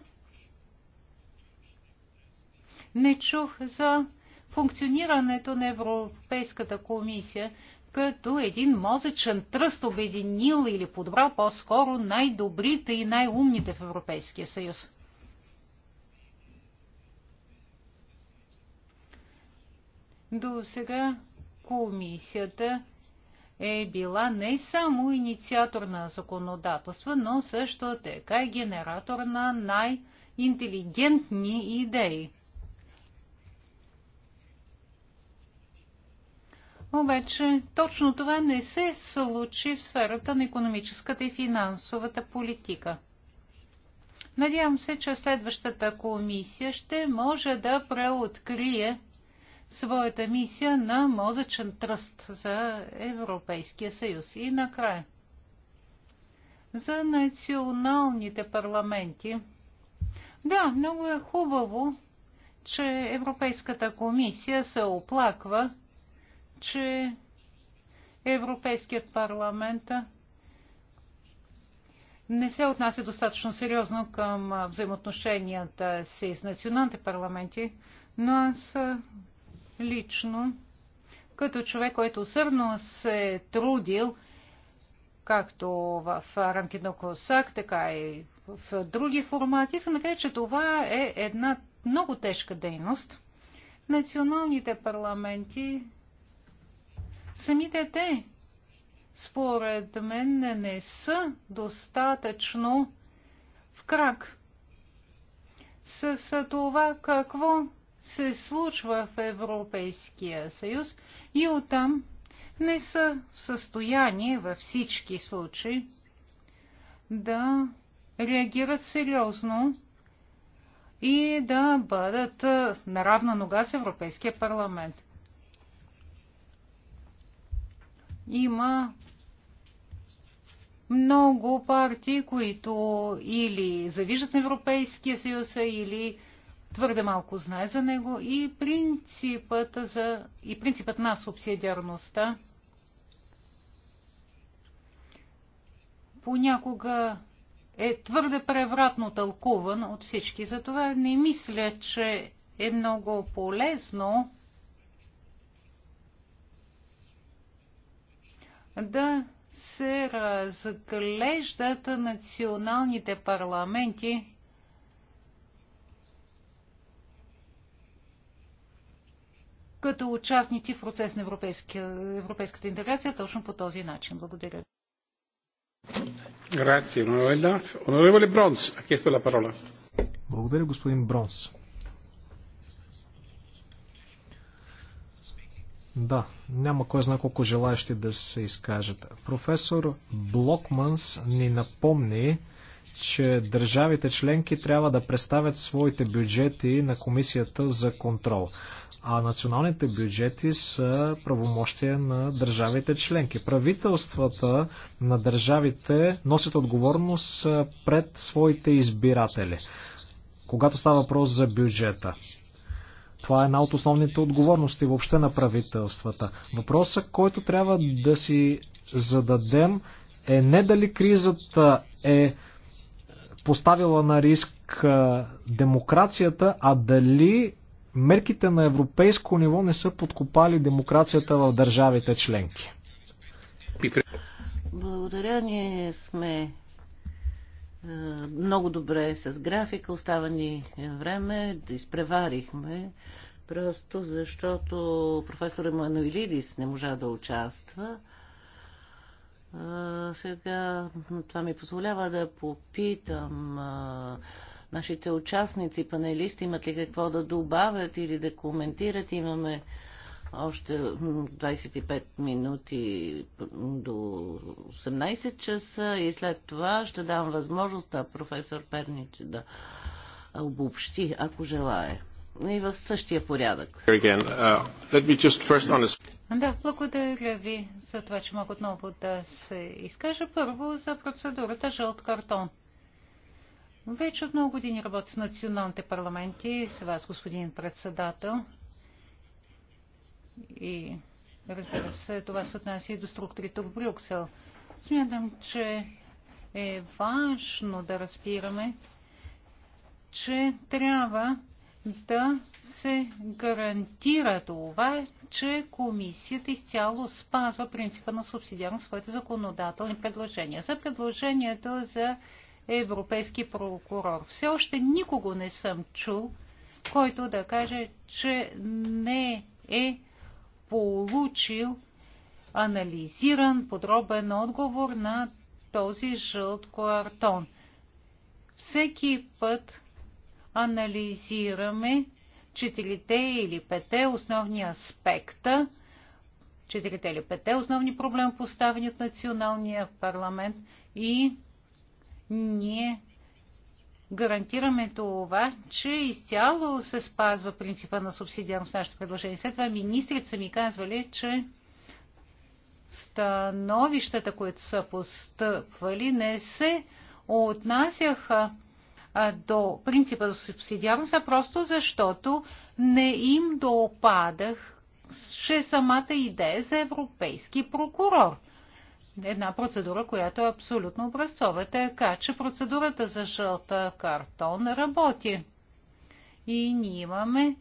не чух за функционирането на Европейската комисия като един мозъчен тръст обединил или подбрал по-скоро най-добрите и най-умните в Европейския съюз. До сега комисията е била не само инициатор на законодателство, но също така и генератор на най-интелигентни идеи. Обаче точно това не се случи в сферата на економическата и финансовата политика. Надявам се, че следващата комисия ще може да преоткрие своята мисия на мозъчен тръст за Европейския съюз. И накрая. За националните парламенти. Да, много е хубаво, че Европейската комисия се оплаква, че Европейският парламент не се отнася достатъчно сериозно към взаимоотношенията си с националните парламенти, но аз лично, като човек, който усърдно се е трудил, както в рамките на КОСАК, така и в други формати, искам да кажа, че това е една много тежка дейност. Националните парламенти Самите те, според мен, не са достатъчно в крак с това какво се случва в Европейския съюз и оттам не са в състояние във всички случаи да реагират сериозно и да бъдат наравна нога с Европейския парламент. има много партии, които или завиждат на Европейския съюз, или твърде малко знае за него и принципът, за, и принципът на субсидиарността понякога е твърде превратно тълкуван от всички. Затова не мисля, че е много полезно да се разглеждат националните парламенти като участници в процес на европейската интеграция точно по този начин. Благодаря. Благодаря, господин Бронс. Да, няма кой знае колко желаящи да се изкажат. Професор Блокманс ни напомни, че държавите членки трябва да представят своите бюджети на комисията за контрол. А националните бюджети са правомощия на държавите членки. Правителствата на държавите носят отговорност пред своите избиратели, когато става въпрос за бюджета. Това е една от основните отговорности въобще на правителствата. Въпросът, който трябва да си зададем е не дали кризата е поставила на риск демокрацията, а дали мерките на европейско ниво не са подкопали демокрацията в държавите членки. Благодаря, ние сме много добре е с графика, остава ни време, да изпреварихме, просто защото професор Емануилидис не можа да участва. Сега това ми позволява да попитам нашите участници, панелисти, имат ли какво да добавят или да коментират. Имаме още 25 минути до 18 часа и след това ще дам възможност на професор Пернич да обобщи, ако желае. И в същия порядък. Uh, да, благодаря ви за това, че мога отново да се изкажа. Първо за процедурата жълт картон. Вече от много години работя с националните парламенти, с вас, господин председател. И разбира се, това се отнася и до структурите в Брюксел. Смятам, че е важно да разбираме, че трябва да се гарантира това, че комисията изцяло спазва принципа на субсидиарност в своите законодателни предложения. За предложението за европейски прокурор. Все още никого не съм чул, който да каже, че не е получил анализиран подробен отговор на този жълт картон. Всеки път анализираме четирите или пете основни аспекта, четирите или пете основни проблем, поставени от националния парламент и ние гарантираме това, че изцяло се спазва принципа на субсидиарност в нашето предложение. След това министрите са ми казвали, че становищата, които са постъпвали, не се отнасяха до принципа за субсидиарност, а просто защото не им допадах ще самата идея за европейски прокурор една процедура, която е абсолютно образцова. Така че процедурата за жълта картон работи. И ние имаме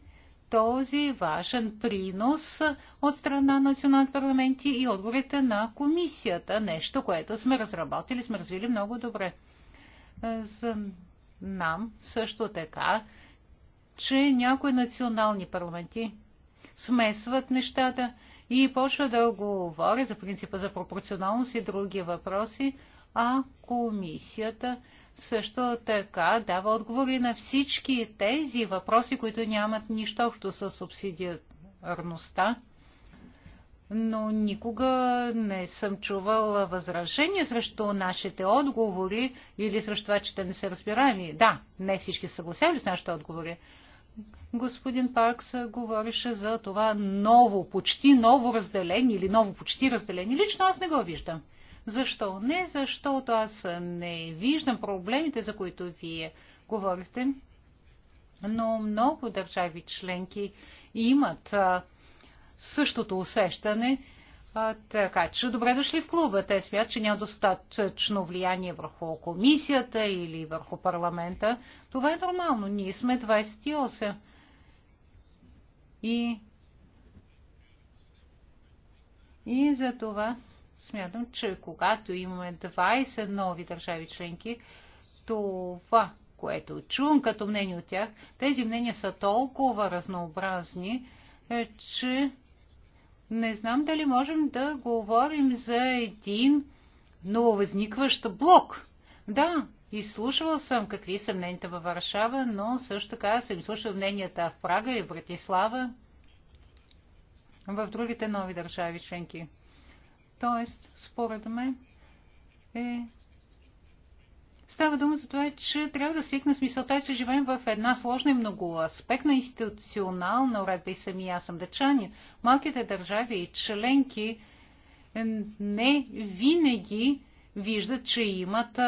този важен принос от страна на националните парламенти и отговорите на комисията. Нещо, което сме разработили, сме развили много добре. За нам също така, че някои национални парламенти смесват нещата. Да и почва да говори за принципа за пропорционалност и други въпроси, а комисията също така дава отговори на всички тези въпроси, които нямат нищо общо с субсидиарността. Но никога не съм чувал възражение срещу нашите отговори или срещу това, че те не се разбираеми. Да, не всички са съгласявали с нашите отговори, господин Паркс говореше за това ново, почти ново разделение или ново почти разделение. Лично аз не го виждам. Защо? Не защото аз не виждам проблемите, за които вие говорите, но много държави членки имат същото усещане, така че добре дошли в клуба. Те смятат, че няма достатъчно влияние върху комисията или върху парламента. Това е нормално. Ние сме 28. И, и за това смятам, че когато имаме 20 нови държави членки, това, което чувам като мнение от тях, тези мнения са толкова разнообразни, е, че не знам дали можем да говорим за един нововъзникващ блок. Да, изслушвал съм какви са мненията във Варшава, но също така съм слушал мненията в Прага и в Братислава, в другите нови държави членки. Тоест, според мен, е Става дума за това, че трябва да свикна с мисълта, че живеем в една сложна и многоаспектна институционална уредба и сами аз съм дъчанин. Малките държави и членки не винаги виждат, че имат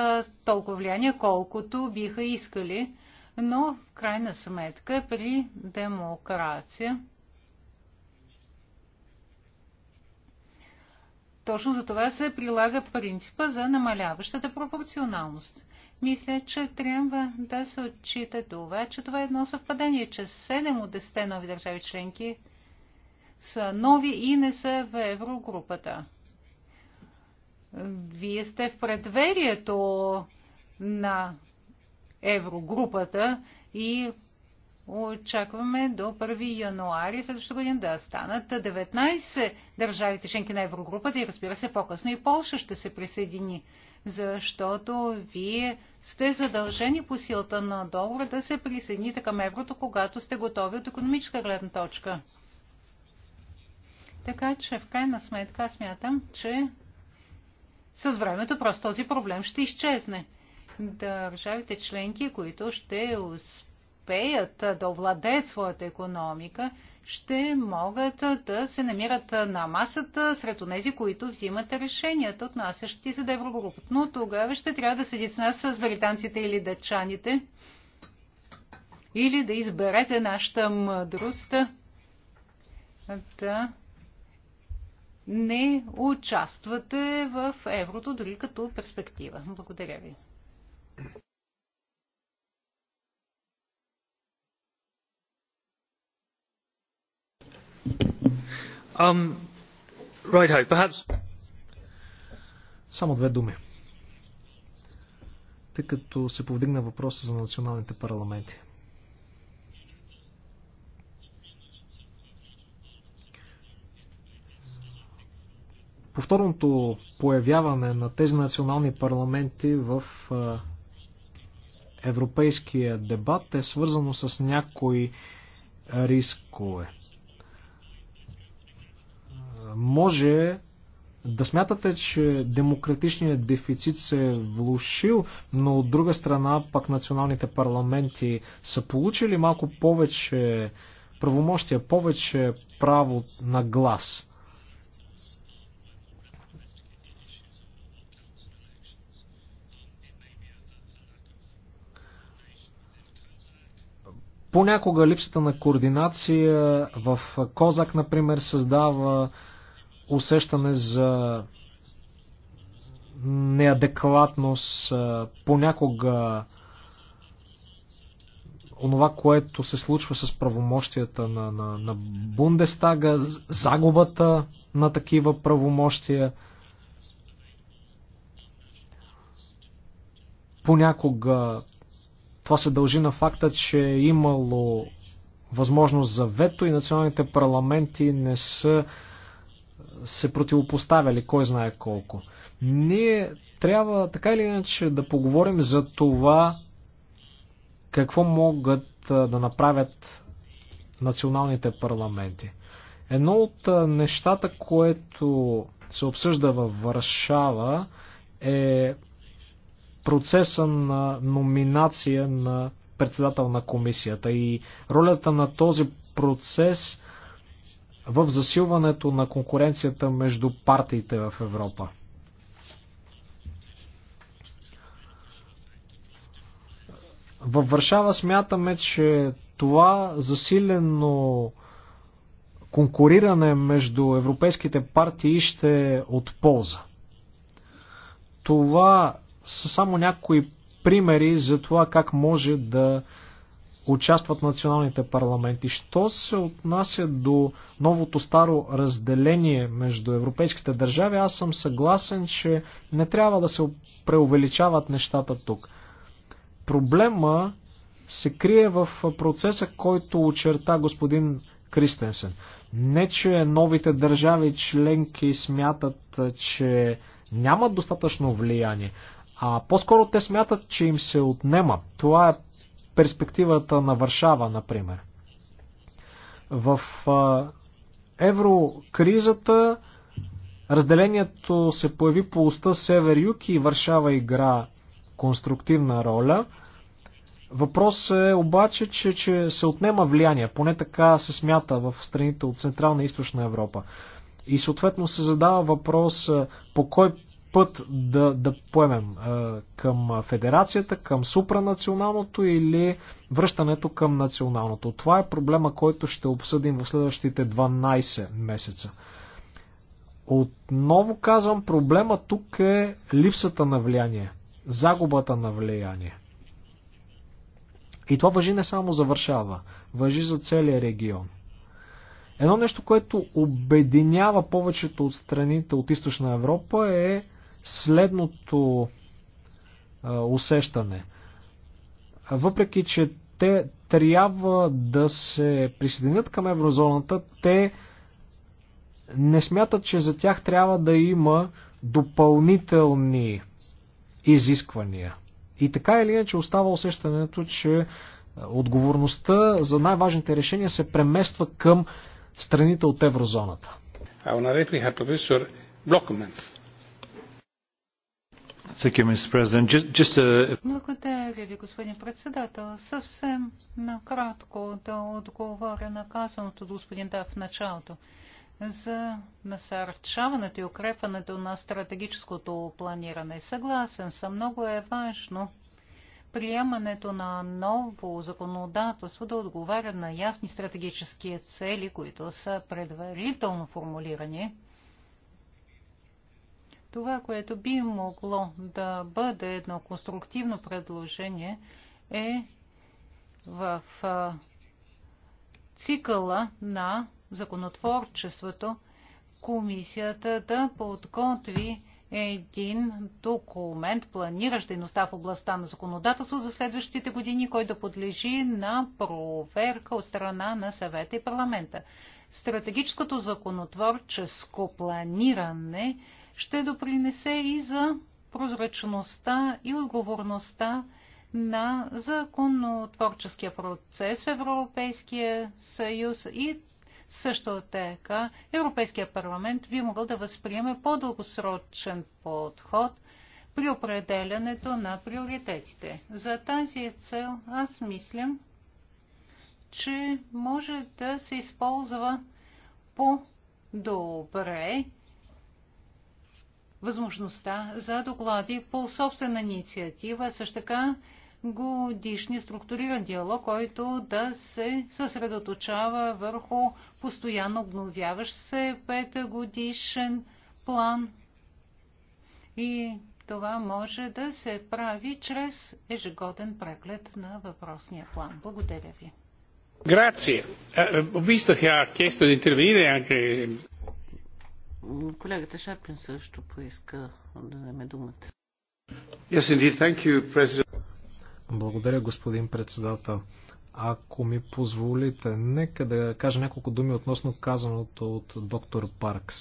толкова влияние, колкото биха искали. Но в крайна сметка при демокрация Точно за това се прилага принципа за намаляващата пропорционалност. Мисля, че трябва да се отчита това, че това е едно съвпадение, че 7 от 10 нови държави членки са нови и не са в еврогрупата. Вие сте в предверието на еврогрупата и очакваме до 1 януари следващата година да станат 19 държавите членки на Еврогрупата и разбира се по-късно и Полша ще се присъедини, защото вие сте задължени по силата на договора да се присъедините към еврото, когато сте готови от економическа гледна точка. Така че в крайна сметка смятам, че с времето просто този проблем ще изчезне. Държавите членки, които ще успеят успеят да овладеят своята економика, ще могат да се намират на масата сред тези, които взимат решенията, отнасящи се до Еврогрупата. Но тогава ще трябва да седи с нас с британците или дъчаните, или да изберете нашата мъдрост да не участвате в еврото, дори като перспектива. Благодаря ви. Um, Само две думи. Тъй като се повдигна въпроса за националните парламенти. повторното появяване на тези национални парламенти в европейския дебат е свързано с някои рискове. Може да смятате, че демократичният дефицит се е влушил, но от друга страна пък националните парламенти са получили малко повече правомощия, повече право на глас. Понякога липсата на координация в Козак, например, създава усещане за неадекватност, понякога онова, което се случва с правомощията на, на, на Бундестага, загубата на такива правомощия. Понякога това се дължи на факта, че е имало възможност за вето и националните парламенти не са се противопоставяли, кой знае колко. Ние трябва така или иначе да поговорим за това какво могат да направят националните парламенти. Едно от нещата, което се обсъжда във Варшава е процеса на номинация на председател на комисията и ролята на този процес в засилването на конкуренцията между партиите в Европа. Във Варшава смятаме, че това засилено конкуриране между европейските партии ще е от полза. Това са само някои примери за това как може да участват националните парламенти. Що се отнася до новото старо разделение между европейските държави, аз съм съгласен, че не трябва да се преувеличават нещата тук. Проблема се крие в процеса, който очерта господин Кристенсен. Не, че новите държави членки смятат, че нямат достатъчно влияние, а по-скоро те смятат, че им се отнема. Това е перспективата на Варшава, например. В еврокризата разделението се появи по уста север-юг и Варшава игра конструктивна роля. Въпрос е обаче, че, че се отнема влияние, поне така се смята в страните от Централна и Източна Европа. И съответно се задава въпрос по кой път да, да поемем към федерацията, към супранационалното или връщането към националното. Това е проблема, който ще обсъдим в следващите 12 месеца. Отново казвам, проблема тук е липсата на влияние, загубата на влияние. И това въжи не само за Варшава, въжи за целия регион. Едно нещо, което обединява повечето от страните от източна Европа е следното а, усещане. Въпреки, че те трябва да се присъединят към еврозоната, те не смятат, че за тях трябва да има допълнителни изисквания. И така или иначе остава усещането, че отговорността за най-важните решения се премества към страните от еврозоната. А на реплика професор Блокманс. Благодаря ви, господин председател. Съвсем накратко да отговоря на казаното от господин Да в началото за насърчаването и укрепването на стратегическото планиране. Съгласен съм, много е важно приемането на ново законодателство да отговаря на ясни стратегически цели, които са предварително формулирани това, което би могло да бъде едно конструктивно предложение е в цикъла на законотворчеството комисията да подготви един документ, планиращ дейността в областта на законодателство за следващите години, който да подлежи на проверка от страна на съвета и парламента. Стратегическото законотворческо планиране ще допринесе и за прозрачността и отговорността на законотворческия процес в Европейския съюз и също така Европейския парламент би могъл да възприеме по-дългосрочен подход при определянето на приоритетите. За тази цел аз мисля, че може да се използва по-добре възможността за доклади по собствена инициатива, също така годишни структуриран диалог, който да се съсредоточава върху постоянно обновяващ се петгодишен план. И това може да се прави чрез ежегоден преглед на въпросния план. Благодаря ви. Grazie. Eh, ho visto che ha chiesto di intervenire anche Колегата Шапин също поиска да вземе думата. Yes, indeed. Thank you, President. Благодаря, господин председател. Ако ми позволите, нека да кажа няколко думи относно казаното от доктор Паркс.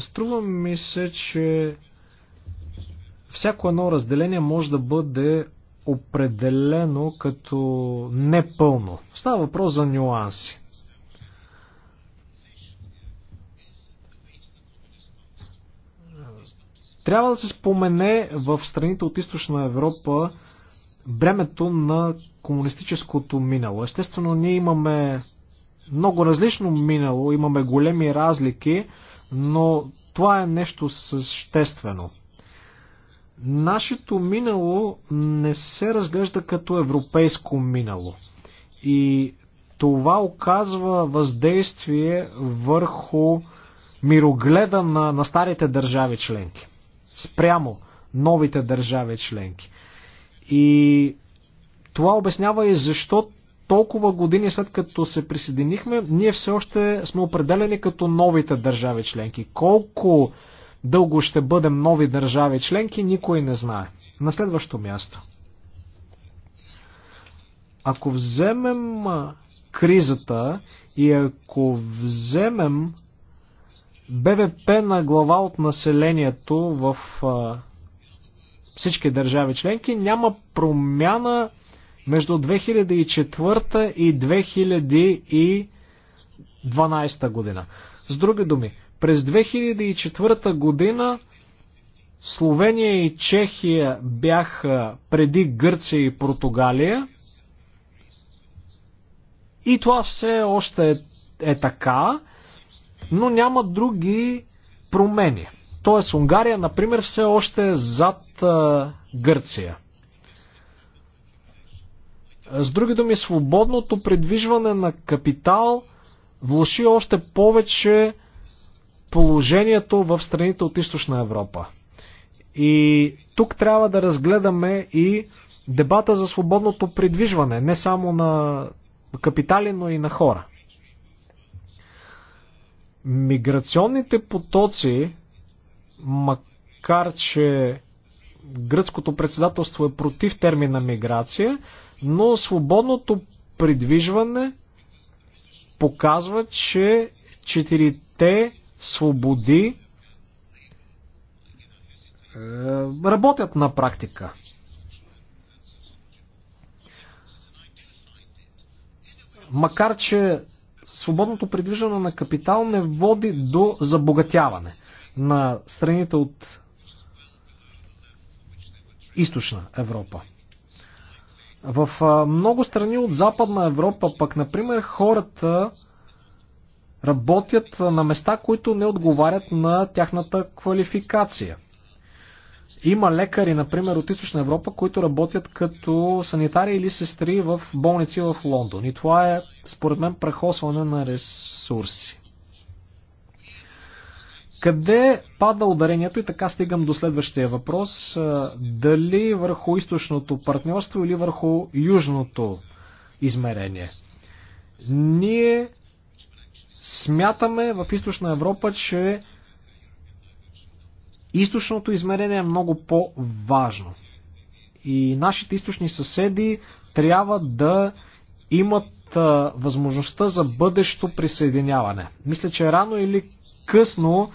Струва ми се, че всяко едно разделение може да бъде определено като непълно. Става въпрос за нюанси. Трябва да се спомене в страните от източна Европа бремето на комунистическото минало. Естествено, ние имаме много различно минало, имаме големи разлики, но това е нещо съществено. Нашето минало не се разглежда като европейско минало. И това оказва въздействие върху мирогледа на, на старите държави членки спрямо новите държави членки. И това обяснява и защо толкова години след като се присъединихме, ние все още сме определени като новите държави членки. Колко дълго ще бъдем нови държави членки, никой не знае. На следващо място. Ако вземем кризата и ако вземем БВП на глава от населението в всички държави членки няма промяна между 2004 и 2012 година. С други думи, през 2004 година Словения и Чехия бяха преди Гърция и Португалия. И това все още е, е така, но няма други промени. Тоест Унгария, например, все още е зад а, Гърция. С други думи, свободното придвижване на капитал влуши още повече положението в страните от източна Европа. И тук трябва да разгледаме и дебата за свободното придвижване, не само на капитали, но и на хора. Миграционните потоци, макар че гръцкото председателство е против термина миграция, но свободното придвижване показва, че четирите свободи е, работят на практика. Макар, че свободното придвижване на капитал не води до забогатяване на страните от източна Европа. В много страни от Западна Европа, пък, например, хората работят на места, които не отговарят на тяхната квалификация. Има лекари, например, от Източна Европа, които работят като санитари или сестри в болници в Лондон. И това е, според мен, прехосване на ресурси. Къде пада ударението и така стигам до следващия въпрос. Дали върху източното партньорство или върху южното измерение? Ние смятаме в източна Европа, че Източното измерение е много по-важно. И нашите източни съседи трябва да имат а, възможността за бъдещо присъединяване. Мисля, че рано или късно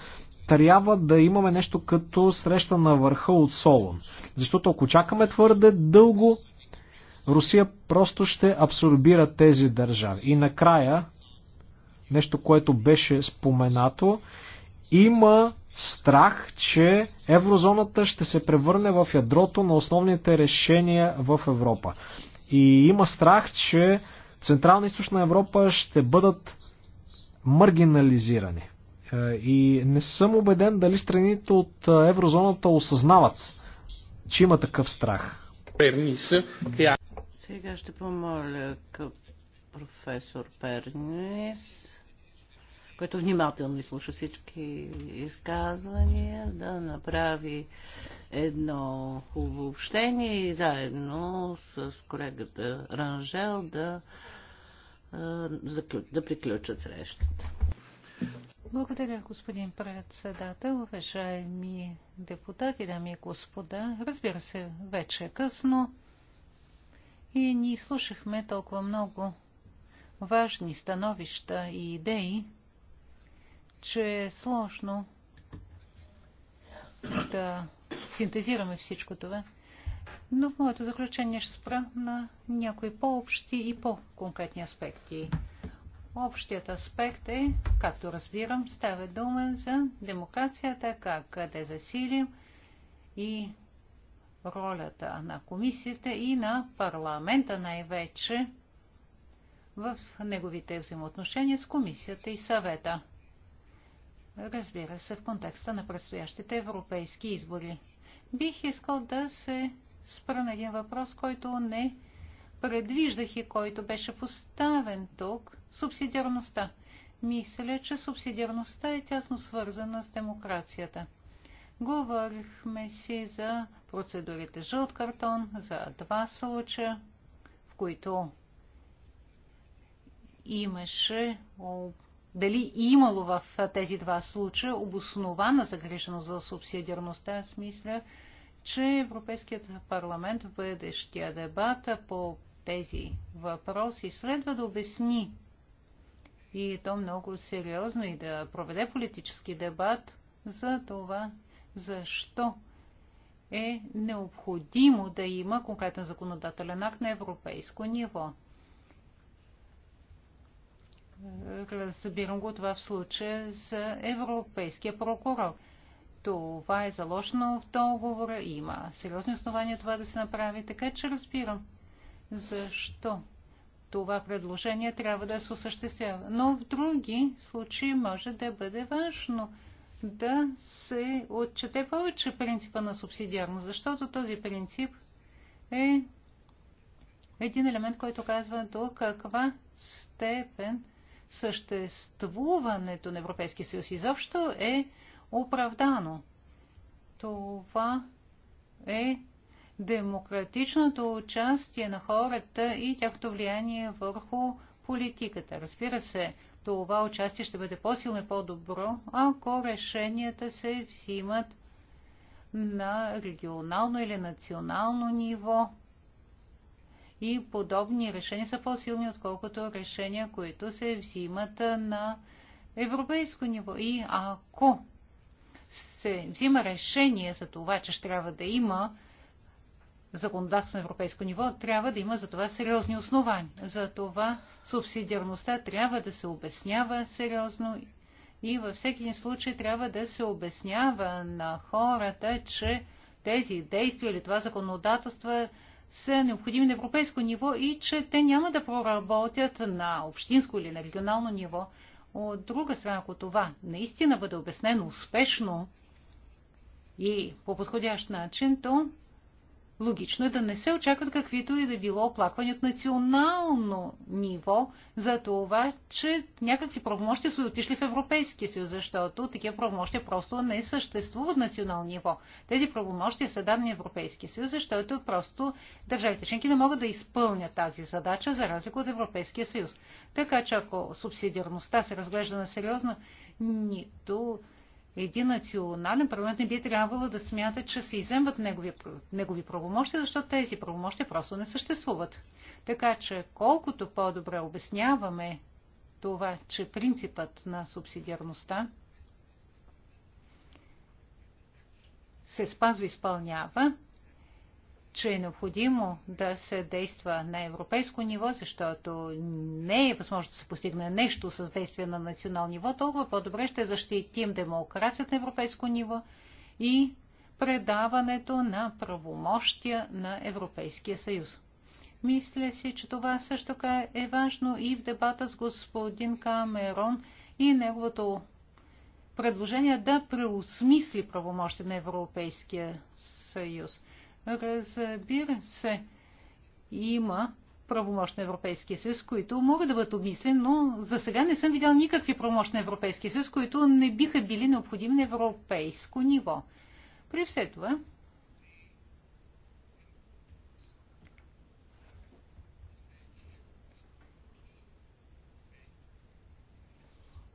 трябва да имаме нещо като среща на върха от Солон. Защото ако чакаме твърде дълго, Русия просто ще абсорбира тези държави. И накрая, нещо, което беше споменато, има страх, че еврозоната ще се превърне в ядрото на основните решения в Европа. И има страх, че Централна и Източна Европа ще бъдат маргинализирани. Е, и не съм убеден дали страните от е, еврозоната осъзнават, че има такъв страх. Сега ще помоля професор Пернис който внимателно изслуша всички изказвания, да направи едно хубаво общение и заедно с колегата Ранжел да, да приключат срещата. Благодаря, господин председател, уважаеми депутати, дами и господа. Разбира се, вече е късно и ни слушахме толкова много важни становища и идеи, че е сложно да синтезираме всичко това. Но в моето заключение ще спра на някои по-общи и по-конкретни аспекти. Общият аспект е, както разбирам, става дума за демокрацията, как да засилим и ролята на комисията и на парламента най-вече в неговите взаимоотношения с комисията и съвета разбира се, в контекста на предстоящите европейски избори. Бих искал да се спра на един въпрос, който не предвиждах и който беше поставен тук – субсидиарността. Мисля, че субсидиарността е тясно свързана с демокрацията. Говорихме си за процедурите жълт картон, за два случая, в които имаше дали имало в тези два случая обоснована загриженост за субсидиарността, аз мисля, че Европейският парламент в бъдещия дебат по тези въпроси следва да обясни и е то много сериозно и да проведе политически дебат за това, защо е необходимо да има конкретен законодателен акт на европейско ниво. Разбирам е, го това в случая за европейския прокурор. Това е заложено в договора, има сериозни основания това да се направи, така че разбирам защо това предложение трябва да се осъществява. Но в други случаи може да бъде важно да се отчете повече принципа на субсидиарност, защото този принцип е един елемент, който казва до каква степен съществуването на Европейския съюз изобщо е оправдано. Това е демократичното участие на хората и тяхното влияние върху политиката. Разбира се, това участие ще бъде по-силно и по-добро, ако решенията се взимат на регионално или национално ниво и подобни решения са по-силни, отколкото решения, които се взимат на европейско ниво. И ако се взима решение за това, че ще трябва да има законодателство на европейско ниво, трябва да има за това сериозни основания. За това субсидиарността трябва да се обяснява сериозно и във всеки случай трябва да се обяснява на хората, че тези действия или това законодателство са необходими на европейско ниво и че те няма да проработят на общинско или на регионално ниво. От друга страна, ако това наистина бъде обяснено успешно и по подходящ начин, то логично е да не се очакват каквито и да било оплаквания от национално ниво за това, че някакви правомощия са отишли в Европейския съюз, защото такива правомощия просто не съществуват на национално ниво. Тези правомощия са дадени в Европейския съюз, защото просто държавите членки не могат да изпълнят тази задача за разлика от Европейския съюз. Така че ако субсидиарността се разглежда на сериозно, нито един национален парламент не би трябвало да смята, че се иземват негови, негови правомощия, защото тези правомощия просто не съществуват. Така че колкото по-добре обясняваме това, че принципът на субсидиарността се спазва и изпълнява, че е необходимо да се действа на европейско ниво, защото не е възможно да се постигне нещо с действие на национално ниво, толкова по-добре ще защитим демокрацията на европейско ниво и предаването на правомощия на Европейския съюз. Мисля си, че това също така е важно и в дебата с господин Камерон и неговото предложение да преосмисли правомощите на Европейския съюз. Разбира се, има правомощ на Европейския съюз, които могат да бъдат обмислени, но за сега не съм видял никакви правомощ на Европейския съюз, които не биха били необходими на европейско ниво. При все това,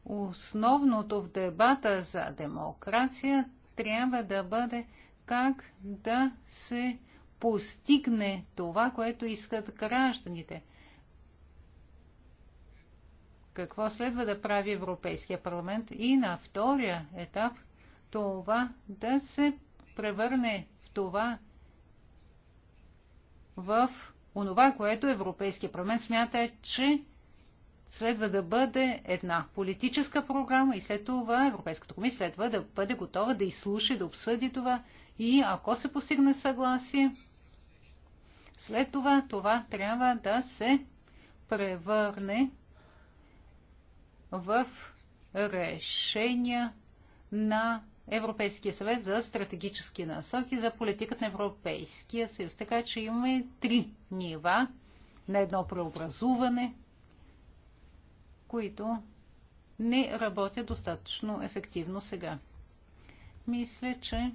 основното в дебата за демокрация трябва да бъде – как да се постигне това, което искат гражданите. Какво следва да прави Европейския парламент? И на втория етап това да се превърне в това, в онова, което Европейския парламент смята, че следва да бъде една политическа програма и след това Европейската комисия следва да бъде готова да изслуши, да обсъди това и ако се постигне съгласие, след това това трябва да се превърне в решения на Европейския съвет за стратегически насоки за политиката на Европейския съюз. Така че имаме три нива на едно преобразуване, които не работят достатъчно ефективно сега. Мисля, че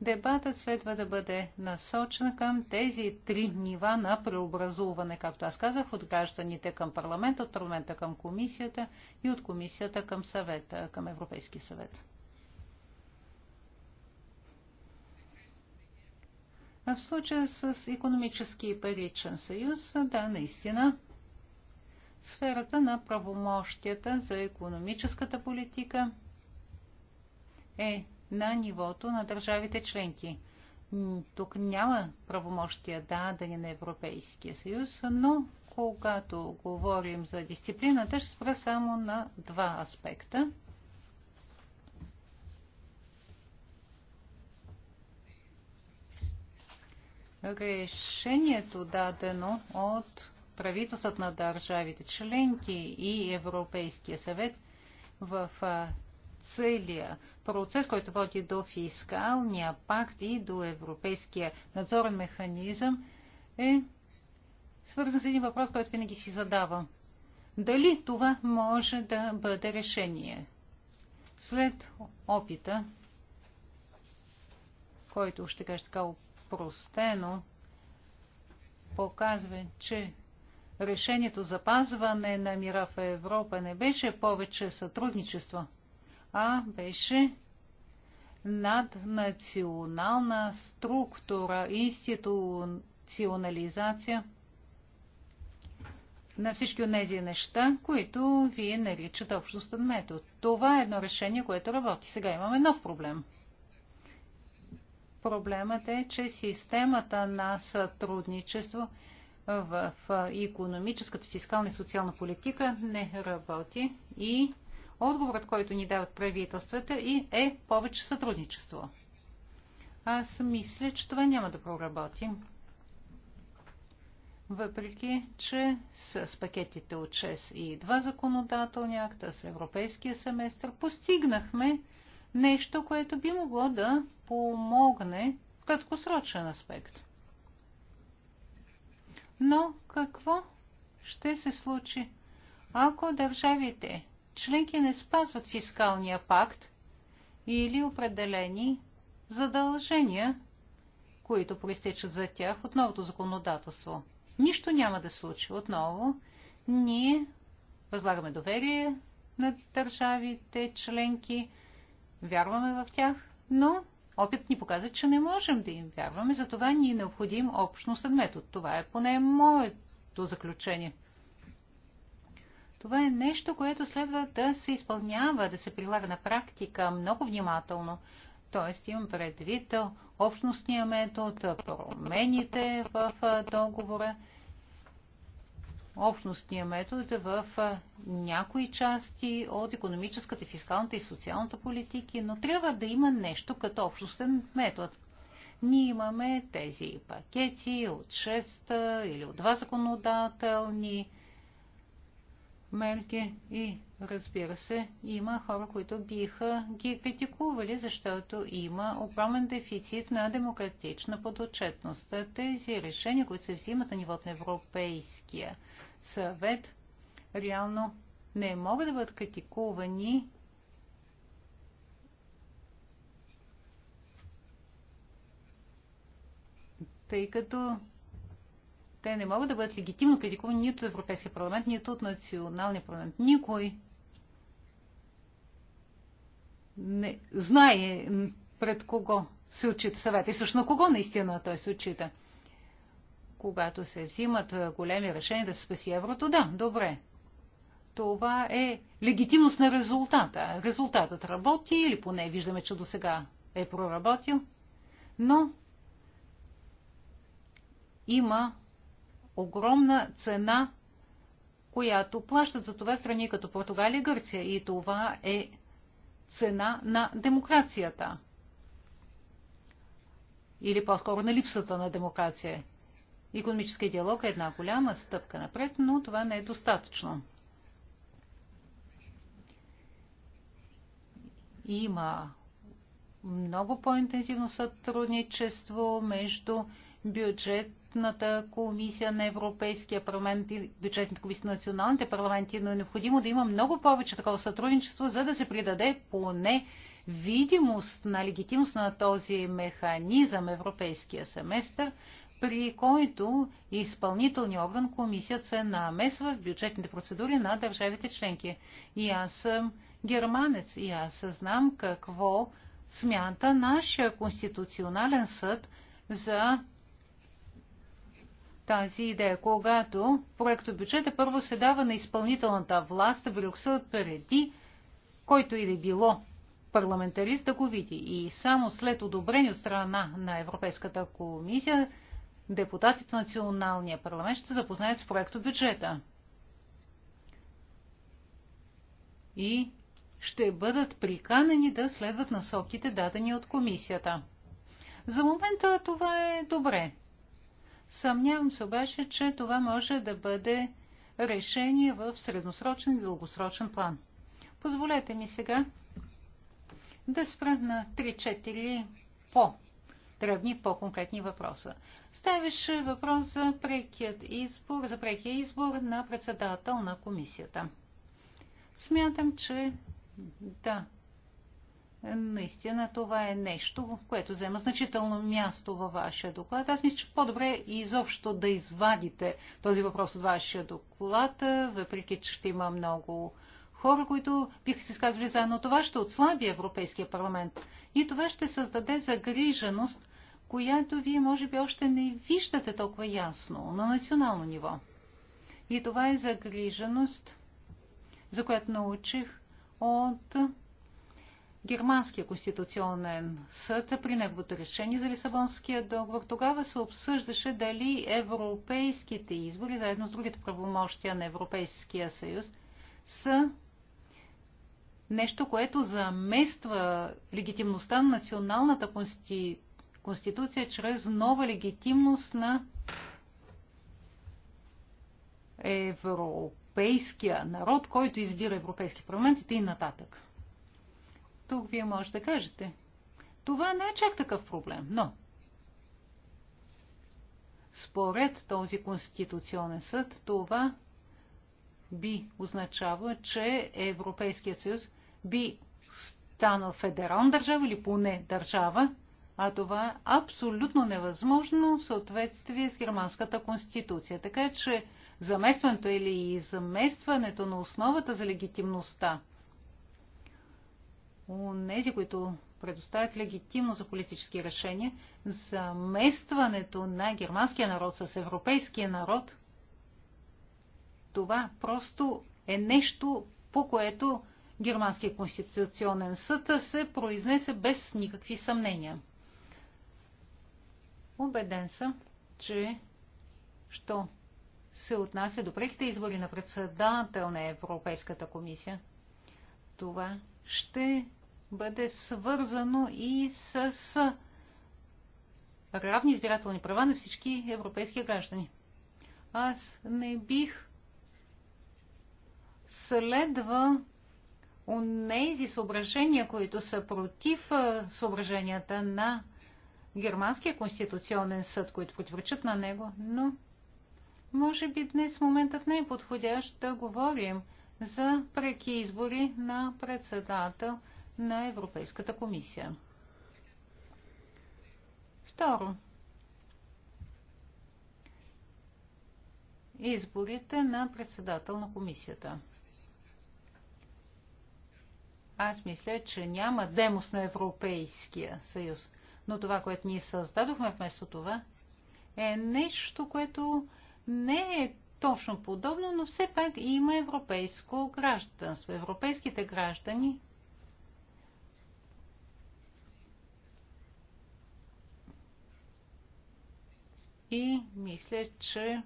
Дебатът следва да бъде насочен към тези три нива на преобразуване, както аз казах, от гражданите към парламента, от парламента към комисията и от комисията към съвета, към Европейски съвет. А в случая с економически и паричен съюз, да, наистина, сферата на правомощията за економическата политика е на нивото на държавите членки. Тук няма правомощия дадени на Европейския съюз, но когато говорим за дисциплината, ще спра само на два аспекта. Решението дадено от правителството на държавите членки и Европейския съвет в целия процес, който води до фискалния пакт и до европейския надзорен механизъм, е свързан с един въпрос, който винаги си задавам. Дали това може да бъде решение? След опита, който ще кажа така упростено, показва, че решението за пазване на мира в Европа не беше повече сътрудничество – а беше наднационална структура, институционализация на всички от тези неща, които вие наричат общостен метод. Това е едно решение, което работи. Сега имаме нов проблем. Проблемът е, че системата на сътрудничество в економическата, фискална и социална политика не работи и Отговорът, който ни дават правителствата и е повече сътрудничество. Аз мисля, че това няма да проработи. Въпреки, че с пакетите от 6 и 2 законодателни акта с европейския семестър постигнахме нещо, което би могло да помогне в краткосрочен аспект. Но какво ще се случи, ако държавите членки не спазват фискалния пакт или определени задължения, които проистичат за тях от новото законодателство. Нищо няма да случи отново. Ние възлагаме доверие на държавите членки, вярваме в тях, но опит ни показва, че не можем да им вярваме, затова ни е необходим общност метод. Това е поне моето заключение – това е нещо, което следва да се изпълнява, да се прилага на практика много внимателно. Тоест имам предвид общностния метод, промените в договора. Общностния метод е в някои части от економическата, фискалната и социалната политики, но трябва да има нещо като общностен метод. Ние имаме тези пакети от 6 или от два законодателни мерки и разбира се, има хора, които биха ги критикували, защото има огромен дефицит на демократична подотчетност. Тези решения, които се взимат на нивото на Европейския съвет, реално не могат да бъдат критикувани тъй като те не могат да бъдат легитимно критикувани нито от Европейския парламент, нито от националния парламент. Никой не знае пред кого се отчита съвет и също на кого наистина той се отчита. Когато се взимат големи решения да се спаси еврото, да, добре. Това е легитимност на резултата. Резултатът работи или поне виждаме, че до сега е проработил, но има огромна цена, която плащат за това страни като Португалия и Гърция. И това е цена на демокрацията. Или по-скоро на липсата на демокрация. Економически диалог е една голяма стъпка напред, но това не е достатъчно. Има много по-интензивно сътрудничество между бюджет бюджетната комисия на Европейския парламент и бюджетната комисия на националните парламенти, но е необходимо да има много повече такова сътрудничество, за да се придаде поне видимост на легитимност на този механизъм Европейския семестър, при който изпълнителният орган комисия се намесва в бюджетните процедури на държавите членки. И аз съм германец и аз знам какво смята нашия конституционален съд за тази идея. Когато проекто бюджета първо се дава на изпълнителната власт в Брюксел преди който и да е било парламентарист да го види. И само след одобрение от страна на Европейската комисия депутатите на националния парламент ще запознаят с проекто бюджета. И ще бъдат приканени да следват насоките дадени от комисията. За момента това е добре. Съмнявам се обаче, че това може да бъде решение в средносрочен и дългосрочен план. Позволете ми сега да спра на 3-4 по дръбни, по-конкретни въпроса. Ставеше въпрос за прекият избор, за прекия избор на председател на комисията. Смятам, че да, Наистина това е нещо, което взема значително място във вашия доклад. Аз мисля, че по-добре изобщо да извадите този въпрос от вашия доклад, въпреки че ще има много хора, които биха се изказвали заедно. Това ще отслаби Европейския парламент и това ще създаде загриженост, която вие може би още не виждате толкова ясно на национално ниво. И това е загриженост, за която научих от Германския конституционен съд при неговото решение за Лисабонския договор. Тогава се обсъждаше дали европейските избори, заедно с другите правомощия на Европейския съюз, са нещо, което замества легитимността на националната конституция конституция чрез нова легитимност на европейския народ, който избира Европейски парламент и нататък. Тук вие може да кажете. Това не е чак такъв проблем, но според този конституционен съд това би означавало, че Европейският съюз би станал федерална държава или поне държава, а това е абсолютно невъзможно в съответствие с германската конституция. Така че заместването или изместването на основата за легитимността онези, които предоставят легитимно за политически решения, заместването на германския народ с европейския народ, това просто е нещо, по което Германския конституционен съд се произнесе без никакви съмнения. Обеден съм, че що се отнася до преките избори на председател на Европейската комисия, това ще бъде свързано и с равни избирателни права на всички европейски граждани. Аз не бих следва онези съображения, които са против съображенията на Германския конституционен съд, които противоречат на него, но може би днес моментът не е подходящ да говорим – за преки избори на председател на Европейската комисия. Второ, изборите на председател на комисията. Аз мисля, че няма демос на Европейския съюз. Но това, което ние създадохме вместо това, е нещо, което не е точно подобно, но все пак има европейско гражданство. Европейските граждани и мисля, че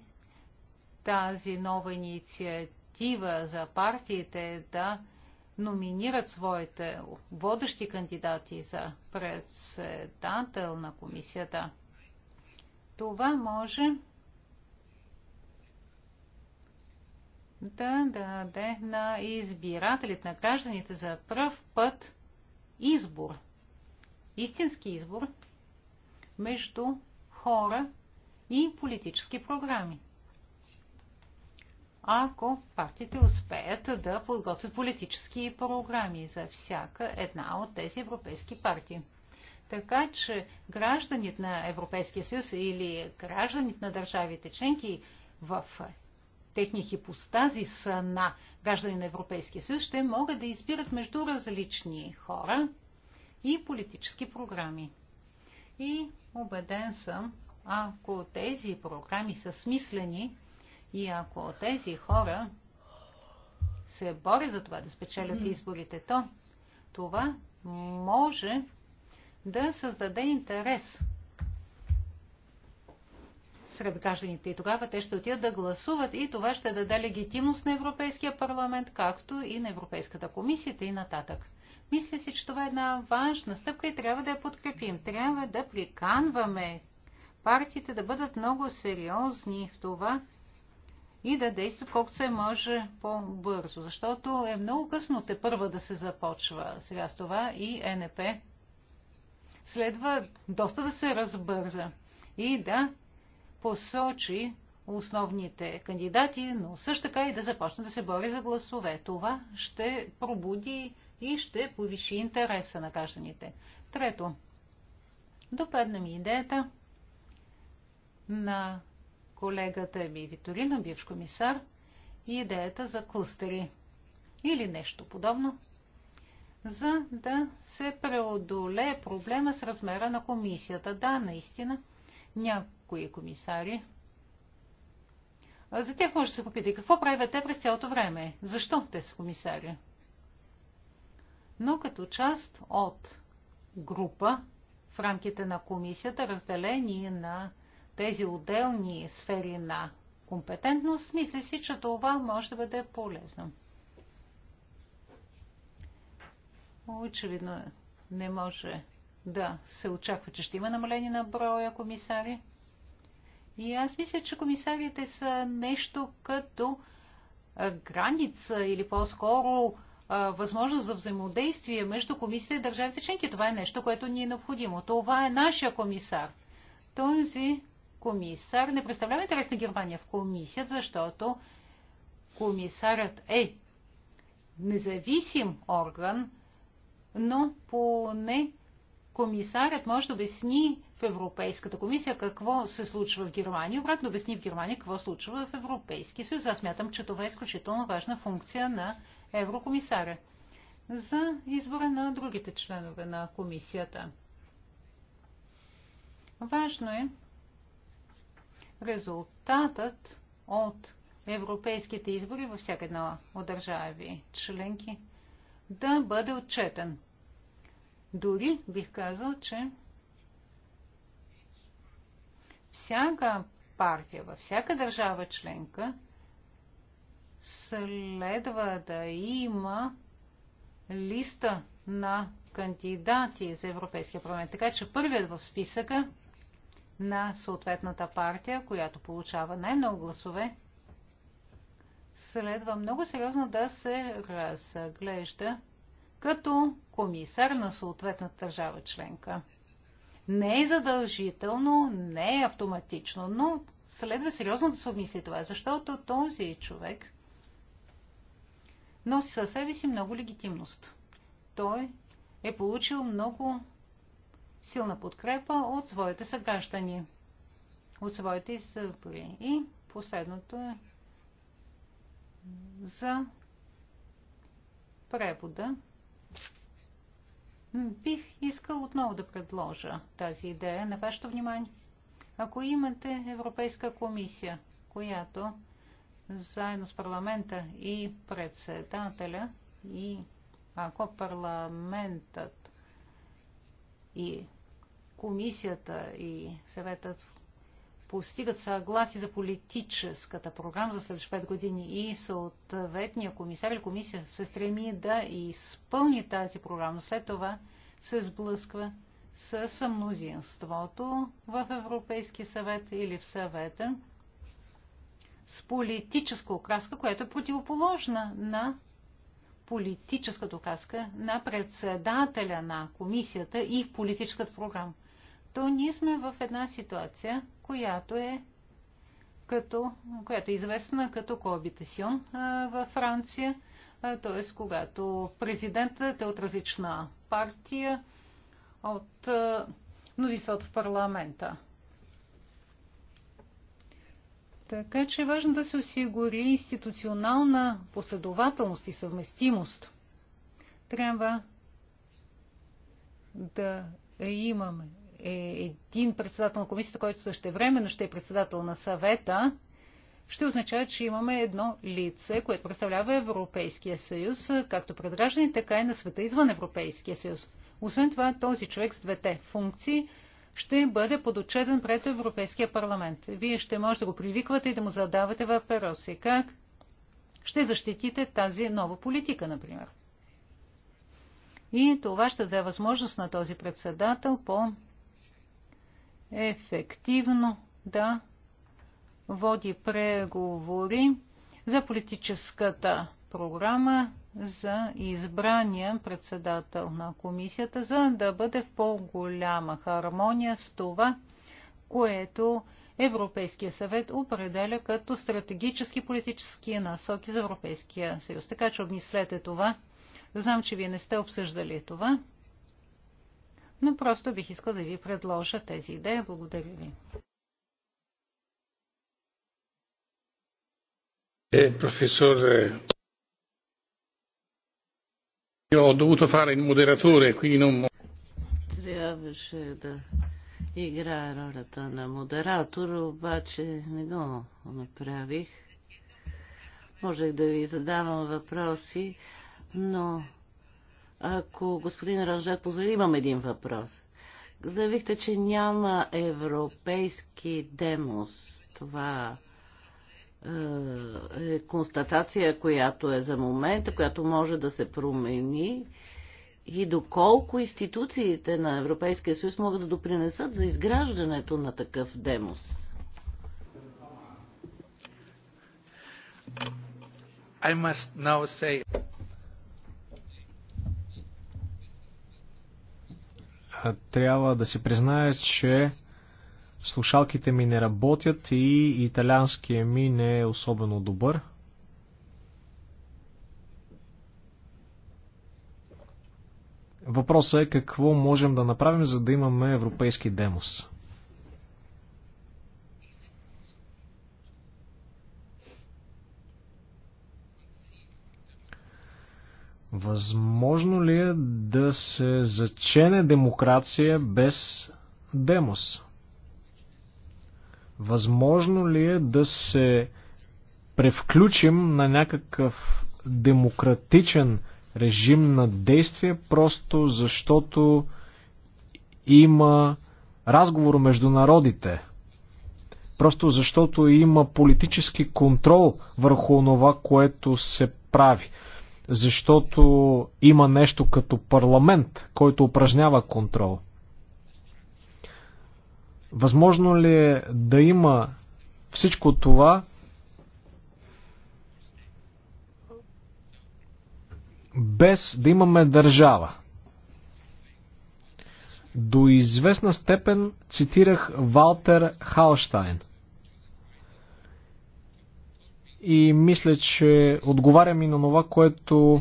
тази нова инициатива за партиите да номинират своите водещи кандидати за председател на комисията. Това може да даде на избирателите, на гражданите за пръв път избор, истински избор между хора и политически програми. Ако партиите успеят да подготвят политически програми за всяка една от тези европейски партии. Така че гражданите на Европейския съюз или гражданите на държавите членки в техни хипостази са на граждани на Европейския съюз, ще могат да избират между различни хора и политически програми. И убеден съм, ако тези програми са смислени и ако тези хора се борят за това да спечелят изборите, то това може да създаде интерес сред гражданите. И тогава те ще отидат да гласуват и това ще даде легитимност на Европейския парламент, както и на Европейската комисия и нататък. Мисля си, че това е една важна стъпка и трябва да я подкрепим. Трябва да приканваме партиите да бъдат много сериозни в това и да действат колкото се може по-бързо, защото е много късно те първа да се започва сега с това и е НП следва доста да се разбърза и да посочи основните кандидати, но също така и да започне да се бори за гласове. Това ще пробуди и ще повиши интереса на гражданите. Трето, допадна ми идеята на колегата ми Виторина, бивш комисар, и идеята за клъстери или нещо подобно, за да се преодолее проблема с размера на комисията. Да, наистина, някои комисари. За тях може да се попита какво правят те през цялото време, защо те са комисари. Но като част от група в рамките на комисията, разделени на тези отделни сфери на компетентност, мисля си, че това може да бъде полезно. Очевидно не може да се очаква, че ще има намаление на броя комисари. И аз мисля, че комисарите са нещо като граница или по-скоро възможност за взаимодействие между комисията и държавите членки. Това е нещо, което ни е необходимо. Това е нашия комисар. Този комисар не представлява интерес на Германия в комисията, защото комисарът е независим орган, но поне комисарят може да обясни в Европейската комисия какво се случва в Германия, обратно обясни в Германия какво се случва в Европейски съюз. Аз смятам, че това е изключително важна функция на еврокомисаря за избора на другите членове на комисията. Важно е резултатът от европейските избори във всяка една от държави членки да бъде отчетен. Дори бих казал, че всяка партия във всяка държава членка следва да има листа на кандидати за Европейския парламент. Така че първият в списъка на съответната партия, която получава най-много гласове, следва много сериозно да се разглежда като комисар на съответната държава членка. Не е задължително, не е автоматично, но следва сериозно да се обмисли това, защото този човек носи със себе си много легитимност. Той е получил много силна подкрепа от своите съграждани, от своите избори. И последното е за превода. Бих искал отново да предложа тази идея на вашето внимание. Ако имате Европейска комисия, която заедно с парламента и председателя и ако парламентът и комисията и съветът постигат съгласи за политическата програма за следващи 5 години и съответния комисар или комисия се стреми да изпълни тази програма. След това се сблъсква с мнозинството в Европейския съвет или в съвета с политическа окраска, която е противоположна на политическата окраска на председателя на комисията и в политическата програма то ние сме в една ситуация, която е като, която е известна като коабитасион във Франция, т.е. когато президентът е от различна партия, от мнозинството в парламента. Така че е важно да се осигури институционална последователност и съвместимост. Трябва да имаме е един председател на комисията, който също времено ще е председател на съвета, ще означава, че имаме едно лице, което представлява Европейския съюз, както пред граждани, така и на света извън Европейския съюз. Освен това, този човек с двете функции ще бъде подочетен пред Европейския парламент. Вие ще можете да го привиквате и да му задавате въпроси. Как ще защитите тази нова политика, например? И това ще даде възможност на този председател по ефективно да води преговори за политическата програма за избрания председател на комисията, за да бъде в по-голяма хармония с това, което Европейския съвет определя като стратегически политически насоки за Европейския съюз. Така че обмислете това. Знам, че вие не сте обсъждали това но просто бих искал да ви предложа тези идеи. Благодаря ви. Eh, е, professor, е, io ho dovuto fare il moderatore, quindi non... Трябваше да играе ролята на модератор, обаче не го направих. Можех да ви задавам въпроси, но ако господин Ранжат позволи, имам един въпрос. Заявихте, че няма европейски демос. Това е, е констатация, която е за момента, която може да се промени и доколко институциите на Европейския съюз могат да допринесат за изграждането на такъв демос. I must now say... трябва да си призная, че слушалките ми не работят и италианския ми не е особено добър. Въпросът е какво можем да направим, за да имаме европейски демос. Възможно ли е да се зачене демокрация без демос? Възможно ли е да се превключим на някакъв демократичен режим на действие, просто защото има разговор между народите? Просто защото има политически контрол върху това, което се прави защото има нещо като парламент, който упражнява контрол. Възможно ли е да има всичко това без да имаме държава? До известна степен цитирах Валтер Халштайн – и мисля, че отговарям и на това, което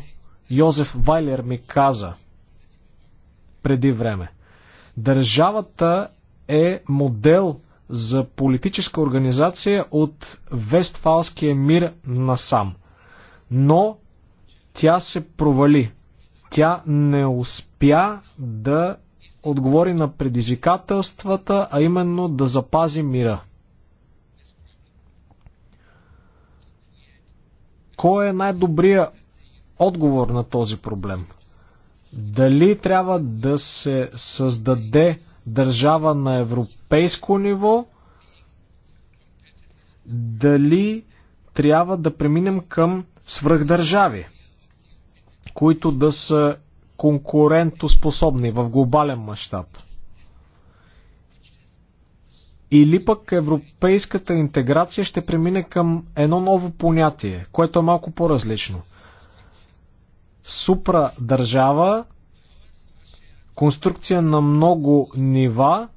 Йозеф Вайлер ми каза преди време. Държавата е модел за политическа организация от Вестфалския мир насам. Но тя се провали. Тя не успя да отговори на предизвикателствата, а именно да запази мира. Кой е най-добрият отговор на този проблем? Дали трябва да се създаде държава на европейско ниво? Дали трябва да преминем към свръхдържави, които да са конкурентоспособни в глобален мащаб? Или пък европейската интеграция ще премине към едно ново понятие, което е малко по-различно. Супра държава, конструкция на много нива,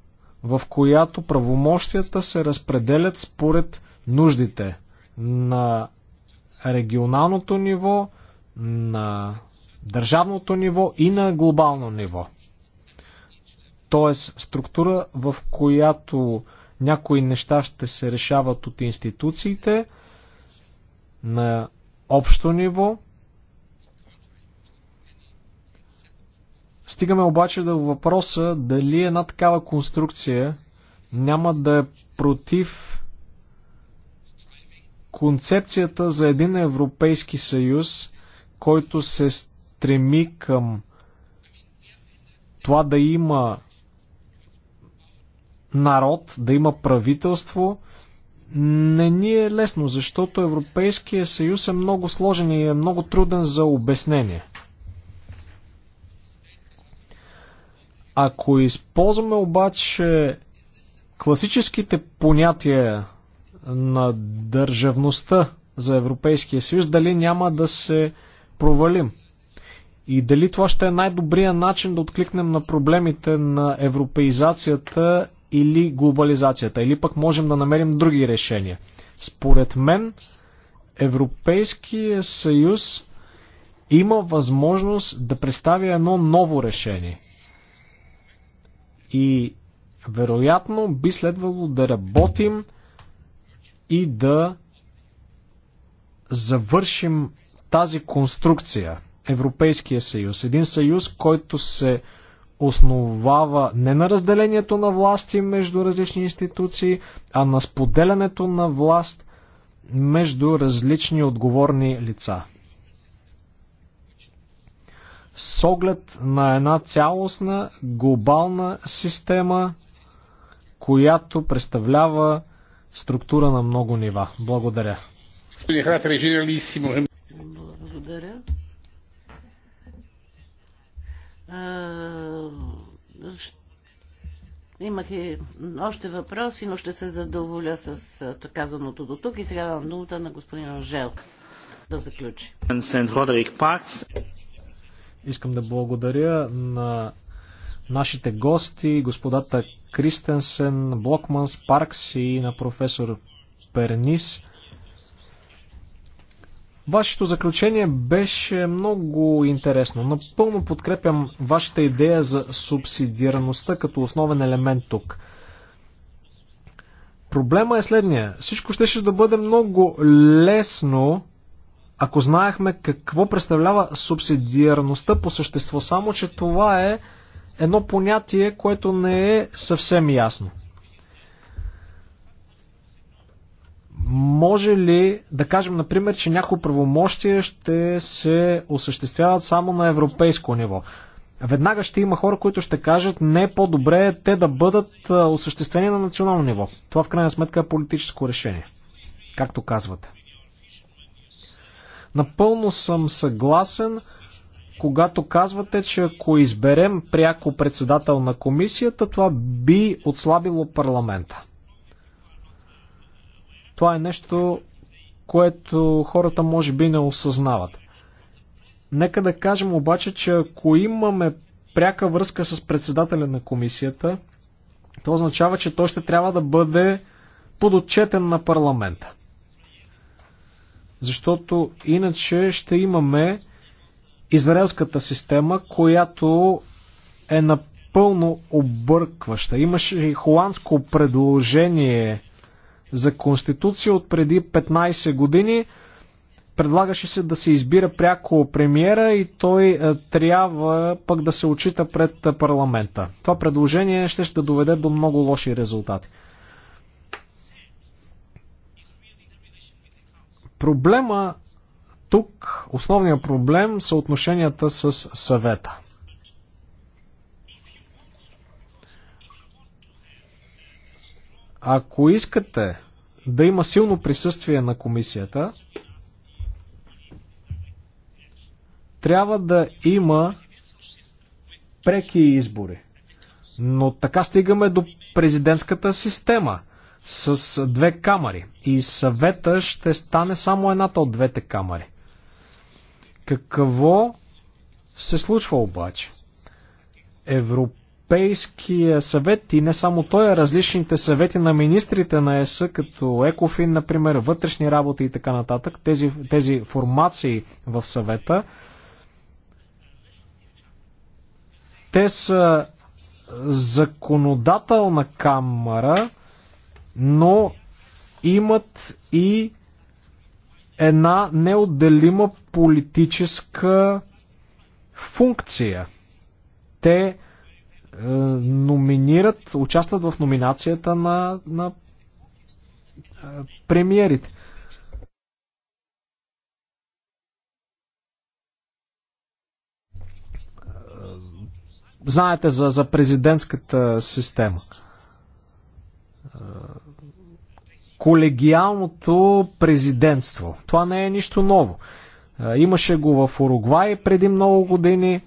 в която правомощията се разпределят според нуждите на регионалното ниво, на държавното ниво и на глобално ниво. Тоест структура, в която някои неща ще се решават от институциите на общо ниво. Стигаме обаче до въпроса дали една такава конструкция няма да е против концепцията за един Европейски съюз, който се стреми към това да има народ, да има правителство, не ни е лесно, защото Европейския съюз е много сложен и е много труден за обяснение. Ако използваме обаче класическите понятия на държавността за Европейския съюз, дали няма да се провалим? И дали това ще е най-добрият начин да откликнем на проблемите на европеизацията или глобализацията, или пък можем да намерим други решения. Според мен, Европейския съюз има възможност да представи едно ново решение. И вероятно би следвало да работим и да завършим тази конструкция. Европейския съюз. Един съюз, който се основава не на разделението на власти между различни институции, а на споделянето на власт между различни отговорни лица. С оглед на една цялостна глобална система, която представлява структура на много нива. Благодаря. Е Благодаря. Имах и още въпроси, но ще се задоволя с казаното до тук и сега давам думата на господин Анжел да заключи. Искам да благодаря на нашите гости, господата Кристенсен, Блокманс, Паркс и на професор Пернис. Вашето заключение беше много интересно. Напълно подкрепям вашата идея за субсидираността като основен елемент тук. Проблема е следния. Всичко ще, ще да бъде много лесно, ако знаехме какво представлява субсидиарността по същество, само че това е едно понятие, което не е съвсем ясно. Може ли да кажем, например, че някои правомощия ще се осъществяват само на европейско ниво? Веднага ще има хора, които ще кажат не по-добре е те да бъдат осъществени на национално ниво. Това в крайна сметка е политическо решение, както казвате. Напълно съм съгласен, когато казвате, че ако изберем пряко председател на комисията, това би отслабило парламента. Това е нещо, което хората може би не осъзнават. Нека да кажем обаче, че ако имаме пряка връзка с председателя на комисията, то означава, че той ще трябва да бъде подотчетен на парламента. Защото иначе ще имаме израелската система, която е напълно объркваща. Имаше и холандско предложение за конституция от преди 15 години предлагаше се да се избира пряко премиера и той е, трябва пък да се очита пред е, парламента. Това предложение ще ще доведе до много лоши резултати. Проблема тук, основният проблем са отношенията с съвета. Ако искате да има силно присъствие на комисията, трябва да има преки избори. Но така стигаме до президентската система с две камери. И съвета ще стане само едната от двете камери. Какво се случва обаче? Европа Европейския съвет и не само той, а различните съвети на министрите на ЕС, като Екофин, например, вътрешни работи и така нататък, тези, тези формации в съвета, те са законодателна камара, но имат и една неотделима политическа функция. Те е, номинират, участват в номинацията на, на е, премиерите. Знаете за, за президентската система. Е, колегиалното президентство. Това не е нищо ново. Имаше го в Уругвай преди много години.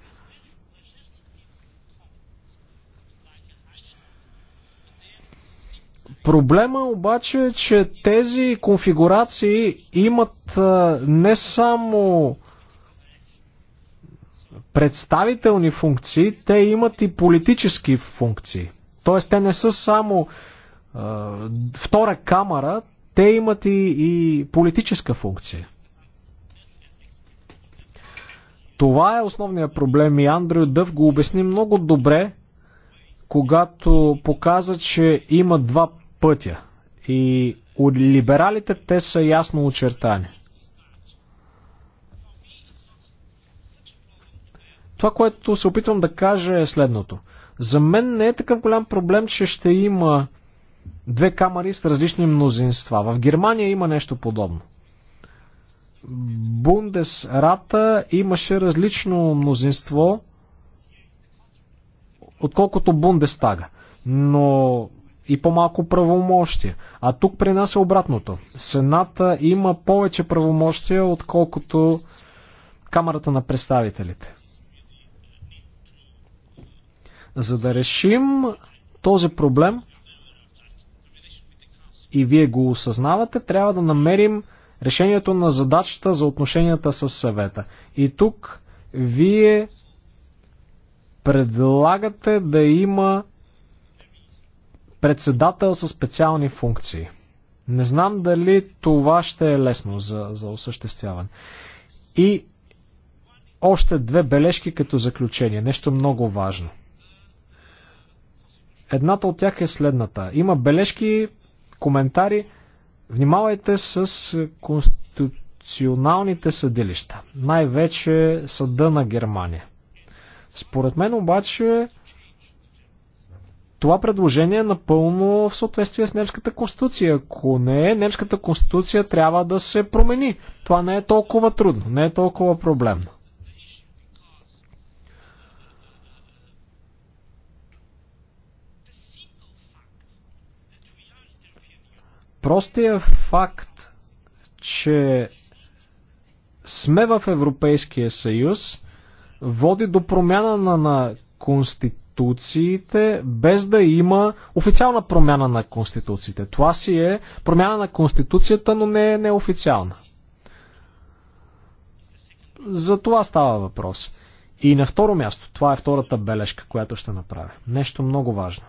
Проблема обаче е, че тези конфигурации имат не само представителни функции, те имат и политически функции. Тоест, те не са само е, втора камера, те имат и, и политическа функция. Това е основният проблем и Андрю Дъв го обясни много добре, когато показа, че има два пътя. И от либералите те са ясно очертани. Това, което се опитвам да кажа е следното. За мен не е такъв голям проблем, че ще има две камери с различни мнозинства. В Германия има нещо подобно. Бундесрата имаше различно мнозинство, отколкото Бундестага. Но и по-малко правомощия. А тук при нас е обратното. Сената има повече правомощия, отколкото Камерата на представителите. За да решим този проблем, и вие го осъзнавате, трябва да намерим решението на задачата за отношенията с съвета. И тук вие предлагате да има председател със специални функции. Не знам дали това ще е лесно за, за осъществяване. И още две бележки като заключение. Нещо много важно. Едната от тях е следната. Има бележки, коментари. Внимавайте с конституционалните съдилища. Най-вече съда на Германия. Според мен обаче това предложение е напълно в съответствие с немската конституция. Ако не е, немската конституция трябва да се промени. Това не е толкова трудно, не е толкова проблемно. Простия факт, че сме в Европейския съюз, води до промяна на, на конституцията конституциите, без да има официална промяна на конституциите. Това си е промяна на конституцията, но не е неофициална. За това става въпрос. И на второ място, това е втората бележка, която ще направя. Нещо много важно.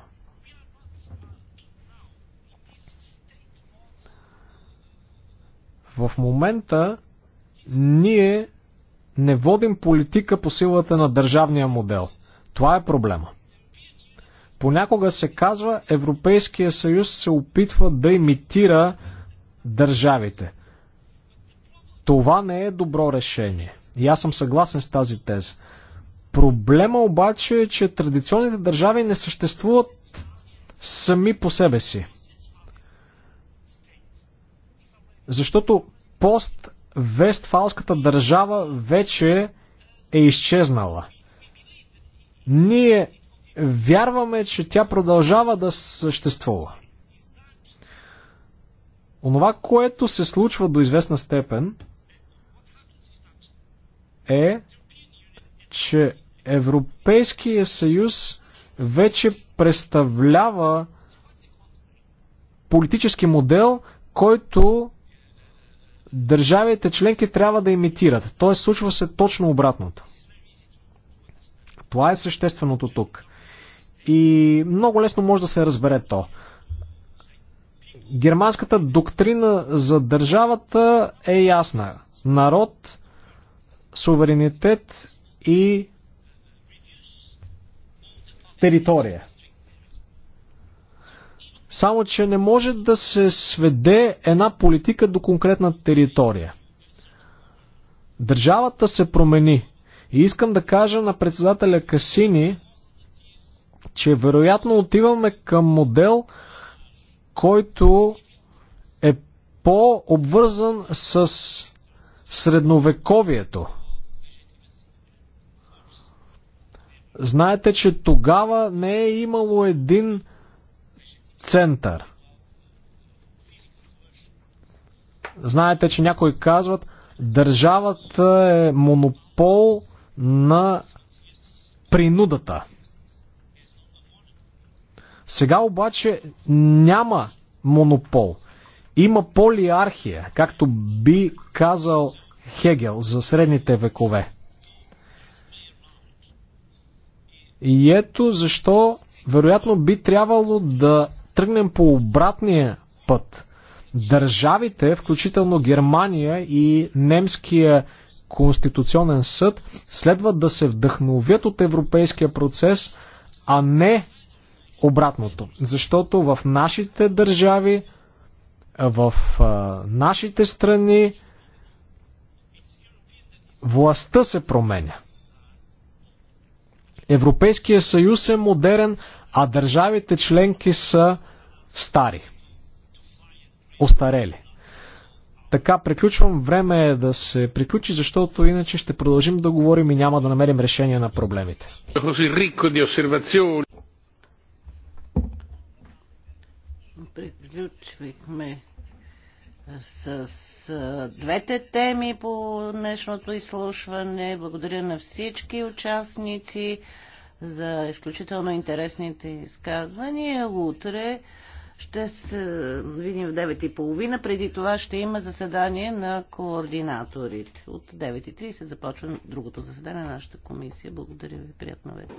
В момента ние не водим политика по силата на държавния модел. Това е проблема. Понякога се казва, Европейския съюз се опитва да имитира държавите. Това не е добро решение. И аз съм съгласен с тази теза. Проблема обаче е, че традиционните държави не съществуват сами по себе си. Защото пост-вестфалската държава вече е изчезнала. Ние вярваме, че тя продължава да съществува. Онова, което се случва до известна степен, е, че Европейския съюз вече представлява политически модел, който държавите членки трябва да имитират. Тоест случва се точно обратното. Това е същественото тук и много лесно може да се разбере то. Германската доктрина за държавата е ясна. Народ, суверенитет и територия. Само, че не може да се сведе една политика до конкретна територия. Държавата се промени. И искам да кажа на председателя Касини, че вероятно отиваме към модел, който е по-обвързан с средновековието. Знаете, че тогава не е имало един център. Знаете, че някои казват, държавата е монопол на принудата. Сега обаче няма монопол. Има полиархия, както би казал Хегел за средните векове. И ето защо вероятно би трябвало да тръгнем по обратния път. Държавите, включително Германия и немския Конституционен съд, следва да се вдъхновят от европейския процес, а не обратното. Защото в нашите държави, в нашите страни, властта се променя. Европейския съюз е модерен, а държавите членки са стари. Остарели. Така, приключвам. Време е да се приключи, защото иначе ще продължим да говорим и няма да намерим решение на проблемите. приключихме с, с двете теми по днешното изслушване. Благодаря на всички участници за изключително интересните изказвания. Утре ще се видим в 9.30. Преди това ще има заседание на координаторите. От 9.30 започва другото заседание на нашата комисия. Благодаря ви. приятно вечер.